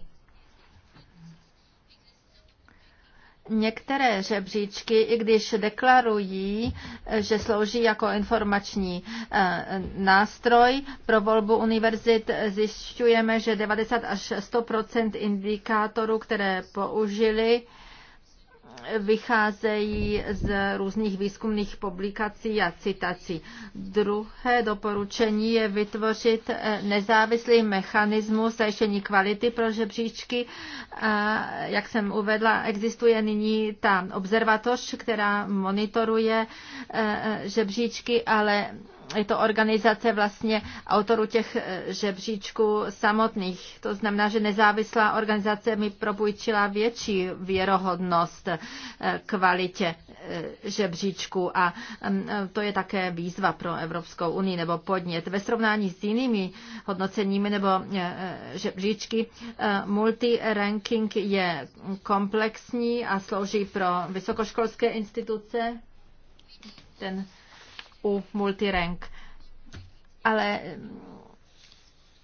některé žebříčky, i když deklarují, že slouží jako informační eh, nástroj pro volbu univerzit, zjišťujeme, že 90 až 100 indikátorů, které použili, vycházejí z různých výzkumných publikací a citací. Druhé doporučení je vytvořit eh, nezávislý mechanismus zajištění kvality pro žebříčky. Jak jsem uvedla, existuje nyní ta observatoř, která monitoruje eh, eh, žebříčky, ale je to organizace vlastně autorů těch eh, žebříčků samotných. To znamená, že nezávislá organizace mi propůjčila větší věrohodnost eh, kvalitě eh, žebříčku a mm, to je také výzva pro Evropskou unii nebo podnět. Ve srovnání s jinými hodnoceními nebo žebříčky Multi ranking je komplexní a slouží pro vysokoškolské instituce. Ten u multirank. Ale mm,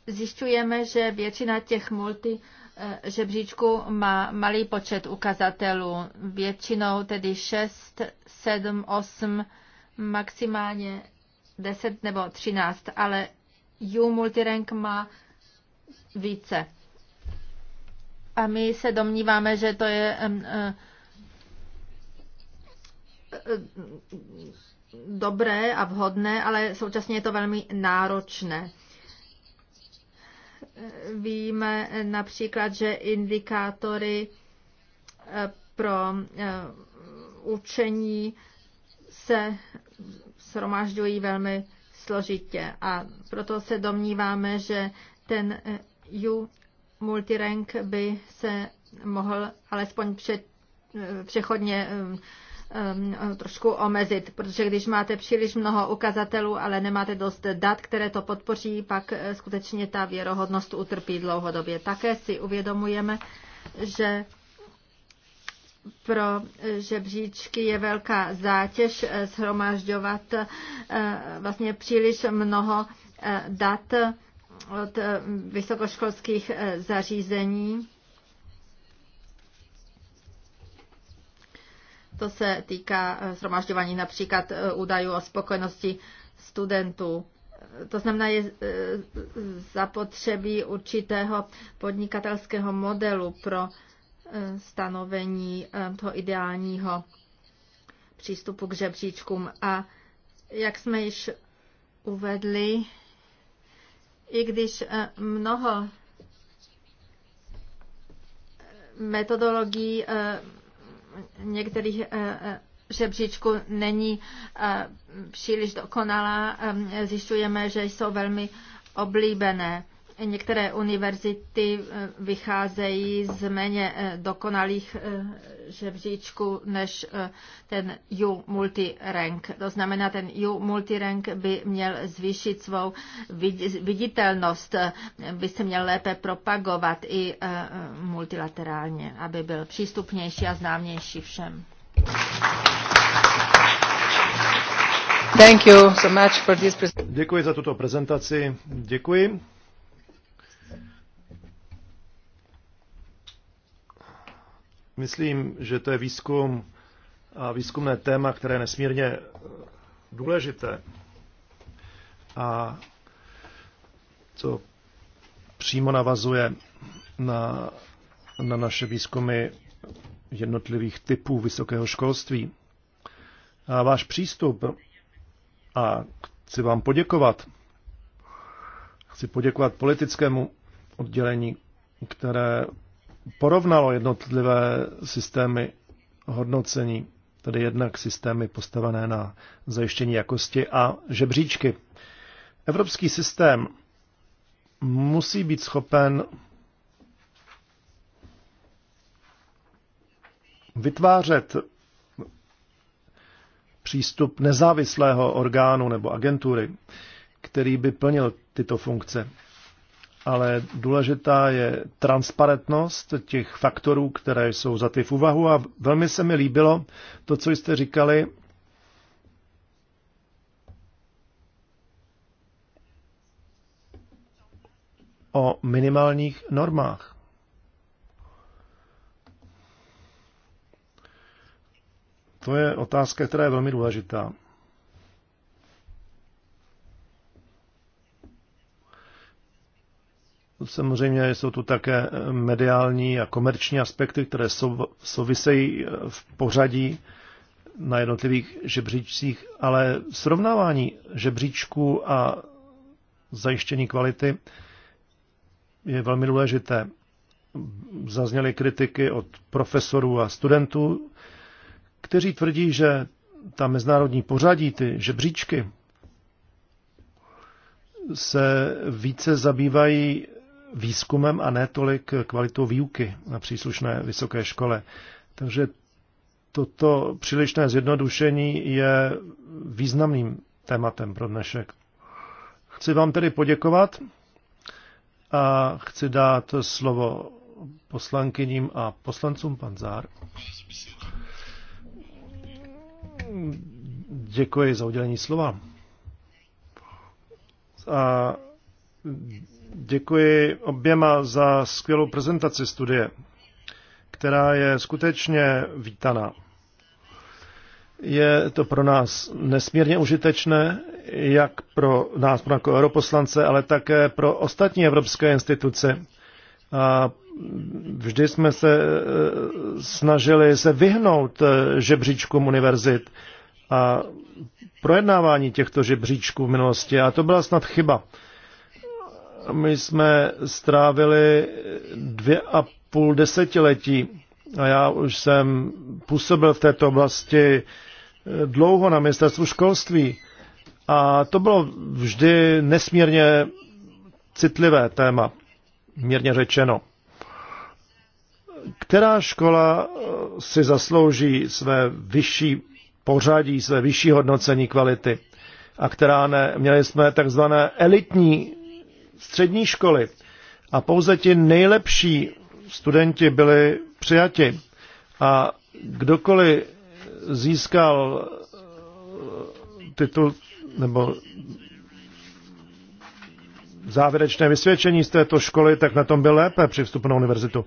zjišťujeme, že většina těch multi eh, žebříčků má malý počet ukazatelů, většinou tedy 6, 7, 8, maximálně 10 nebo 13, ale U Multirank má více. A my se domníváme, že to je mm, eh, eh, dobré a vhodné, ale současně je to velmi náročné. Víme například, že indikátory eh, pro eh, učení se shromažďují velmi složitě a proto se domníváme, že ten eh, U multirank by se mohl alespoň před, přechodně Um, trošku omezit, protože když máte příliš mnoho ukazatelů, ale nemáte dost dat, které to podpoří, pak eh, skutečně ta věrohodnost utrpí dlouhodobě. Také si uvědomujeme, že pro eh, žebříčky je velká zátěž eh, shromažďovat vlastně příliš mnoho dat od vysokoškolských zařízení To se týká zhromažďování eh, například eh, údajů o spokojenosti studentů. To znamená, je eh, zapotřebí určitého podnikatelského modelu pro stanovení toho ideálního přístupu k žebříčkům. A jak jsme již uvedli, i když mnoho metodologií některých eh, eh, žebříčku není eh, příliš dokonalá. Ehm, zjišťujeme, že jsou velmi oblíbené. Některé univerzity eh, vycházejí z méně eh, dokonalých eh, žebříčků než ten U multirank. To znamená, ten U multirank by měl zvýšit svou viditelnost, by se měl lépe propagovat i multilaterálně, aby byl přístupnější a známější všem. Thank you so much for this Děkuji za tuto prezentaci. Děkuji. Myslím, že to je výzkum a výzkumné téma, které je nesmírně eh, důležité. A co přímo navazuje na, na naše výzkumy jednotlivých typů vysokého školství. A váš přístup, a chci vám poděkovat, chci poděkovat politickému oddělení, které porovnalo jednotlivé systémy hodnocení, tedy jednak systémy postavené na zajištění jakosti a žebříčky. Evropský systém musí být schopen vytvářet přístup nezávislého orgánu nebo agentury, který by plnil tyto funkce ale důležitá je transparentnost těch faktorů, které jsou za ty v úvahu a velmi se mi líbilo to, co jste říkali o minimálních normách. To je otázka, která je velmi důležitá. Samozřejmě jsou tu také eh, mediální a komerční aspekty, které souvisejí eh, v pořadí na jednotlivých žebříčcích, ale srovnávání žebříčků a zajištění kvality je velmi důležité. Zazněly kritiky od profesorů a studentů, kteří tvrdí, že ta mezinárodní pořadí, ty žebříčky, se více zabývají výzkumem a ne tolik kvalitou výuky na příslušné vysoké škole. Takže toto přílišné zjednodušení je významným tématem pro dnešek. Chci vám tedy poděkovat a chci dát slovo poslankyním a poslancům pan Zár. Děkuji za udělení slova. A Děkuji oběma za skvělou prezentaci studie, která je skutečně vítaná. Je to pro nás nesmírně užitečné, jak pro nás, pro jako europoslance, ale také pro ostatní evropské instituce. A vždy jsme se eh, snažili se vyhnout eh, žebříčkům univerzit a projednávání těchto žebříčků v minulosti. A to byla snad chyba my jsme strávili dvě a půl desetiletí a já už jsem působil v této oblasti eh, dlouho na ministerstvu školství a to bylo vždy nesmírně citlivé téma, mírně řečeno. Která škola eh, si zaslouží své vyšší pořadí, své vyšší hodnocení kvality a která ne? Měli jsme takzvané elitní střední školy a pouze ti nejlepší studenti byli přijati. A kdokoliv získal eh, titul nebo závěrečné vysvědčení z této školy, tak na tom byl lépe při vstupu na univerzitu.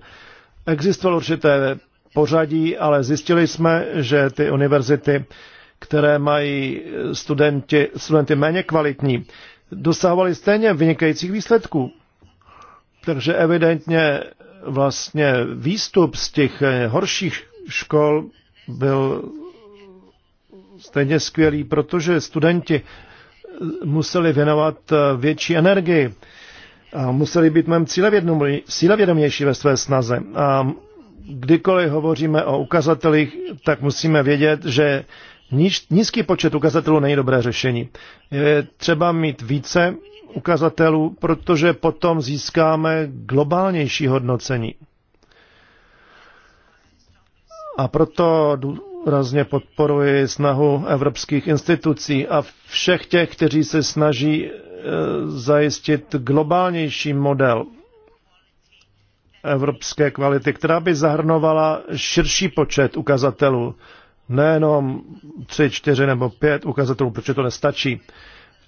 Existovalo určité pořadí, ale zjistili jsme, že ty univerzity, které mají studenti, studenty méně kvalitní, dosahovali stejně vynikajících výsledků. Takže evidentně vlastně výstup z těch horších škol byl stejně skvělý, protože studenti museli věnovat větší energii a museli být mnohem cílevědomější ve své snaze. A kdykoliv hovoříme o ukazatelích, tak musíme vědět, že nízký počet ukazatelů není dobré řešení. Je třeba mít více ukazatelů, protože potom získáme globálnější hodnocení. A proto důrazně podporuji snahu evropských institucí a všech těch, kteří se snaží e, zajistit globálnější model evropské kvality, která by zahrnovala širší počet ukazatelů nejenom tři, čtyři nebo pět ukazatelů, protože to nestačí.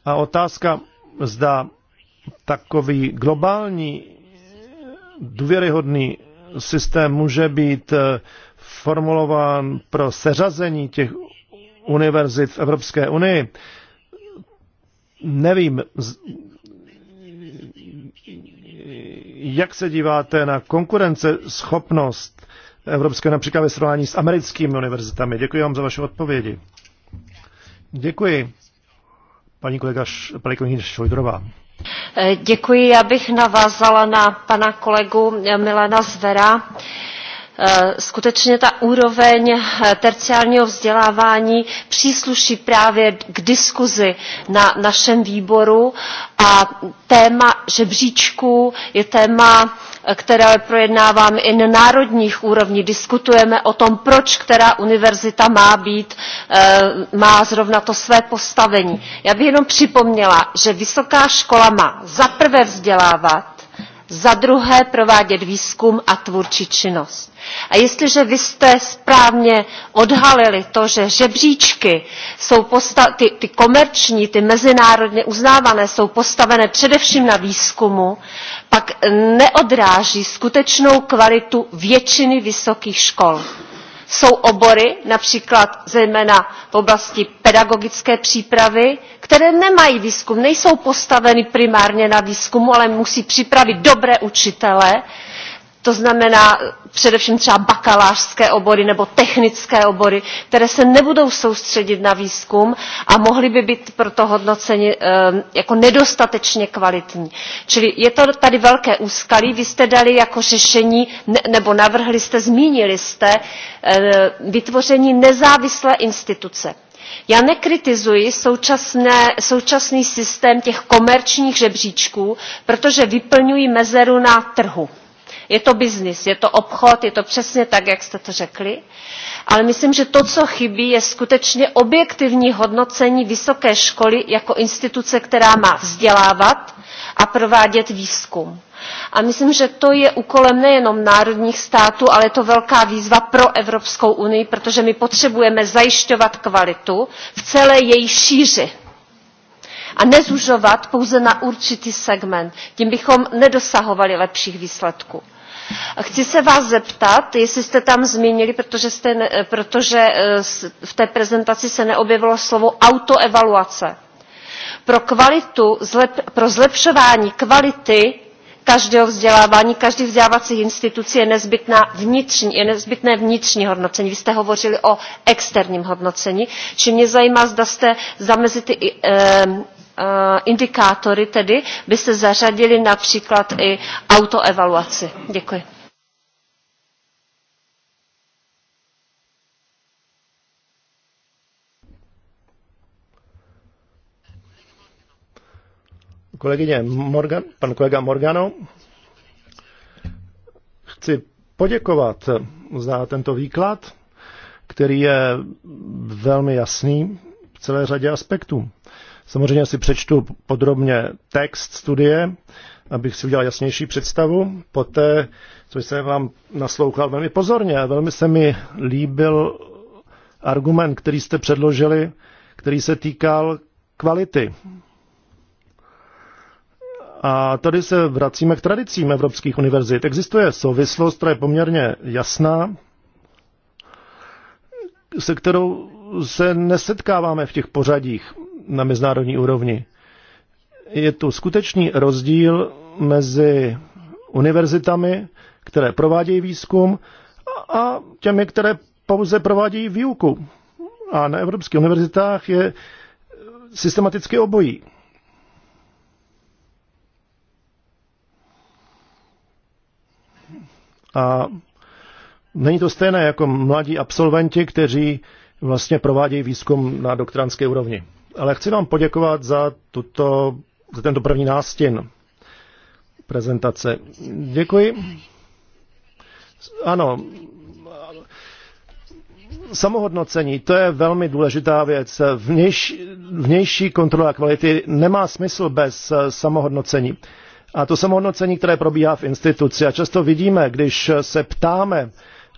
A otázka, zda takový globální důvěryhodný systém může být eh, formulován pro seřazení těch univerzit v Evropské unii. Nevím, jak se díváte na konkurenceschopnost Evropské, například ve srovnání s americkými univerzitami. Děkuji vám za vaše odpovědi. Děkuji. Paní kolega, paní Šojdrová. Eh, děkuji, já bych navázala na pana kolegu Milana Zvera eh, skutečně ta úroveň eh, terciálního vzdělávání přísluší právě k diskuzi na našem výboru a téma žebříčků je téma které projednáváme i na národních úrovních diskutujeme o tom proč která univerzita má být eh, má zrovna to své postavení. já bych jenom připomněla že vysoká škola má za prvé vzdělávat za druhé provádět výzkum a tvůrčí činnost a jestliže vy jste správně odhalili to, že žebříčky jsou ty, ty komerční, ty mezinárodně uznávané jsou postavené především na výzkumu, pak neodráží skutečnou kvalitu většiny vysokých škol jsou obory například zejména v oblasti pedagogické přípravy které nemají výzkum nejsou postaveny primárně na výzkumu ale musí připravit dobré učitele to znamená především třeba bakalářské obory nebo technické obory, které se nebudou soustředit na výzkum a mohly by být proto hodnoceny eh, jako nedostatečně kvalitní. Čili je to tady velké úskalí. Vy jste dali jako řešení, nebo navrhli jste, zmínili jste eh, vytvoření nezávislé instituce já nekritizuji současné, současný systém těch komerčních žebříčků protože vyplňují mezeru na trhu je to byznys je to obchod, je to přesně tak, jak jste to řekli, ale myslím, že to, co chybí, je skutečně objektivní hodnocení vysoké školy jako instituce, která má vzdělávat a provádět výzkum. A myslím, že to je úkolem nejenom národních států, ale je to velká výzva pro Evropskou unii, protože my potřebujeme zajišťovat kvalitu v celé její šíři a nezužovat pouze na určitý segment. Tím bychom nedosahovali lepších výsledků. Chci se vás zeptat, jestli jste tam zmínili, protože, e, v té prezentaci se neobjevilo slovo autoevaluace. Pro, kvalitu, pro zlepšování kvality každého vzdělávání každých vzdělávacích institucí je, nezbytná vnitřní, je nezbytné vnitřní hodnocení. Vy jste hovořili o externím hodnocení, čili mě zajímá, zda jste zamezili i, e, Eh, indikátory tedy byste zařadily například i autoevaluaci? Děkuji. Kolegyně Morgan, pan kolega Morgano, chci poděkovat za tento výklad, který je velmi jasný v celé řadě aspektů. Samozřejmě si přečtu podrobně text studie, abych si udělal jasnější představu. Poté, co jsem vám naslouchal velmi pozorně, a velmi se mi líbil argument, který jste předložili, který se týkal kvality. A tady se vracíme k tradicím evropských univerzit. Existuje souvislost, která je poměrně jasná, se kterou se nesetkáváme v těch pořadích na mezinárodní úrovni. Je tu skutečný rozdíl mezi univerzitami, které provádějí výzkum, a těmi, které pouze provádějí výuku. A na evropských univerzitách je systematicky obojí. A není to stejné jako mladí absolventi, kteří vlastně provádějí výzkum na doktorantské úrovni ale chci vám poděkovat za, tuto, za tento první nástin prezentace. Děkuji. Ano, samohodnocení, to je velmi důležitá věc. Vnějš, vnější kontrola kvality nemá smysl bez eh, samohodnocení. A to samohodnocení, které probíhá v instituci, a často vidíme, když eh, se ptáme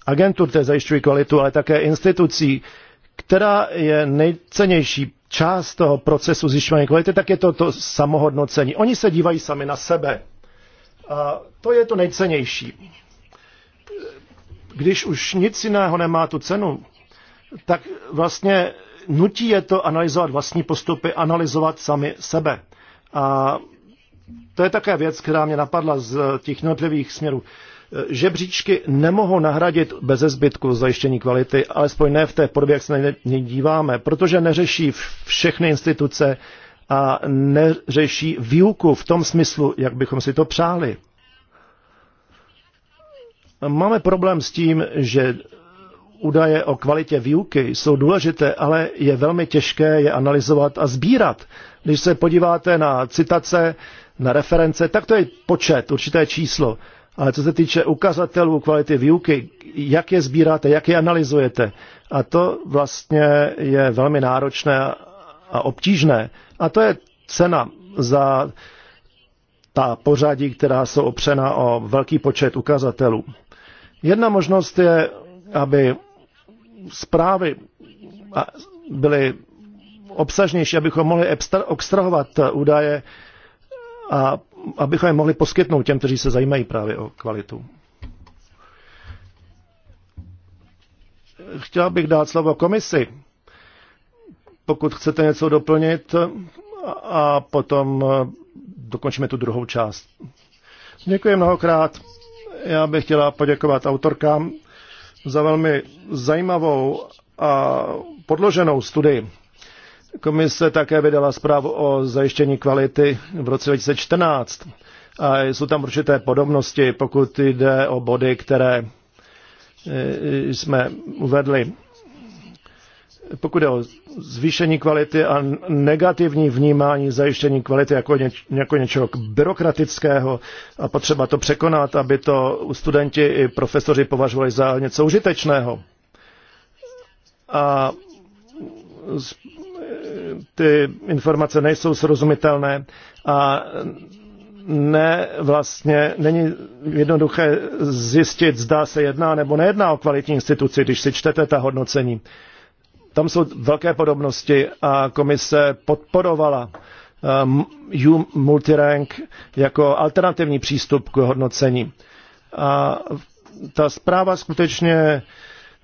agentur, které zajišťují kvalitu, ale také institucí, která je nejcennější část toho procesu zjišťování kvality, tak je to to samohodnocení. Oni se dívají sami na sebe. A to je to nejcennější. Když už nic jiného nemá tu cenu, tak vlastně nutí je to analyzovat vlastní postupy, analyzovat sami sebe. A to je také věc, která mě napadla z těch jednotlivých směrů. Eh, žebříčky nemohou nahradit bez zbytku zajištění kvality, alespoň ne v té podobě, jak se na ně díváme, protože neřeší všechny instituce a neřeší výuku v tom smyslu, jak bychom si to přáli. Máme problém s tím, že údaje o kvalitě výuky jsou důležité, ale je velmi těžké je analyzovat a sbírat. Když se podíváte na citace, na reference, tak to je počet, určité číslo. Ale co se týče ukazatelů kvality výuky, jak je sbíráte, jak je analyzujete, a to vlastně je velmi náročné a obtížné. A to je cena za ta pořadí, která jsou opřena o velký počet ukazatelů. Jedna možnost je, aby zprávy byly obsažnější, abychom mohli extrahovat údaje a abychom je mohli poskytnout těm, kteří se zajímají právě o kvalitu. Chtěl bych dát slovo komisi, pokud chcete něco doplnit a potom dokončíme tu druhou část. Děkuji mnohokrát. Já bych chtěla poděkovat autorkám za velmi zajímavou a podloženou studii. Komise také vydala zprávu o zajištění kvality v roce 2014 a jsou tam určité podobnosti, pokud jde o body, které e, jsme uvedli. Pokud jde o zvýšení kvality a negativní vnímání zajištění kvality jako, něč, jako něčeho byrokratického a potřeba to překonat, aby to studenti i profesoři považovali za něco užitečného. A ty informace nejsou srozumitelné a ne vlastně není jednoduché zjistit, zda se jedná nebo nejedná o kvalitní instituci, když si čtete ta hodnocení. Tam jsou velké podobnosti a komise podporovala um, Multirank jako alternativní přístup k hodnocení. A ta zpráva skutečně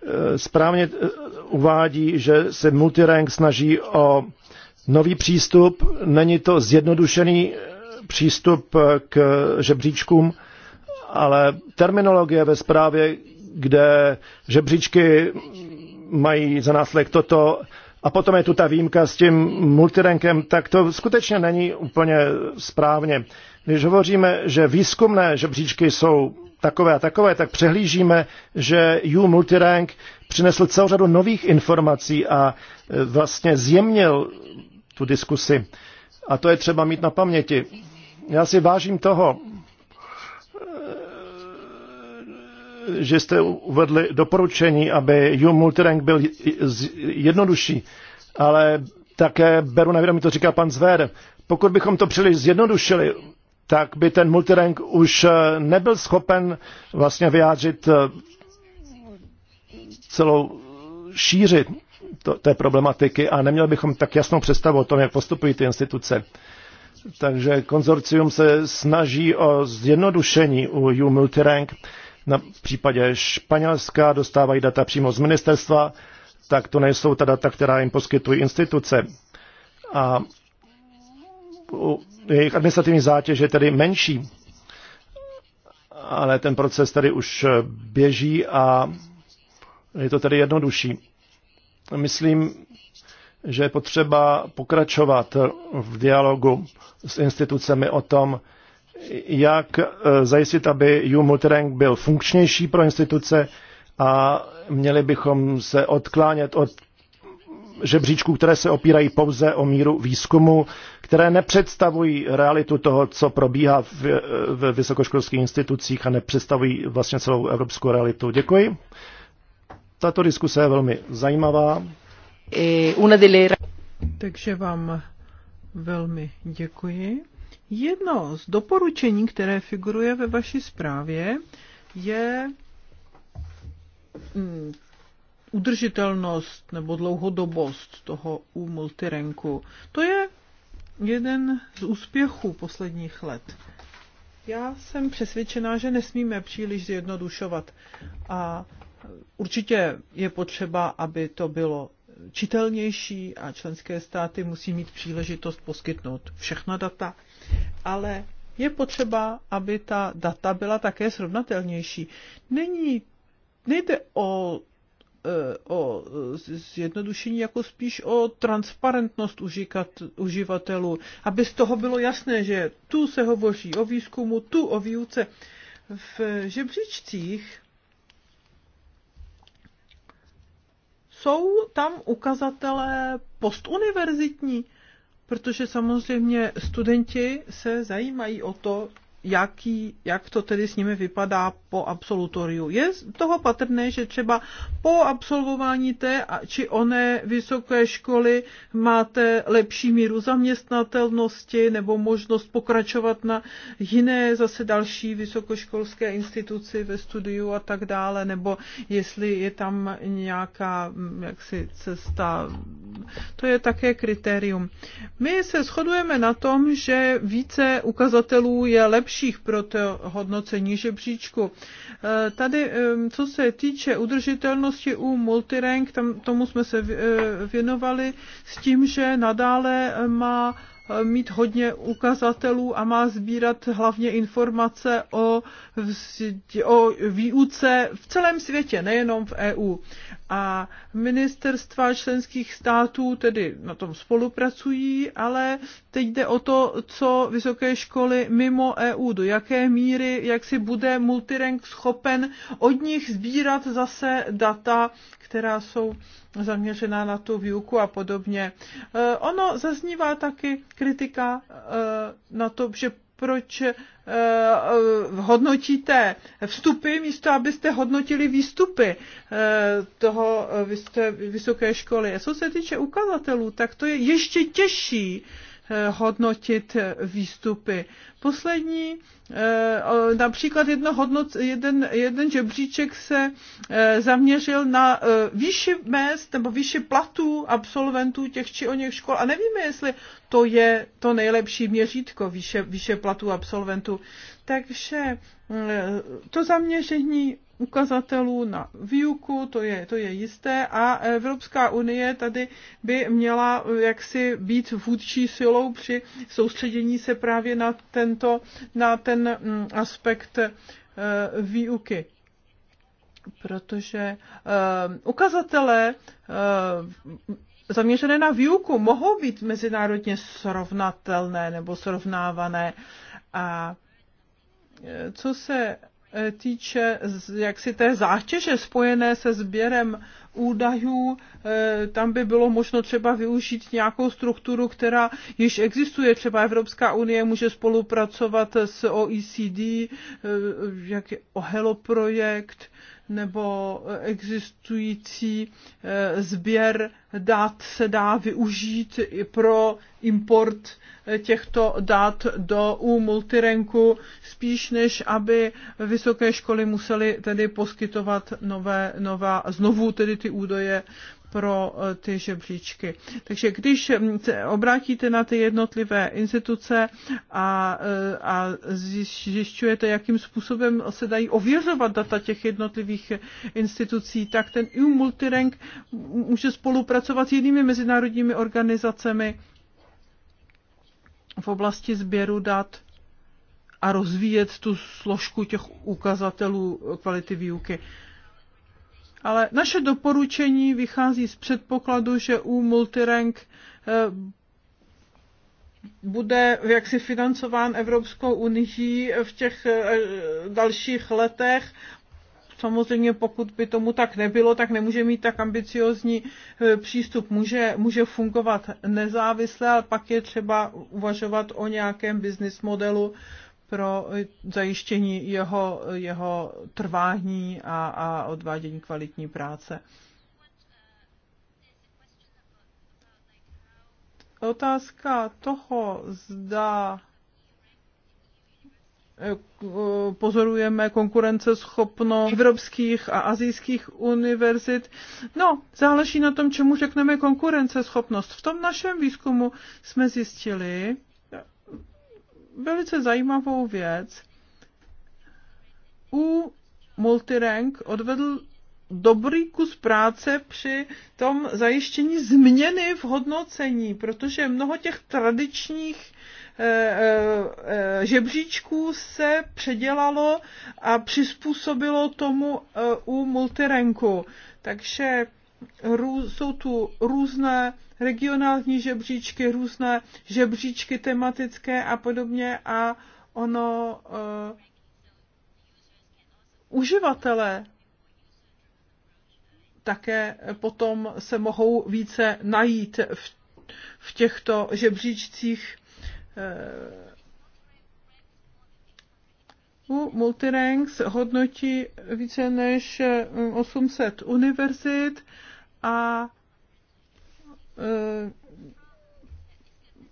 eh, správně eh, uvádí, že se Multirank snaží o nový přístup, není to zjednodušený eh, přístup eh, k žebříčkům, ale terminologie ve zprávě, kde žebříčky mají za následek toto a potom je tu ta výjimka s tím multirenkem, tak to skutečně není úplně správně. Když hovoříme, že výzkumné žebříčky jsou takové a takové, tak přehlížíme, že U Multirank přinesl celou řadu nových informací a eh, vlastně zjemnil tu diskusi. A to je třeba mít na paměti. Já si vážím toho, eh, že jste uvedli doporučení, aby U Multirank byl jednodušší, ale také beru na vědomí, to říká pan Zver. Pokud bychom to příliš zjednodušili, tak by ten multirank už eh, nebyl schopen vlastně vyjádřit eh, celou šíři to, té problematiky a neměli bychom tak jasnou představu o tom, jak postupují ty instituce. Takže konzorcium se snaží o zjednodušení u U Multirank. Na případě Španělska dostávají data přímo z ministerstva, tak to nejsou ta data, která jim poskytují instituce. A jejich administrativní zátěž je tedy menší, ale ten proces tady už běží a je to tedy jednodušší myslím, že je potřeba pokračovat v dialogu s institucemi o tom, jak e, zajistit, aby EU Multirank byl funkčnější pro instituce a měli bychom se odklánět od žebříčků, které se opírají pouze o míru výzkumu, které nepředstavují realitu toho, co probíhá v, e, v vysokoškolských institucích a nepředstavují vlastně celou evropskou realitu. Děkuji. Tato diskuse je velmi zajímavá. Takže vám velmi děkuji. Jedno z doporučení, které figuruje ve vaší zprávě, je mm, udržitelnost nebo dlouhodobost toho u multirenku. To je jeden z úspěchů posledních let. Já jsem přesvědčená, že nesmíme příliš zjednodušovat a Určitě je potřeba, aby to bylo čitelnější a členské státy musí mít příležitost poskytnout všechna data, ale je potřeba, aby ta data byla také srovnatelnější. Není, nejde o, e, o zjednodušení, jako spíš o transparentnost užikat, uživatelů, aby z toho bylo jasné, že tu se hovoří o výzkumu, tu o výuce. V žebříčcích jsou tam ukazatele postuniverzitní, protože samozřejmě studenti se zajímají o to, jaký, jak to tedy s nimi vypadá po absolutoriu. Je z toho patrné, že třeba po absolvování té či oné vysoké školy máte lepší míru zaměstnatelnosti nebo možnost pokračovat na jiné zase další vysokoškolské instituci ve studiu a tak dále, nebo jestli je tam nějaká mm, jaksi cesta. To je také kritérium. My se shodujeme na tom, že více ukazatelů je lepší lepších pro to hodnocení žebříčku. E, tady, e, co se týče udržitelnosti u multirank, tam, tomu jsme se e, věnovali s tím, že nadále má mít hodně ukazatelů a má sbírat hlavně informace o, o výuce v celém světě, nejenom v EU a ministerstva členských států tedy na tom spolupracují, ale teď jde o to, co vysoké školy mimo EU, do jaké míry, jak si bude multirank schopen od nich sbírat zase data, která jsou zaměřená na tu výuku a podobně. E, ono zaznívá taky kritika e, na to, že proč eh, eh, hodnotíte vstupy místo, abyste hodnotili výstupy eh, toho vysoké školy. A co se týče ukazatelů, tak to je ještě těžší Eh, hodnotit výstupy. Poslední, eh, například jedno hodnot, jeden, jeden žebříček se eh, zaměřil na výši mest nebo výši platů absolventů těch či o něch škol a nevíme, jestli to je to nejlepší měřítko výše, výše platů absolventů. Takže to zaměření ukazatelů na výuku, to je, to je jisté, a Evropská unie tady by měla jaksi být vůdčí silou při soustředění se právě na, tento, na ten mm, aspekt eh, výuky protože uh, ukazatele uh, zaměřené na výuku mohou být mezinárodně srovnatelné nebo srovnávané. A co se Eh, týče jaksi té zátěže spojené se sběrem údajů, eh, tam by bylo možno třeba využít nějakou strukturu, která již existuje. Třeba Evropská unie může spolupracovat s OECD, eh, jak je OHELO projekt, nebo existující eh, sběr dat se dá využít i pro import eh, těchto dat do u multirenku, spíš než aby vysoké školy musely tedy poskytovat nové, nová, znovu tedy ty údaje pro eh, ty žebříčky. Takže když hm, se obrátíte na ty jednotlivé instituce a, eh, a zjišťujete, jakým způsobem se dají ověřovat data těch jednotlivých institucí, tak ten EU Multirank může spolupracovat s jinými mezinárodními organizacemi v oblasti sběru dat a rozvíjet tu složku těch ukazatelů kvality výuky. Ale naše doporučení vychází z předpokladu, že u multirank eh, bude jaksi financován Evropskou unii v těch eh, dalších letech. Samozřejmě pokud by tomu tak nebylo, tak nemůže mít tak ambiciozní eh, přístup. Může, může fungovat nezávisle, ale pak je třeba uvažovat o nějakém business modelu pro eh, zajištění jeho, jeho trvání a, a odvádění kvalitní práce. Otázka toho, zda eh, eh, pozorujeme konkurenceschopnost evropských a azijských univerzit. No, záleží na tom, čemu řekneme konkurenceschopnost. V tom našem výzkumu jsme zjistili, velice zajímavou věc. U Multirank odvedl dobrý kus práce při tom zajištění změny v hodnocení, protože mnoho těch tradičních eh, eh, žebříčků se předělalo a přizpůsobilo tomu eh, u multirenku. Takže rů, jsou tu různé regionální žebříčky, různé žebříčky tematické a podobně a ono uh, uživatelé také potom se mohou více najít v, v těchto žebříčcích eh, u Multiranks hodnotí více než 800 eh, univerzit a e,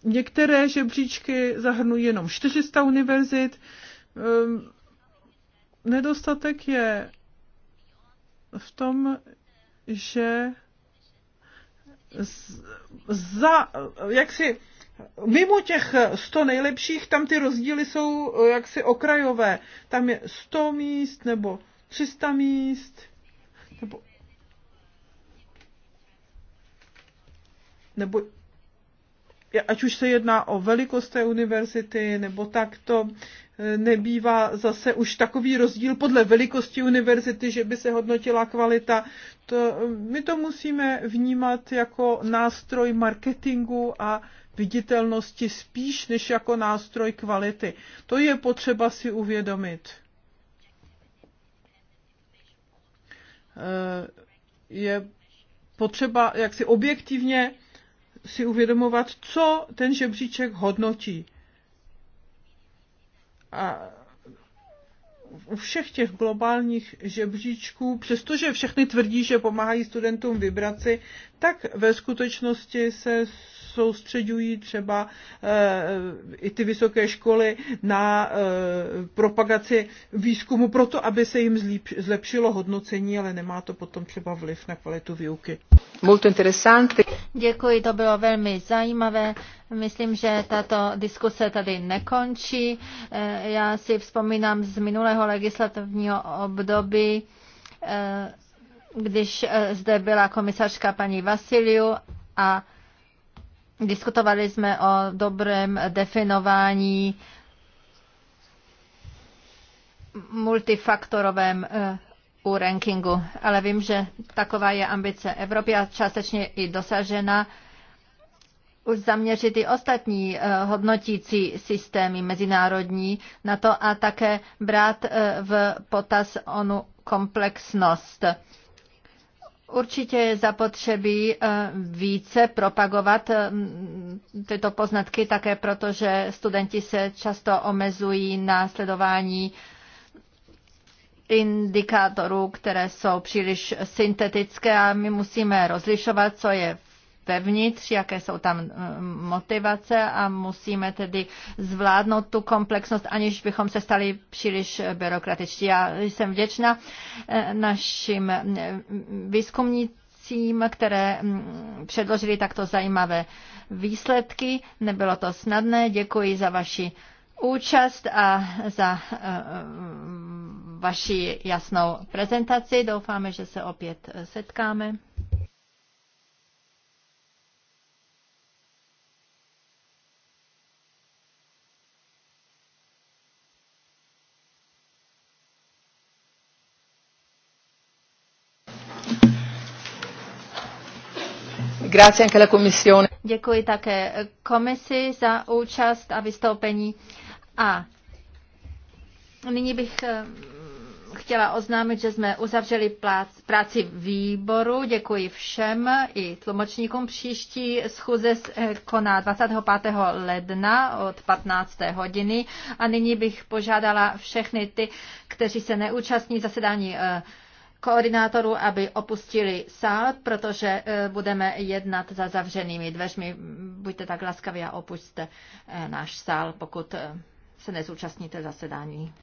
některé žebříčky zahrnují jenom 400 univerzit. E, Nedostatek je v tom, že z, za, jak si mimo těch 100 nejlepších, tam ty rozdíly jsou e, jaksi okrajové. Tam je 100 míst nebo 300 míst nebo nebo ať už se jedná o velikost té univerzity, nebo tak to e, nebývá zase už takový rozdíl podle velikosti univerzity, že by se hodnotila kvalita. To, e, my to musíme vnímat jako nástroj marketingu a viditelnosti spíš než jako nástroj kvality. To je potřeba si uvědomit. E, je potřeba jak si objektivně si uvědomovat, co ten žebříček hodnotí. A u všech těch globálních žebříčků, přestože všechny tvrdí, že pomáhají studentům vybrat si, tak ve skutečnosti se soustředují třeba eh, i ty vysoké školy na eh, propagaci výzkumu proto, aby se jim zlepšilo hodnocení, ale nemá to potom třeba vliv na kvalitu výuky. Děkuji, to bylo velmi zajímavé. Myslím, že tato diskuse tady nekončí. Eh, já si vzpomínám z minulého legislativního období, když zde byla komisařka paní Vasiliu a Diskutovali jsme o dobrém definování multifaktorovém eh, u rankingu, ale vím, že taková je ambice Evropy a částečně i dosažena už zaměřit i ostatní eh, hodnotící systémy mezinárodní na to a také brát eh, v potaz onu komplexnost Určitě je zapotřebí eh, více propagovat eh, tyto poznatky také proto, že studenti se často omezují na sledování indikátorů, které jsou příliš syntetické a my musíme rozlišovat, co je vevnitř, jaké jsou tam eh, motivace a musíme tedy zvládnout tu komplexnost, aniž bychom se stali příliš byrokratičtí. Já jsem vděčna eh, našim eh, výzkumnicím, které mm, předložili takto zajímavé výsledky. Nebylo to snadné. Děkuji za vaši účast a za vaši jasnou prezentaci. Doufáme, že se opět setkáme. Děkuji také komisi za účast a vystoupení. A nyní bych eh, chtěla oznámit, že jsme uzavřeli práci výboru. Děkuji všem i tlumočníkům. Příští schůze eh, koná 25. ledna od 15. hodiny. A nyní bych požádala všechny ty, kteří se neúčastní zasedání eh, koordinátorů, aby opustili sál, protože eh, budeme jednat za zavřenými dveřmi. Buďte tak laskaví a opuste eh, náš sál, pokud eh, se nezúčastníte zasedání.